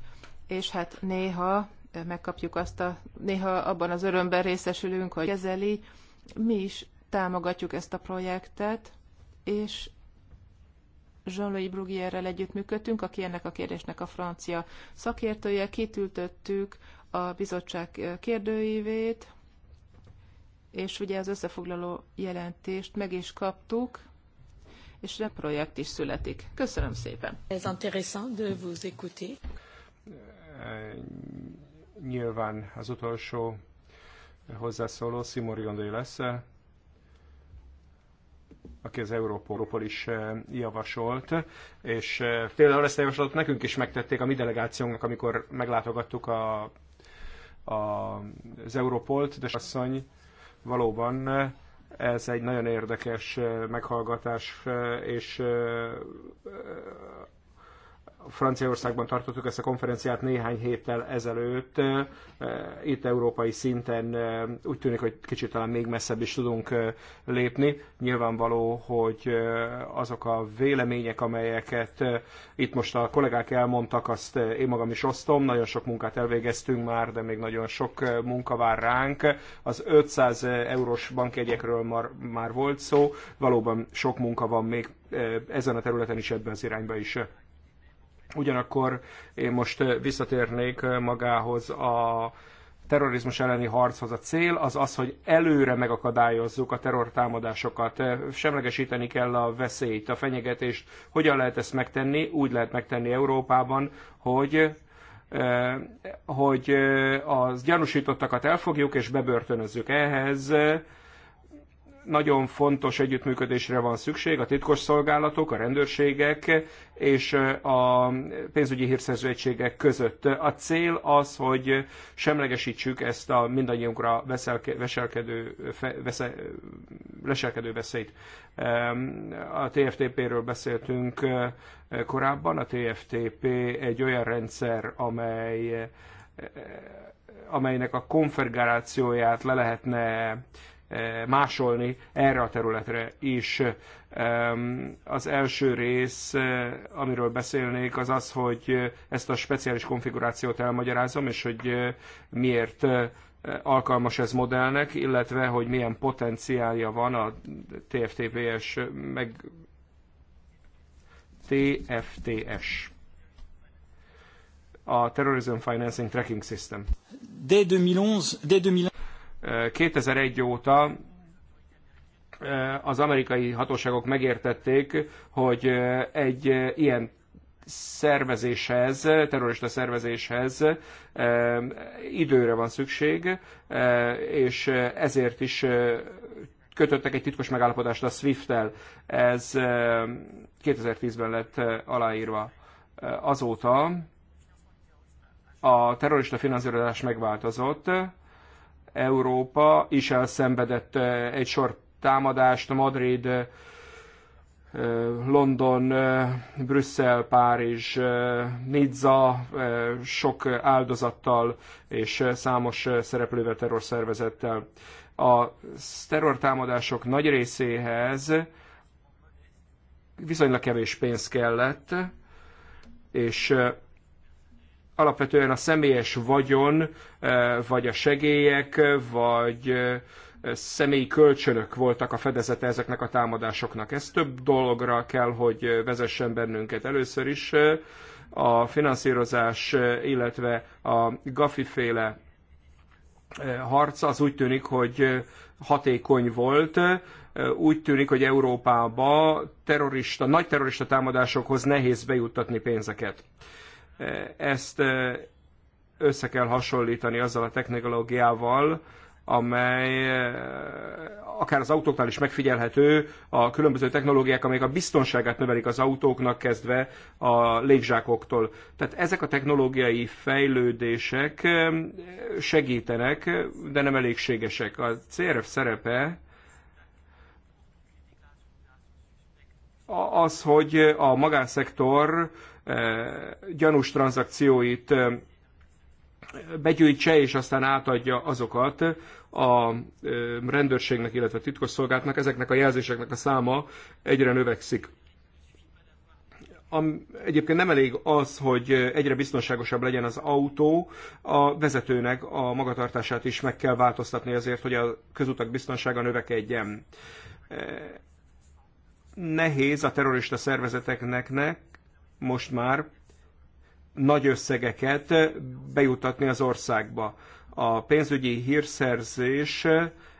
és hát néha megkapjuk azt a, néha abban az örömben részesülünk, hogy kezeli, mi is támogatjuk ezt a projektet, és Jean-Louis Brugierrel együttműködtünk, aki ennek a kérdésnek a francia szakértője, kitültöttük a bizottság kérdőívét, és ugye az összefoglaló jelentést meg is kaptuk, és a projekt is születik. Köszönöm szépen! Ez intéressant de vous écouter.
Nyilván az utolsó hozzászóló Gondoli lesz, aki az Európol is eh, javasolt, és eh, például ezt a javaslatot nekünk is megtették a mi delegációnknak, amikor meglátogattuk a, a, az Európolt, de asszony Valóban eh, ez egy nagyon érdekes eh, meghallgatás, eh, és Franciaországban tartottuk ezt a konferenciát néhány héttel ezelőtt. Itt európai szinten úgy tűnik, hogy kicsit talán még messzebb is tudunk lépni. Nyilvánvaló, hogy azok a vélemények, amelyeket itt most a kollégák elmondtak, azt én magam is osztom. Nagyon sok munkát elvégeztünk már, de még nagyon sok munka vár ránk. Az 500 eurós bankjegyekről már, már volt szó. Valóban sok munka van még ezen a területen is, ebben az irányba is. Ugyanakkor én most eh, visszatérnék eh, magához a terrorizmus elleni harchoz a cél, az az, hogy előre megakadályozzuk a terrortámadásokat, eh, semlegesíteni kell a veszélyt, a fenyegetést. Hogyan lehet ezt megtenni? Úgy lehet megtenni Európában, hogy hogy az gyanúsítottakat elfogjuk és bebörtönözzük ehhez, nagyon fontos együttműködésre van szükség a titkos szolgálatok, a rendőrségek és a pénzügyi hírszerző egységek között. A cél az, hogy semlegesítsük ezt a mindannyiunkra veselkedő, vesze, leselkedő veszélyt. A TFTP-ről beszéltünk korábban. A TFTP egy olyan rendszer, amely amelynek a konfigurációját le lehetne másolni erre a területre is. Az első rész, amiről beszélnék, az az, hogy ezt a speciális konfigurációt elmagyarázom, és hogy miért alkalmas ez modellnek, illetve hogy milyen potenciálja van a TFTPS meg TFTS a Terrorism Financing Tracking System. Dès 2011, dès 2011... 2001 óta eh, az amerikai hatóságok megértették, hogy eh, egy eh, ilyen szervezéshez, terrorista szervezéshez időre van szükség, és ezért is kötöttek egy titkos megállapodást a SWIFT-tel. Ez 2010-ben lett aláírva. Azóta a terrorista finanszírozás megváltozott, Európa is elszenvedett egy sor támadást, Madrid, London, Brüsszel, Párizs, Nizza sok áldozattal és számos szereplővel, terrorszervezettel. A terrortámadások nagy részéhez viszonylag kevés pénz kellett, és alapvetően a személyes vagyon, eh, vagy a segélyek, vagy eh, személyi kölcsönök voltak a fedezete ezeknek a támadásoknak. Ez több dologra kell, hogy vezessen bennünket. Először is eh, a finanszírozás, illetve a Gafi-féle harc az úgy tűnik, hogy hatékony volt. Úgy tűnik, hogy Európába terrorista, nagy terrorista támadásokhoz nehéz bejuttatni pénzeket. Ezt e, össze kell hasonlítani azzal a technológiával, amely e, akár az autóknál is megfigyelhető, a különböző technológiák, amelyek a biztonságát növelik az autóknak kezdve a légzsákoktól. Tehát ezek a technológiai fejlődések e, segítenek, de nem elégségesek. A CRF szerepe az, hogy a magánszektor gyanús tranzakcióit begyűjtse, és aztán átadja azokat a rendőrségnek, illetve titkosszolgáltnak. ezeknek a jelzéseknek a száma egyre növekszik. Am, egyébként nem elég az, hogy egyre biztonságosabb legyen az autó, a vezetőnek a magatartását is meg kell változtatni azért, hogy a közutak biztonsága növekedjen. Nehéz a terrorista szervezeteknek most már nagy összegeket bejutatni az országba. A pénzügyi hírszerzés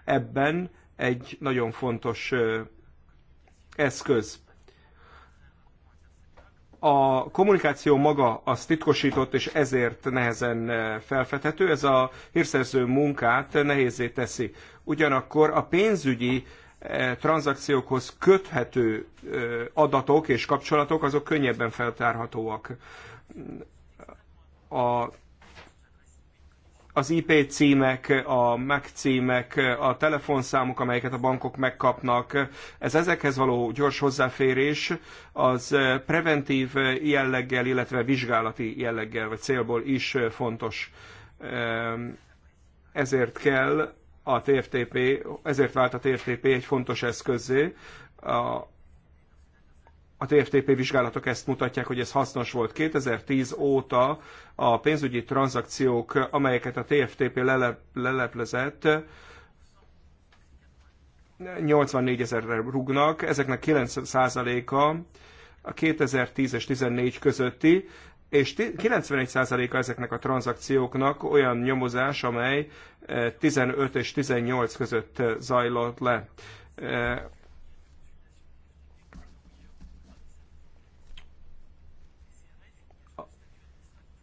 ebben egy nagyon fontos eszköz. A kommunikáció maga az titkosított, és ezért nehezen felfedhető. Ez a hírszerző munkát nehézé teszi. Ugyanakkor a pénzügyi E, tranzakciókhoz köthető e, adatok és kapcsolatok, azok könnyebben feltárhatóak. A, az IP címek, a MAC e címek, a telefonszámok, amelyeket a bankok megkapnak, ez ezekhez való gyors hozzáférés, az preventív jelleggel, illetve vizsgálati jelleggel, vagy célból is fontos. Ezért kell a TFTP, ezért vált a TFTP egy fontos eszközzé. A, a TFTP vizsgálatok ezt mutatják, hogy ez hasznos volt. 2010 óta a pénzügyi tranzakciók, amelyeket a TFTP lele, leleplezett, 84 ezerre rúgnak, ezeknek 9%-a a 2010 és 14 közötti, és 91%-a ezeknek a tranzakcióknak olyan nyomozás, amely 15 eh, és 18 között eh, zajlott le. Eh,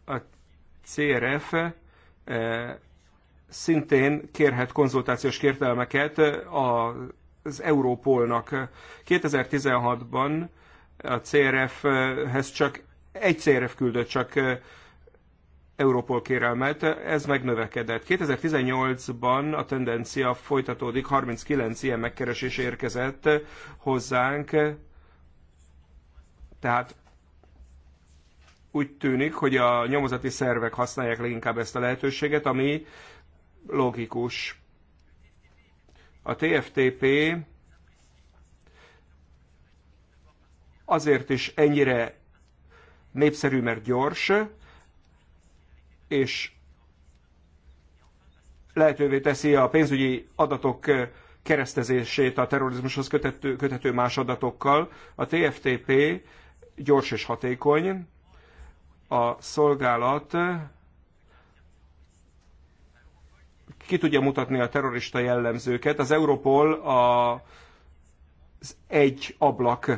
a CRF szintén kérhet konzultációs kértelmeket az Európolnak. 2016-ban a CRF-hez csak egy CRF küldött csak Európol kérelmet, ez megnövekedett. 2018-ban a tendencia folytatódik, 39 ilyen megkeresés érkezett hozzánk, tehát úgy tűnik, hogy a nyomozati szervek használják leginkább ezt a lehetőséget, ami logikus. A TFTP azért is ennyire népszerű, mert gyors, és lehetővé teszi a pénzügyi adatok keresztezését a terrorizmushoz kötető, kötető más adatokkal. A TFTP gyors és hatékony, a szolgálat ki tudja mutatni a terrorista jellemzőket. Az Europol a, az egy ablak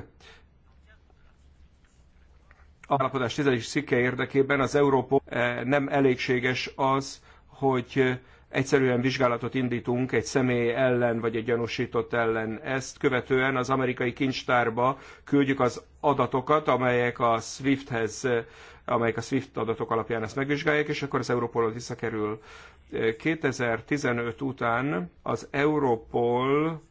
alapodás tizedik cikke érdekében az Európa eh, nem elégséges az, hogy eh, egyszerűen vizsgálatot indítunk egy személy ellen, vagy egy gyanúsított ellen. Ezt követően az amerikai kincstárba küldjük az adatokat, amelyek a SWIFT-hez, eh, amelyek a SWIFT adatok alapján ezt megvizsgálják, és akkor az Europolhoz visszakerül. 2015 után az Europol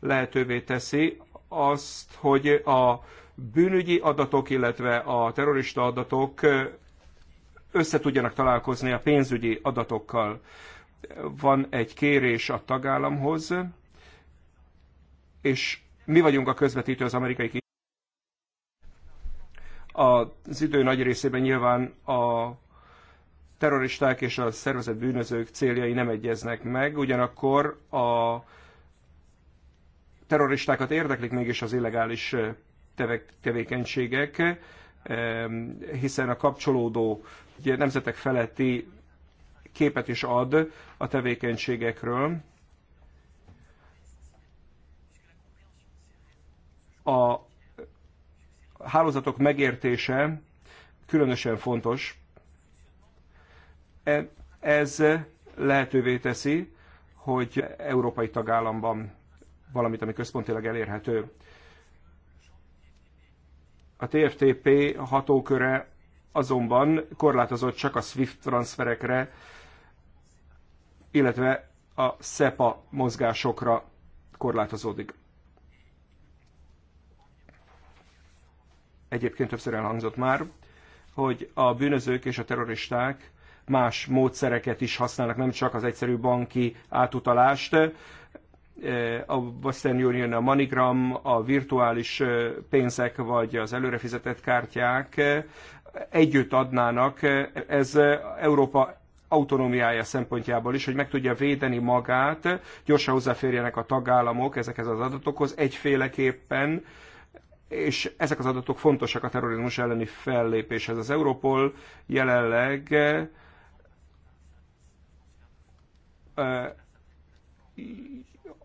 lehetővé teszi azt, hogy a bűnügyi adatok, illetve a terrorista adatok összetudjanak találkozni a pénzügyi adatokkal. Van egy kérés a tagállamhoz, és mi vagyunk a közvetítő az amerikai ki. Az idő nagy részében nyilván a terroristák és a szervezett bűnözők céljai nem egyeznek meg, ugyanakkor a terroristákat érdeklik mégis az illegális tevékenységek, eh, hiszen a kapcsolódó ugye, nemzetek feletti képet is ad a tevékenységekről. A hálózatok megértése különösen fontos. E, ez lehetővé teszi, hogy európai tagállamban valamit, ami központilag elérhető. A TFTP hatóköre azonban korlátozott csak a SWIFT transferekre, illetve a SEPA mozgásokra korlátozódik. Egyébként többször elhangzott már, hogy a bűnözők és a terroristák más módszereket is használnak, nem csak az egyszerű banki átutalást, a Western Union, a MoneyGram, a virtuális pénzek vagy az előrefizetett kártyák együtt adnának. Ez Európa autonómiája szempontjából is, hogy meg tudja védeni magát, gyorsan hozzáférjenek a tagállamok ezekhez az adatokhoz egyféleképpen, és ezek az adatok fontosak a terrorizmus elleni fellépéshez. Az Europol jelenleg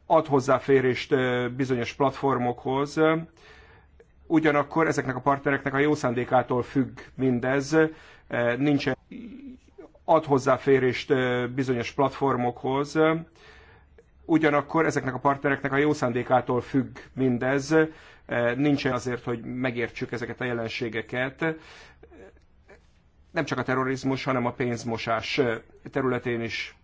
ad hozzáférést bizonyos platformokhoz, ugyanakkor ezeknek a partnereknek a jó szándékától függ mindez, nincsen ad hozzáférést bizonyos platformokhoz, ugyanakkor ezeknek a partnereknek a jó szándékától függ mindez, nincsen azért, hogy megértsük ezeket a jelenségeket. Nem csak a terrorizmus, hanem a pénzmosás területén is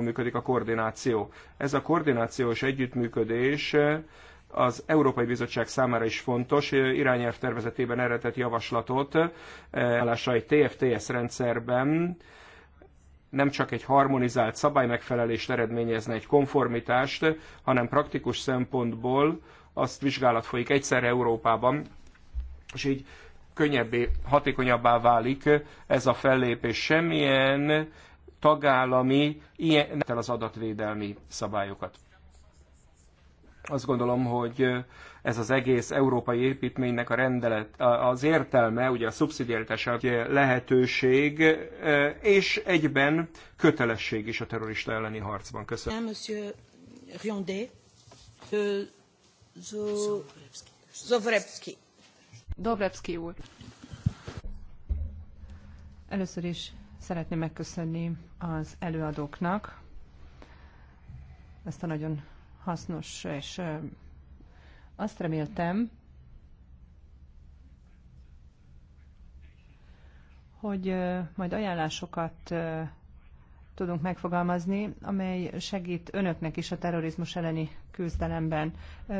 működik a koordináció. Ez a koordinációs együttműködés eh, az Európai Bizottság számára is fontos, eh, irányelv tervezetében erre javaslatot, eh, állása egy TFTS rendszerben, nem csak egy harmonizált szabálymegfelelést eredményezne egy konformitást, hanem praktikus szempontból azt vizsgálat folyik egyszer Európában, és így könnyebbé, hatékonyabbá válik ez a fellépés. Semmilyen tagállami ilyen az adatvédelmi szabályokat. Azt gondolom, hogy ez az egész európai építménynek a rendelet, az értelme, ugye a szubszidiaritás lehetőség, és egyben kötelesség is a terrorista elleni harcban. Köszönöm. Monsieur
Riondé, Zovrebski, Dobrebski úr.
Először is szeretném megköszönni az előadóknak ezt a nagyon hasznos, és azt reméltem, hogy majd ajánlásokat tudunk megfogalmazni, amely segít önöknek is a terrorizmus elleni küzdelemben.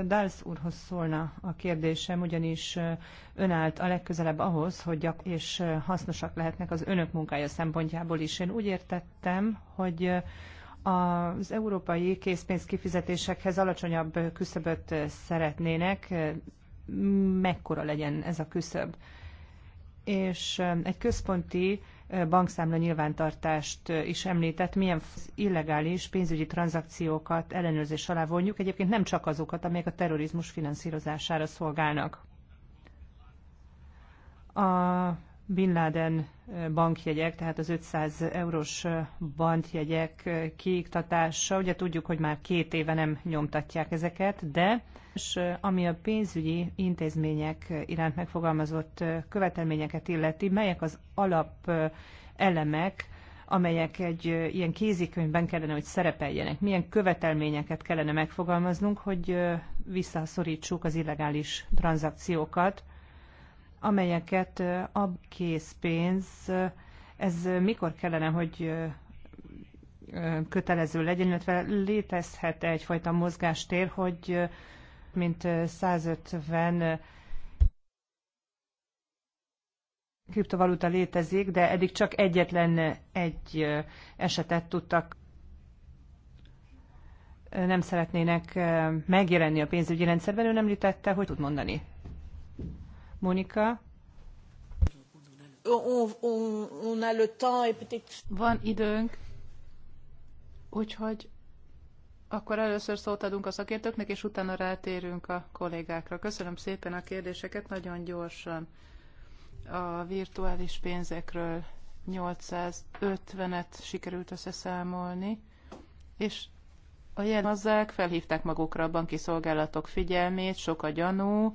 Dals úrhoz szólna a kérdésem, ugyanis ön állt a legközelebb ahhoz, hogy gyak és hasznosak lehetnek az önök munkája szempontjából is. Én úgy értettem, hogy az európai készpénz kifizetésekhez alacsonyabb küszöböt szeretnének. Mekkora legyen ez a küszöb? És egy központi bankszámla nyilvántartást is említett, milyen illegális pénzügyi tranzakciókat ellenőrzés alá vonjuk, egyébként nem csak azokat, amelyek a terrorizmus finanszírozására szolgálnak. A Bin Laden eh, bankjegyek, tehát az 500 eurós eh, bankjegyek eh, kiiktatása. Ugye tudjuk, hogy már két éve nem nyomtatják ezeket, de és ami a pénzügyi intézmények iránt megfogalmazott követelményeket illeti, melyek az alap elemek, amelyek egy ilyen kézikönyvben kellene, hogy szerepeljenek. Milyen követelményeket kellene megfogalmaznunk, hogy visszaszorítsuk az illegális tranzakciókat, amelyeket a készpénz, ez mikor kellene, hogy kötelező legyen, illetve létezhet egyfajta mozgástér, hogy mint 150 kriptovaluta létezik, de eddig csak egyetlen egy esetet tudtak nem szeretnének megjelenni a pénzügyi rendszerben, ő nem említette, hogy tud mondani.
Monika? Van időnk, úgyhogy akkor először szót adunk a szakértőknek, és utána rátérünk a kollégákra. Köszönöm szépen a kérdéseket, nagyon gyorsan. A virtuális pénzekről 850-et sikerült összeszámolni, és a jelmazzák felhívták magukra a banki szolgálatok figyelmét, sok a gyanú,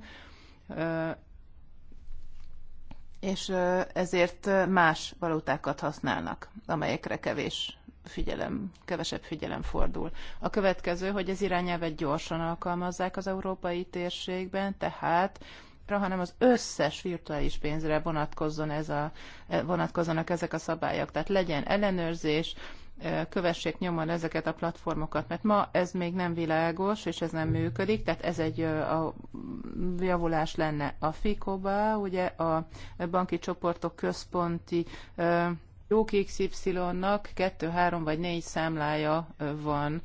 és ezért más valutákat használnak, amelyekre kevés figyelem, kevesebb figyelem fordul. A következő, hogy az irányelvet gyorsan alkalmazzák az európai térségben, tehát hanem az összes virtuális pénzre vonatkozzon ez a, vonatkozzanak ezek a szabályok. Tehát legyen ellenőrzés, kövessék nyomon ezeket a platformokat, mert ma ez még nem világos, és ez nem működik, tehát ez egy a javulás lenne a FICO-ba, ugye a banki csoportok központi jó XY-nak kettő, három vagy négy számlája van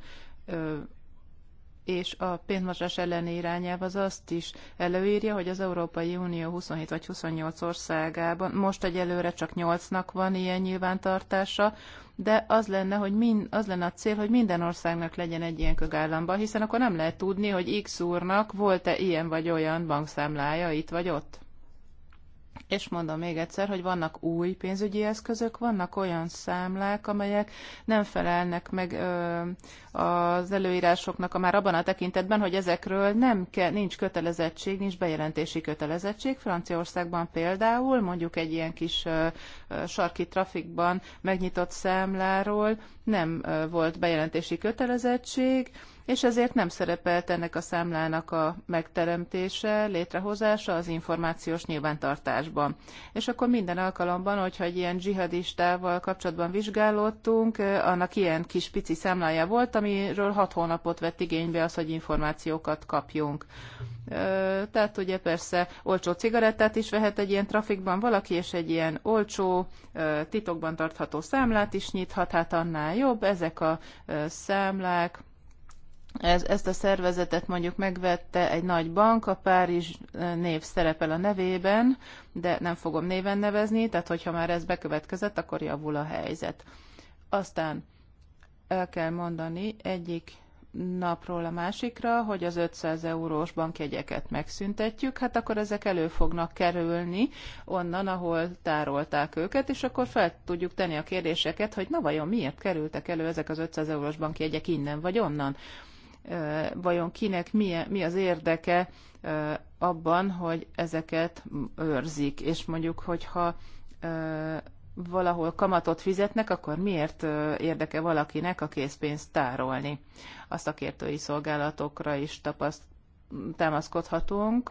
és a pénzmosás elleni irányelv az azt is előírja, hogy az Európai Unió 27 vagy 28 országában most egyelőre csak 8-nak van ilyen nyilvántartása, de az lenne, hogy min, az lenne a cél, hogy minden országnak legyen egy ilyen kögállamban, hiszen akkor nem lehet tudni, hogy X úrnak volt-e ilyen vagy olyan bankszámlája itt vagy ott. És mondom még egyszer, hogy vannak új pénzügyi eszközök, vannak olyan számlák, amelyek nem felelnek meg ö, az előírásoknak a már abban a tekintetben, hogy ezekről nem ke, nincs kötelezettség, nincs bejelentési kötelezettség. Franciaországban például mondjuk egy ilyen kis ö, ö, sarki trafikban megnyitott számláról nem ö, volt bejelentési kötelezettség, ö, és ezért nem szerepelt ennek a számlának a megteremtése, létrehozása az információs nyilvántartásban. És akkor minden alkalomban, hogyha egy ilyen dzsihadistával kapcsolatban vizsgálódtunk, eh, annak ilyen kis pici számlája volt, amiről hat hónapot vett igénybe az, hogy információkat kapjunk. Eh, tehát ugye persze olcsó cigarettát is vehet egy ilyen trafikban valaki, és egy ilyen olcsó, eh, titokban tartható számlát is nyithat, hát annál jobb. Ezek a számlák, ez, ezt a szervezetet mondjuk megvette egy nagy bank, a Párizs eh, név szerepel a nevében, de nem fogom néven nevezni, tehát hogyha már ez bekövetkezett, akkor javul a helyzet. Aztán el kell mondani egyik napról a másikra, hogy az 500 eurós bankjegyeket megszüntetjük, hát akkor ezek elő fognak kerülni onnan, ahol tárolták őket, és akkor fel tudjuk tenni a kérdéseket, hogy na vajon miért kerültek elő ezek az 500 eurós bankjegyek innen vagy onnan vajon kinek mi, mi az érdeke abban, hogy ezeket őrzik, és mondjuk, hogyha valahol kamatot fizetnek, akkor miért érdeke valakinek a készpénzt tárolni? A szakértői szolgálatokra is tapaszt, támaszkodhatunk.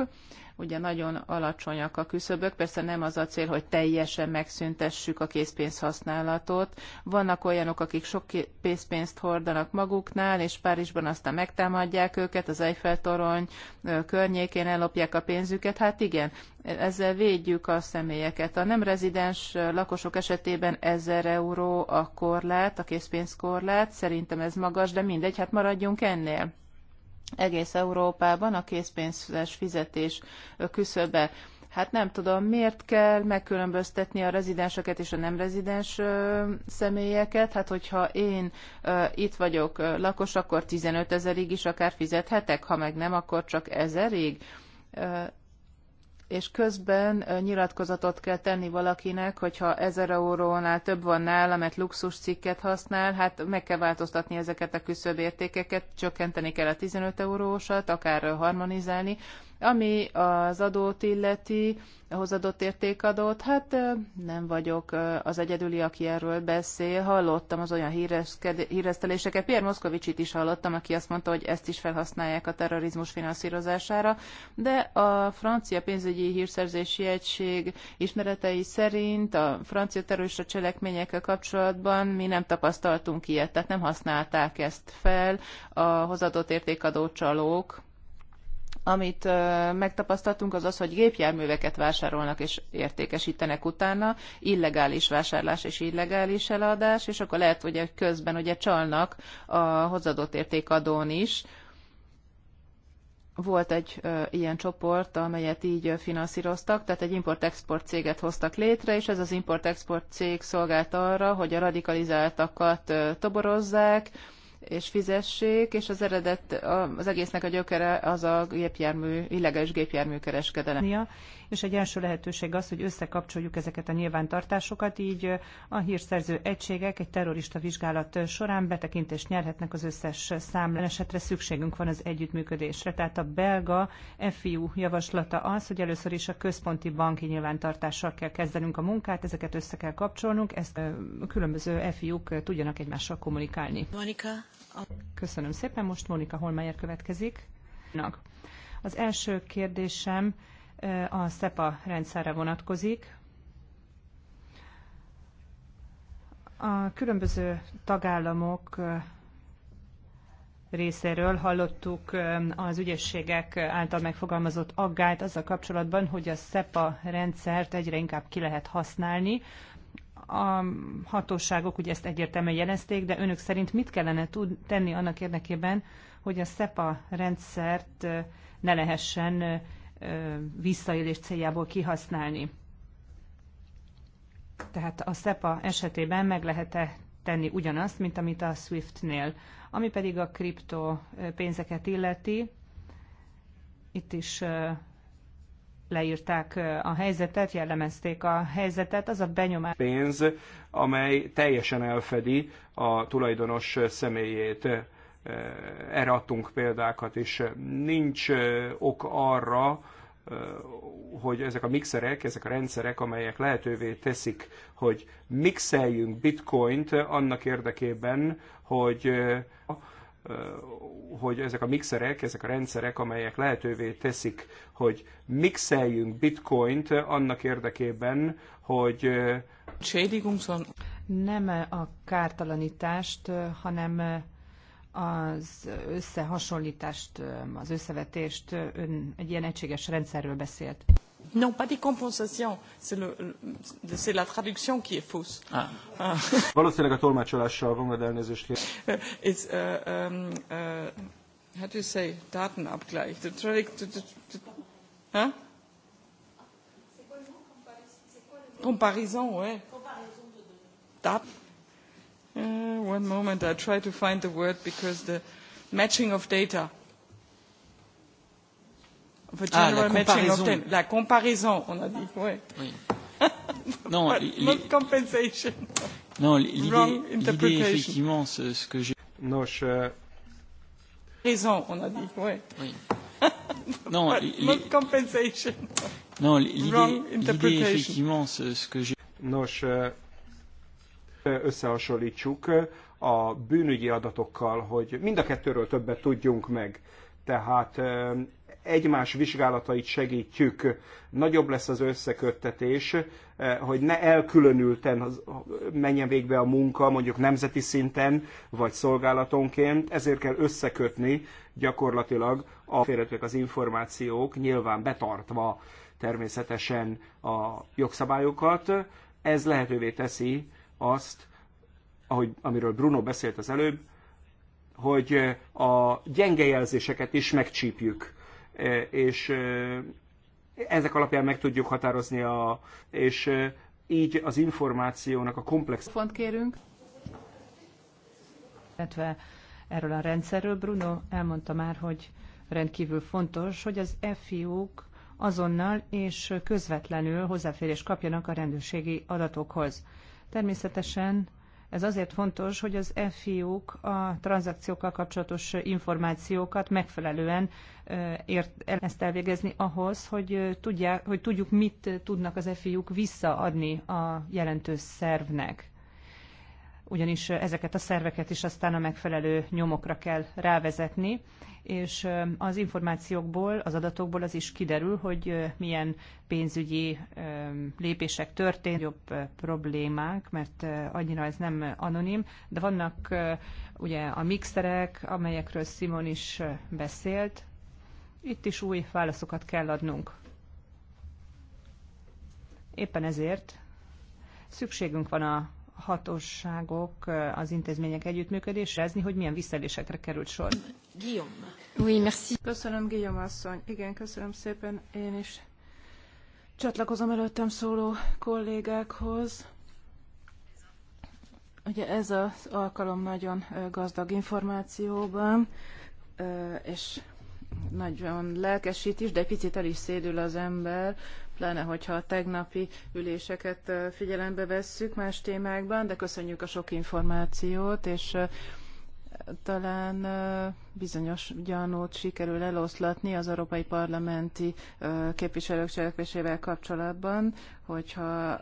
Ugye nagyon alacsonyak a küszöbök, persze nem az a cél, hogy teljesen megszüntessük a készpénz használatot. Vannak olyanok, akik sok készpénzt hordanak maguknál, és Párizsban aztán megtámadják őket, az Eiffel torony környékén ellopják a pénzüket. Hát igen, ezzel védjük a személyeket. A nem rezidens lakosok esetében 1000 euró a korlát, a készpénzkorlát, szerintem ez magas, de mindegy, hát maradjunk ennél egész Európában a készpénzes fizetés küszöbe. Hát nem tudom, miért kell megkülönböztetni a rezidenseket és a nem rezidens személyeket. Hát hogyha én itt vagyok lakos, akkor 15 ezerig is akár fizethetek, ha meg nem, akkor csak ezerig és közben nyilatkozatot kell tenni valakinek, hogyha 1000 eurónál több van nála, mert luxus cikket használ, hát meg kell változtatni ezeket a küszöbértékeket, csökkenteni kell a 15 eurósat, akár harmonizálni, ami az adót illeti, a hozadott értékadót, hát nem vagyok az egyedüli, aki erről beszél. Hallottam az olyan híreszteléseket, Pierre Moszkovicsit is hallottam, aki azt mondta, hogy ezt is felhasználják a terrorizmus finanszírozására, de a francia pénzügyi hírszerzési egység ismeretei szerint a francia terrorista cselekményekkel kapcsolatban mi nem tapasztaltunk ilyet, tehát nem használták ezt fel a hozadott értékadó csalók, amit megtapasztaltunk az az, hogy gépjárműveket vásárolnak és értékesítenek utána, illegális vásárlás és illegális eladás, és akkor lehet, hogy közben ugye csalnak a hozadott értékadón is, volt egy ö, ilyen csoport, amelyet így ö, finanszíroztak, tehát egy import-export céget hoztak létre, és ez az import-export cég szolgált arra, hogy a radikalizáltakat ö, toborozzák, és fizessék, és az eredet, az egésznek a gyökere az a gépjármű, illegális gépjármű kereskedelem
és egy első lehetőség az, hogy összekapcsoljuk ezeket a nyilvántartásokat, így a hírszerző egységek egy terrorista vizsgálat során betekintést nyerhetnek az összes számlán esetre szükségünk van az együttműködésre. Tehát a belga FIU javaslata az, hogy először is a központi banki nyilvántartással kell kezdenünk a munkát, ezeket össze kell kapcsolnunk, ezt különböző FIU-k tudjanak egymással kommunikálni. Monika? Köszönöm szépen, most Monika Holmeyer következik. Az első kérdésem a SEPA rendszerre vonatkozik. A különböző tagállamok részéről hallottuk az ügyességek által megfogalmazott aggályt azzal kapcsolatban, hogy a SEPA rendszert egyre inkább ki lehet használni. A hatóságok ugye ezt egyértelműen jelezték, de önök szerint mit kellene tud tenni annak érdekében, hogy a SEPA rendszert ne lehessen visszaélés céljából kihasználni. Tehát a SEPA esetében meg lehet-e tenni ugyanazt, mint amit a SWIFT-nél. Ami pedig a kripto pénzeket illeti, itt is leírták a helyzetet, jellemezték a helyzetet, az a benyomás.
Pénz, amely teljesen elfedi a tulajdonos személyét Eh, erre adtunk példákat és eh, Nincs eh, ok arra, hogy ezek a mixerek, ezek a rendszerek, amelyek lehetővé teszik, hogy mixeljünk bitcoint annak érdekében, hogy hogy ezek a mixerek, ezek a rendszerek, amelyek lehetővé teszik, hogy mixeljünk bitcoint annak érdekében, hogy
nem a kártalanítást, hanem az összehasonlítást, az összevetést ön egy ilyen egységes rendszerről beszélt. Non, pas des compensations, c'est, le, le, c'est la traduction qui est fausse.
Ah. Ah. Valószínűleg a tolmácsolással van, de elnézést kérek.
Uh, it's, uh, um, uh, how do you say, Datenabgleich. The, the, the, the, huh?
Comparison, ouais. Comparison de données. Uh, one moment, I try to find the word because the matching of data. The a ah, matching of data. La
comparaison, on a dit, ouais. oui.
non, not
compensation. Non, l'idée, effectivement,
ce, ce que j'ai... Nos... Euh...
Raison, on a dit, ouais.
oui. non, not
compensation.
Non, l'idée, effectivement, ce, ce que j'ai... Nos... Euh összehasonlítsuk a bűnügyi adatokkal, hogy mind a kettőről többet tudjunk meg. Tehát egymás vizsgálatait segítjük, nagyobb lesz az összeköttetés, hogy ne elkülönülten menjen végbe a munka, mondjuk nemzeti szinten, vagy szolgálatonként, ezért kell összekötni gyakorlatilag a félretők az információk, nyilván betartva természetesen a jogszabályokat. Ez lehetővé teszi azt, ahogy, amiről Bruno beszélt az előbb, hogy a gyenge jelzéseket is megcsípjük, és ezek alapján meg tudjuk határozni, a, és így az információnak a komplex... Font kérünk,
illetve erről a rendszerről. Bruno elmondta már, hogy rendkívül fontos, hogy az FIU-k azonnal és közvetlenül hozzáférés kapjanak a rendőrségi adatokhoz. Természetesen ez azért fontos, hogy az FIU-k a tranzakciókkal kapcsolatos információkat megfelelően ért, ezt elvégezni ahhoz, hogy, tudják, hogy tudjuk, mit tudnak az FIU-k visszaadni a jelentős szervnek ugyanis ezeket a szerveket is aztán a megfelelő nyomokra kell rávezetni, és az információkból, az adatokból az is kiderül, hogy milyen pénzügyi lépések történt, jobb problémák, mert annyira ez nem anonim, de vannak ugye a mixerek, amelyekről Simon is beszélt, itt is új válaszokat kell adnunk. Éppen ezért szükségünk van a hatóságok, az intézmények együttműködésrezni, hogy milyen visszaélésekre került sor.
Oui, merci. Köszönöm, Guillaume asszony. Igen, köszönöm szépen. Én is csatlakozom előttem szóló kollégákhoz. Ugye ez az alkalom nagyon gazdag információban, és nagyon lelkesít is, de egy picit el is szédül az ember, lenne, hogyha a tegnapi üléseket figyelembe vesszük más témákban, de köszönjük a sok információt, és talán bizonyos gyanút sikerül eloszlatni az Európai Parlamenti képviselők cselekvésével kapcsolatban, hogyha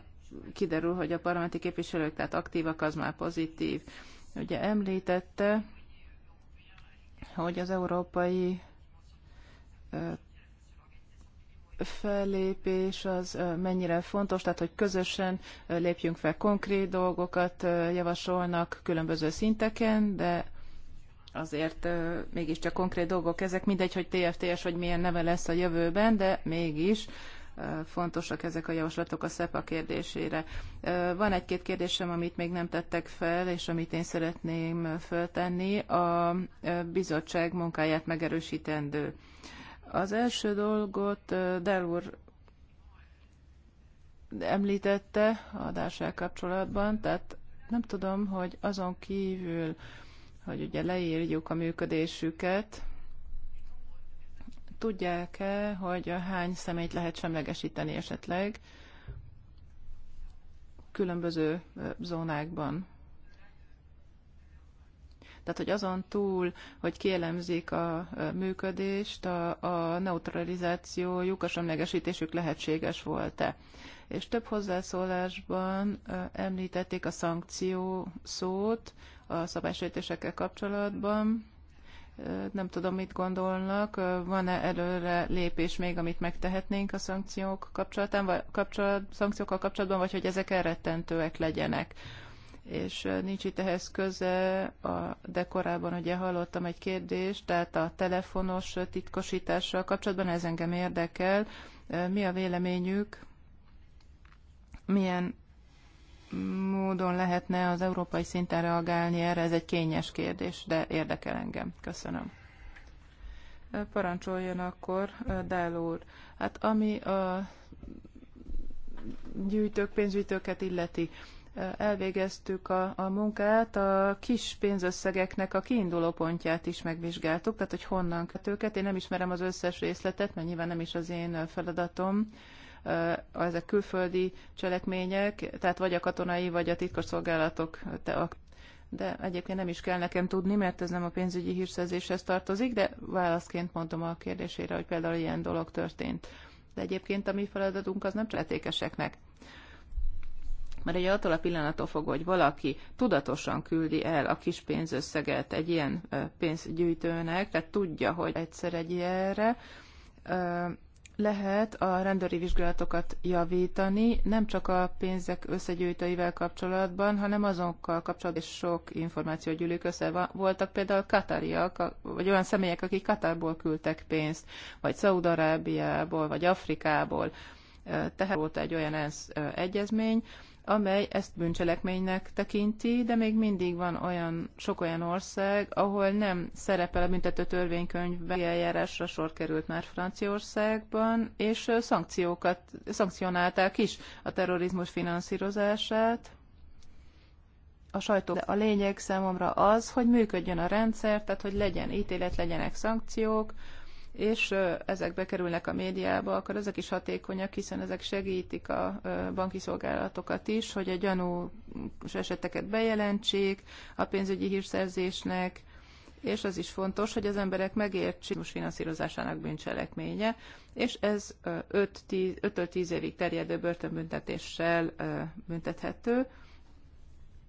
kiderül, hogy a parlamenti képviselők tehát aktívak, az már pozitív. Ugye említette, hogy az európai fellépés az mennyire fontos, tehát hogy közösen lépjünk fel konkrét dolgokat, javasolnak különböző szinteken, de azért mégiscsak konkrét dolgok ezek, mindegy, hogy TFTS, hogy milyen neve lesz a jövőben, de mégis fontosak ezek a javaslatok a SZEPA kérdésére. Van egy-két kérdésem, amit még nem tettek fel, és amit én szeretném föltenni. A bizottság munkáját megerősítendő az első dolgot Del úr említette adással kapcsolatban, tehát nem tudom, hogy azon kívül, hogy ugye leírjuk a működésüket, tudják-e, hogy hány személyt lehet semlegesíteni esetleg különböző zónákban? Tehát, hogy azon túl, hogy kielemzik a működést, a, a neutralizációjuk, a semlegesítésük lehetséges volt-e. És több hozzászólásban említették a szankció szót a szabálysértésekkel kapcsolatban. Nem tudom, mit gondolnak, van-e előre lépés még, amit megtehetnénk a szankciók kapcsolatban vagy kapcsolat, szankciókkal kapcsolatban, vagy hogy ezek elrettentőek legyenek és nincs itt ehhez köze, a, de korábban ugye hallottam egy kérdést, tehát a telefonos titkosítással kapcsolatban ez engem érdekel. Mi a véleményük, milyen módon lehetne az európai szinten reagálni erre? Ez egy kényes kérdés, de érdekel engem. Köszönöm. Parancsoljon akkor, Dál úr. Hát ami a gyűjtők, pénzgyűjtőket illeti, elvégeztük a, a munkát, a kis pénzösszegeknek a kiinduló pontját is megvizsgáltuk, tehát hogy honnan őket. Én nem ismerem az összes részletet, mert nyilván nem is az én feladatom. Ezek külföldi cselekmények, tehát vagy a katonai, vagy a titkosszolgálatok. De egyébként nem is kell nekem tudni, mert ez nem a pénzügyi hírszerzéshez tartozik, de válaszként mondom a kérdésére, hogy például ilyen dolog történt. De egyébként a mi feladatunk az nem csetékeseknek. Mert ugye attól a pillanattól fogva, hogy valaki tudatosan küldi el a kis pénzösszeget egy ilyen pénzgyűjtőnek, tehát tudja, hogy egyszer egy ilyenre, lehet a rendőri vizsgálatokat javítani, nem csak a pénzek összegyűjtőivel kapcsolatban, hanem azokkal kapcsolatban is sok információ gyűlik össze. Voltak például katariak, vagy olyan személyek, akik Katarból küldtek pénzt, vagy Szaudarábiából, vagy Afrikából. Tehát volt egy olyan ENSZ egyezmény, amely ezt bűncselekménynek tekinti, de még mindig van olyan, sok olyan ország, ahol nem szerepel a büntető törvénykönyvben, eljárásra sor került már Franciaországban, és szankciókat, szankcionálták is a terrorizmus finanszírozását. A sajtó. De a lényeg számomra az, hogy működjön a rendszer, tehát hogy legyen ítélet, legyenek szankciók, és ezek bekerülnek a médiába, akkor ezek is hatékonyak, hiszen ezek segítik a banki szolgálatokat is, hogy a gyanús eseteket bejelentsék a pénzügyi hírszerzésnek, és az is fontos, hogy az emberek megértsék a finanszírozásának bűncselekménye, és ez 5-10 évig terjedő börtönbüntetéssel büntethető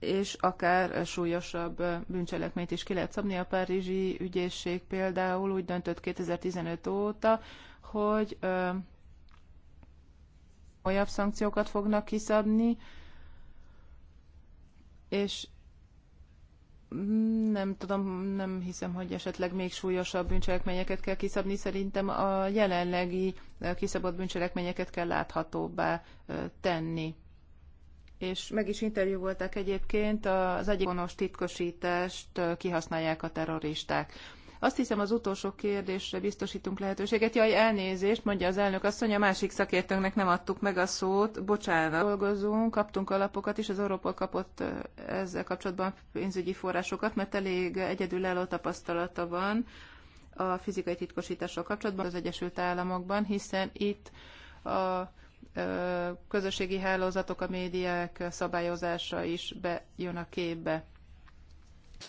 és akár súlyosabb bűncselekményt is ki lehet szabni. A Párizsi ügyészség például úgy döntött 2015 óta, hogy ö, olyan szankciókat fognak kiszabni, és nem tudom, nem hiszem, hogy esetleg még súlyosabb bűncselekményeket kell kiszabni. Szerintem a jelenlegi kiszabott bűncselekményeket kell láthatóbbá tenni és meg is interjú voltak egyébként, az egyik gonosz titkosítást kihasználják a terroristák. Azt hiszem az utolsó kérdésre biztosítunk lehetőséget. Jaj, elnézést, mondja az elnök asszony, a másik szakértőnknek nem adtuk meg a szót. Bocsánat, dolgozunk, kaptunk alapokat is, az Európol kapott ezzel kapcsolatban pénzügyi forrásokat, mert elég egyedülálló tapasztalata van a fizikai titkosítással kapcsolatban az Egyesült Államokban, hiszen itt a közösségi hálózatok, a médiák szabályozása is bejön a képbe.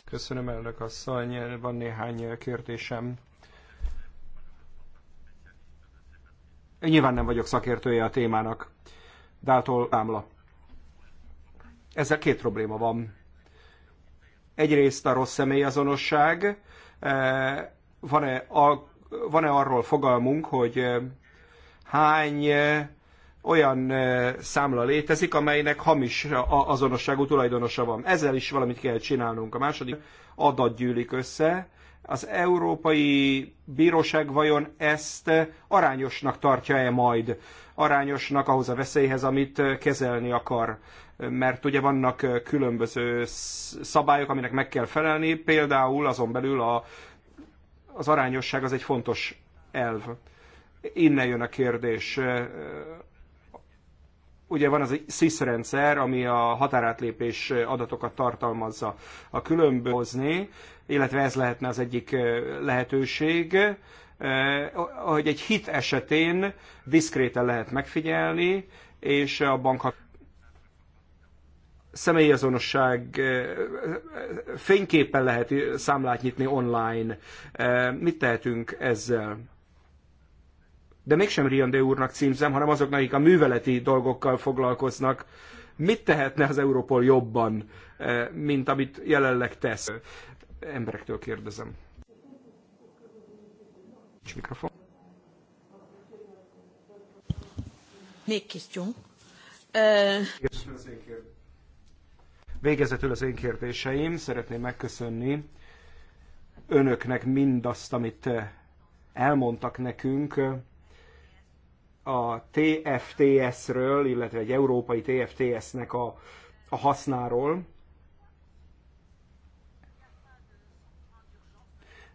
Köszönöm, elnök asszony. Van néhány kérdésem. Nyilván nem vagyok szakértője a témának. Dától ámla, Ezzel két probléma van. Egyrészt a rossz személyazonosság. Van-e, van-e arról fogalmunk, hogy hány olyan számla létezik, amelynek hamis azonosságú tulajdonosa van. Ezzel is valamit kell csinálnunk. A második adat gyűlik össze. Az Európai Bíróság vajon ezt arányosnak tartja-e majd? Arányosnak ahhoz a veszélyhez, amit kezelni akar? Mert ugye vannak különböző szabályok, aminek meg kell felelni, például azon belül a, az arányosság az egy fontos elv innen jön a kérdés ugye van az a SIS rendszer, ami a határátlépés adatokat tartalmazza a különbözni, illetve ez lehetne az egyik lehetőség, hogy egy hit esetén diszkréten lehet megfigyelni, és a bank személyazonosság fényképpen lehet számlát nyitni online. Mit tehetünk ezzel? de mégsem Riandé úrnak címzem, hanem azoknak, akik a műveleti dolgokkal foglalkoznak. Mit tehetne az Európol jobban, eh, mint amit jelenleg tesz? Emberektől kérdezem. Nincs mikrofon. Még kistyunk. Végezetül az én kérdéseim. Szeretném megköszönni önöknek mindazt, amit eh, elmondtak nekünk a TFTS-ről, illetve egy európai TFTS-nek a, a hasznáról.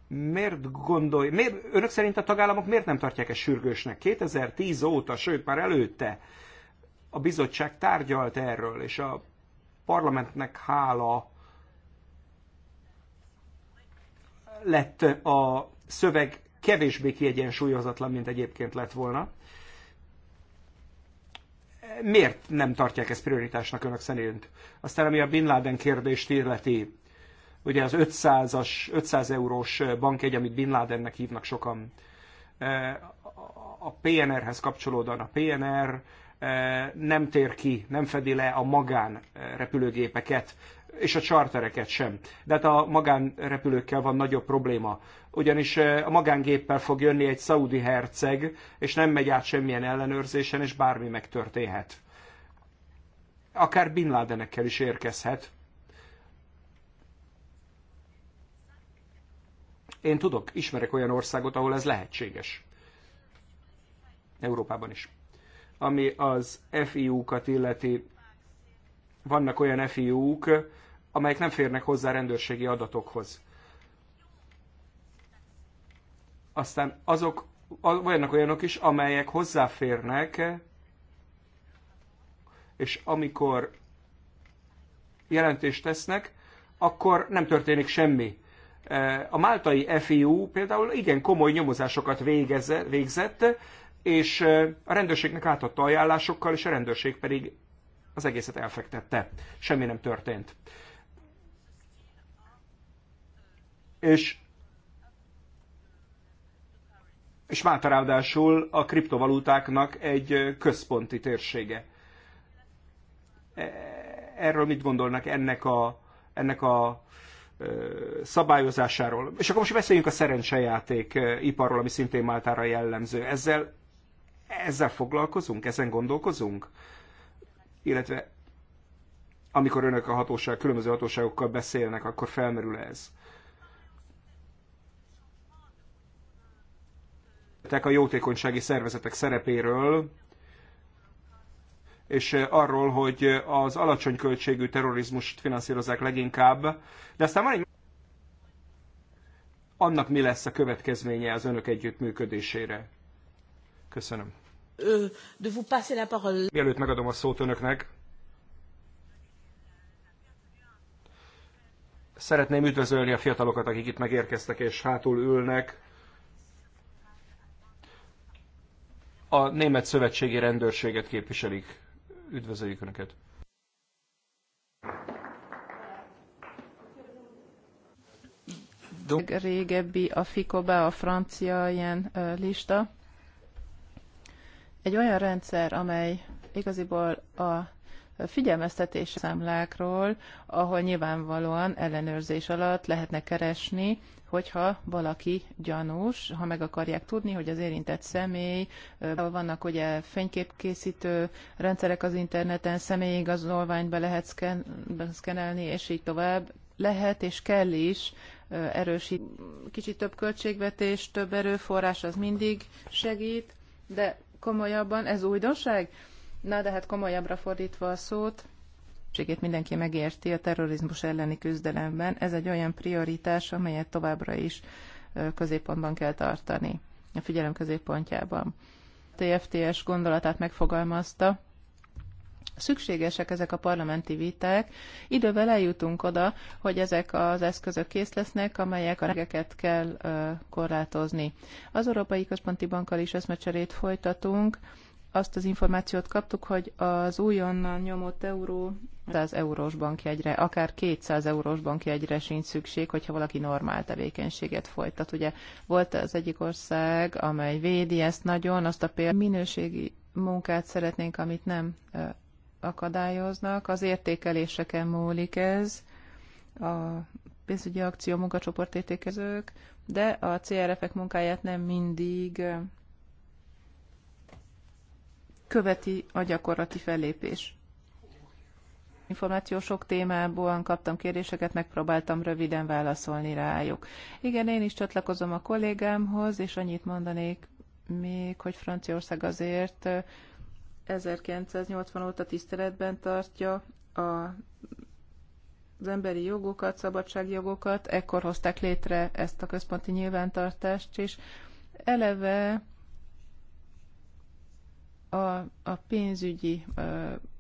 Miért gondolj, miért, önök szerint a tagállamok miért nem tartják ezt sürgősnek? 2010 óta, sőt már előtte a bizottság tárgyalt erről, és a parlamentnek hála lett a szöveg kevésbé kiegyensúlyozatlan, mint egyébként lett volna miért nem tartják ezt prioritásnak önök szerint? Aztán ami a Bin Laden kérdést illeti, ugye az 500-as, 500 eurós bankjegy, amit Bin Ladennek hívnak sokan, PNR-hez kapcsolódóan a PNR eh, nem tér ki, nem fedi le a magán eh, repülőgépeket, és a chartereket sem. De hát a magánrepülőkkel van nagyobb probléma, ugyanis eh, a magángéppel fog jönni egy szaudi herceg, és nem megy át semmilyen ellenőrzésen, és bármi megtörténhet. Akár Bin Ladenekkel is érkezhet. Én tudok, ismerek olyan országot, ahol ez lehetséges. Európában is. Ami az FIU-kat illeti, vannak olyan FIU-k, amelyek nem férnek hozzá rendőrségi adatokhoz. Aztán azok, vannak olyanok is, amelyek hozzáférnek, és amikor jelentést tesznek, akkor nem történik semmi. E, a máltai FIU például igen komoly nyomozásokat végezett, és a rendőrségnek átadta ajánlásokkal, és a rendőrség pedig az egészet elfektette. Semmi nem történt. És és vált ráadásul a kriptovalutáknak egy központi térsége. E, erről mit gondolnak ennek a, ennek a szabályozásáról. És akkor most beszéljünk a szerencsejáték iparról, ami szintén Máltára jellemző. Ezzel ezzel foglalkozunk? Ezen gondolkozunk? Illetve amikor önök a hatóság, különböző hatóságokkal beszélnek, akkor felmerül ez? a jótékonysági szervezetek szerepéről, és arról, hogy az alacsony költségű terrorizmust finanszírozzák leginkább, de aztán van egy annak mi lesz a következménye az önök együttműködésére? Köszönöm. De vous la parole. Mielőtt megadom a szót önöknek, szeretném üdvözölni a fiatalokat, akik itt megérkeztek és hátul ülnek. A Német Szövetségi Rendőrséget képviselik. Üdvözöljük Önöket!
Régebbi a FICOBA, a francia ilyen lista egy olyan rendszer, amely igaziból a figyelmeztetés számlákról, ahol nyilvánvalóan ellenőrzés alatt lehetne keresni, hogyha valaki gyanús, ha meg akarják tudni, hogy az érintett személy, vannak ugye fényképkészítő rendszerek az interneten, személyigazolványt be lehet szken, szkenelni, és így tovább. Lehet és kell is erősíteni. Kicsit több költségvetés, több erőforrás az mindig segít, de Komolyabban? Ez újdonság? Na, de hát komolyabbra fordítva a szót, segítségét mindenki megérti a terrorizmus elleni küzdelemben. Ez egy olyan prioritás, amelyet továbbra is középpontban kell tartani, a figyelem középpontjában. A TFTS gondolatát megfogalmazta, szükségesek ezek a parlamenti viták. Idővel eljutunk oda, hogy ezek az eszközök kész lesznek, amelyek a regeket kell korlátozni. Az Európai Központi Bankkal is eszmecserét folytatunk. Azt az információt kaptuk, hogy az újonnan nyomott euró 100 eurós bankjegyre, akár 200 eurós bankjegyre sincs szükség, hogyha valaki normál tevékenységet folytat. Ugye volt az egyik ország, amely védi ezt nagyon, azt a például minőségi munkát szeretnénk, amit nem akadályoznak. Az értékeléseken múlik ez, a pénzügyi akció munkacsoport értékezők, de a CRF-ek munkáját nem mindig követi a gyakorlati fellépés. Információ sok témából kaptam kérdéseket, megpróbáltam röviden válaszolni rájuk. Igen, én is csatlakozom a kollégámhoz, és annyit mondanék még, hogy Franciaország azért 1980 óta tiszteletben tartja a, az emberi jogokat, szabadságjogokat, ekkor hozták létre ezt a központi nyilvántartást is. Eleve a, a pénzügyi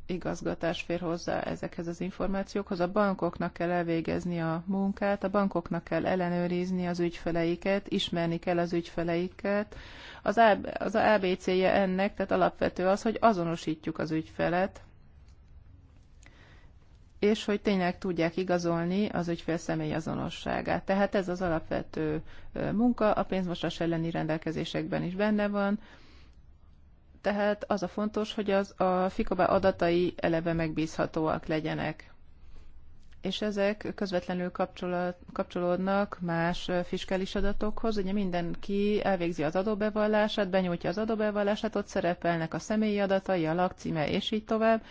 igazgatás fér hozzá ezekhez az információkhoz. A bankoknak kell elvégezni a munkát, a bankoknak kell ellenőrizni az ügyfeleiket, ismerni kell az ügyfeleiket. Az, AB, az ABC-je ennek, tehát alapvető az, hogy azonosítjuk az ügyfelet, és hogy tényleg tudják igazolni az ügyfél személy azonosságát. Tehát ez az alapvető munka, a pénzmosás elleni rendelkezésekben is benne van, tehát az a fontos, hogy az a Fikoba adatai eleve megbízhatóak legyenek és ezek közvetlenül kapcsolódnak más fiskális adatokhoz. Ugye mindenki elvégzi az adóbevallását, benyújtja az adóbevallását, ott szerepelnek a személyi adatai, a lakcíme, és így tovább,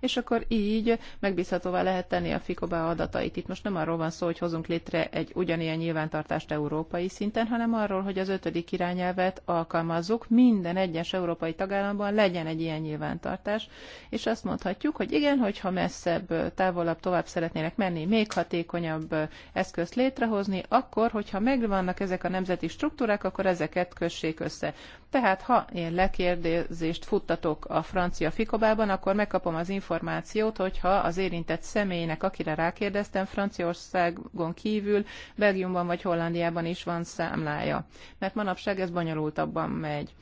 és akkor így megbízhatóvá lehet tenni a FICOBA adatait. Itt most nem arról van szó, hogy hozunk létre egy ugyanilyen nyilvántartást európai szinten, hanem arról, hogy az ötödik irányelvet alkalmazzuk, minden egyes európai tagállamban legyen egy ilyen nyilvántartás, és azt mondhatjuk, hogy igen, hogyha messzebb, távolabb, tovább szeretnének menni, még hatékonyabb eszközt létrehozni, akkor, hogyha megvannak ezek a nemzeti struktúrák, akkor ezeket kössék össze. Tehát, ha én lekérdezést futtatok a francia fikobában, akkor megkapom az információt, hogyha az érintett személynek, akire rákérdeztem, Franciaországon kívül, Belgiumban vagy Hollandiában is van számlája. Mert manapság ez bonyolultabban megy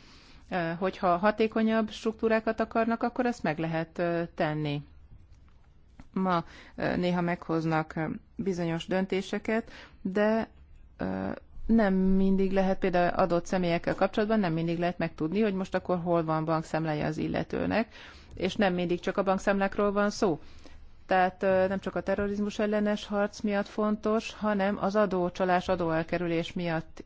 hogyha hatékonyabb struktúrákat akarnak, akkor ezt meg lehet tenni ma néha meghoznak bizonyos döntéseket, de nem mindig lehet, például adott személyekkel kapcsolatban nem mindig lehet megtudni, hogy most akkor hol van bankszemleje az illetőnek, és nem mindig csak a bankszemlekről van szó. Tehát nem csak a terrorizmus ellenes harc miatt fontos, hanem az adócsalás, adóelkerülés miatt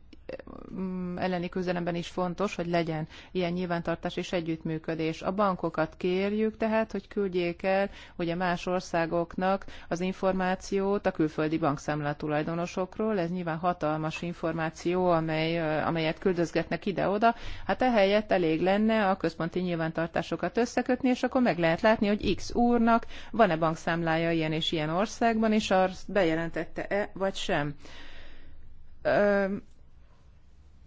elleni küzdelemben is fontos, hogy legyen ilyen nyilvántartás és együttműködés. A bankokat kérjük tehát, hogy küldjék el ugye más országoknak az információt a külföldi bankszámla tulajdonosokról. Ez nyilván hatalmas információ, amely, amelyet küldözgetnek ide-oda. Hát ehelyett elég lenne a központi nyilvántartásokat összekötni, és akkor meg lehet látni, hogy X úrnak van-e bankszámlája ilyen és ilyen országban, és azt bejelentette-e, vagy sem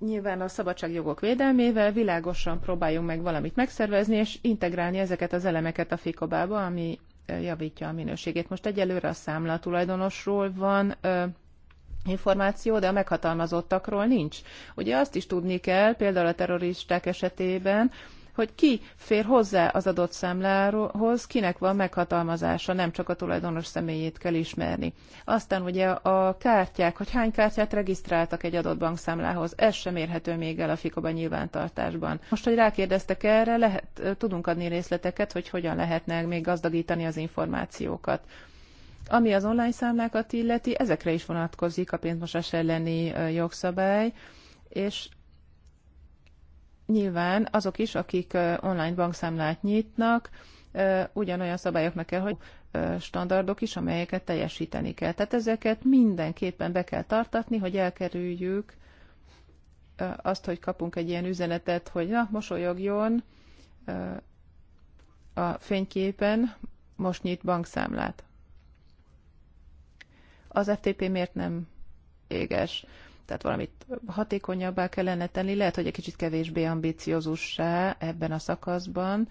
nyilván a szabadságjogok védelmével világosan próbáljunk meg valamit megszervezni, és integrálni ezeket az elemeket a fikobába, ami javítja a minőségét. Most egyelőre a számla tulajdonosról van ö, információ, de a meghatalmazottakról nincs. Ugye azt is tudni kell, például a terroristák esetében, hogy ki fér hozzá az adott számlához, kinek van meghatalmazása, nem csak a tulajdonos személyét kell ismerni. Aztán ugye a kártyák, hogy hány kártyát regisztráltak egy adott bankszámlához, ez sem érhető még el a Fikoba nyilvántartásban. Most, hogy rákérdeztek erre, lehet, tudunk adni részleteket, hogy hogyan lehetne még gazdagítani az információkat. Ami az online számlákat illeti, ezekre is vonatkozik a pénzmosás elleni jogszabály, és nyilván azok is, akik online bankszámlát nyitnak, ugyanolyan szabályoknak kell, hogy standardok is, amelyeket teljesíteni kell. Tehát ezeket mindenképpen be kell tartatni, hogy elkerüljük azt, hogy kapunk egy ilyen üzenetet, hogy na, mosolyogjon a fényképen, most nyit bankszámlát. Az FTP miért nem éges? tehát valamit hatékonyabbá kellene tenni, lehet, hogy egy kicsit kevésbé ambiciózussá ebben a szakaszban.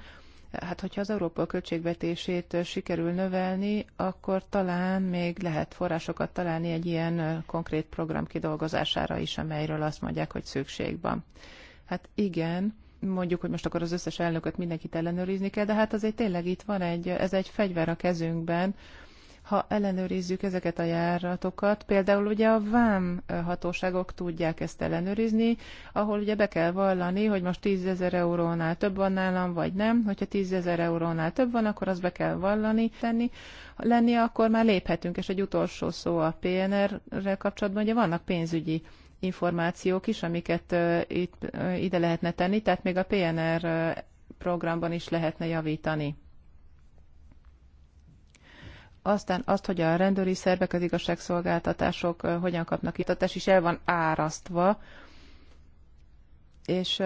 Hát, hogyha az Európa költségvetését sikerül növelni, akkor talán még lehet forrásokat találni egy ilyen konkrét program kidolgozására is, amelyről azt mondják, hogy szükség van. Hát igen, mondjuk, hogy most akkor az összes elnököt mindenkit ellenőrizni kell, de hát azért tényleg itt van egy, ez egy fegyver a kezünkben, ha ellenőrizzük ezeket a járatokat, például ugye a vám hatóságok tudják ezt ellenőrizni, ahol ugye be kell vallani, hogy most 10 ezer eurónál több van nálam, vagy nem. Hogyha 10 ezer eurónál több van, akkor azt be kell vallani, tenni, lenni, akkor már léphetünk. És egy utolsó szó a PNR-rel kapcsolatban, ugye vannak pénzügyi információk is, amiket itt, ide lehetne tenni, tehát még a PNR programban is lehetne javítani aztán azt, hogy a rendőri szervek, az igazságszolgáltatások hogyan kapnak itatást, is el van árasztva, és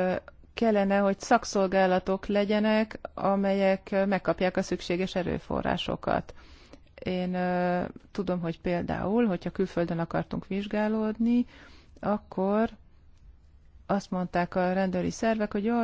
kellene, hogy szakszolgálatok legyenek, amelyek megkapják a szükséges erőforrásokat. Én tudom, hogy például, hogyha külföldön akartunk vizsgálódni, akkor azt mondták a rendőri szervek, hogy jaj,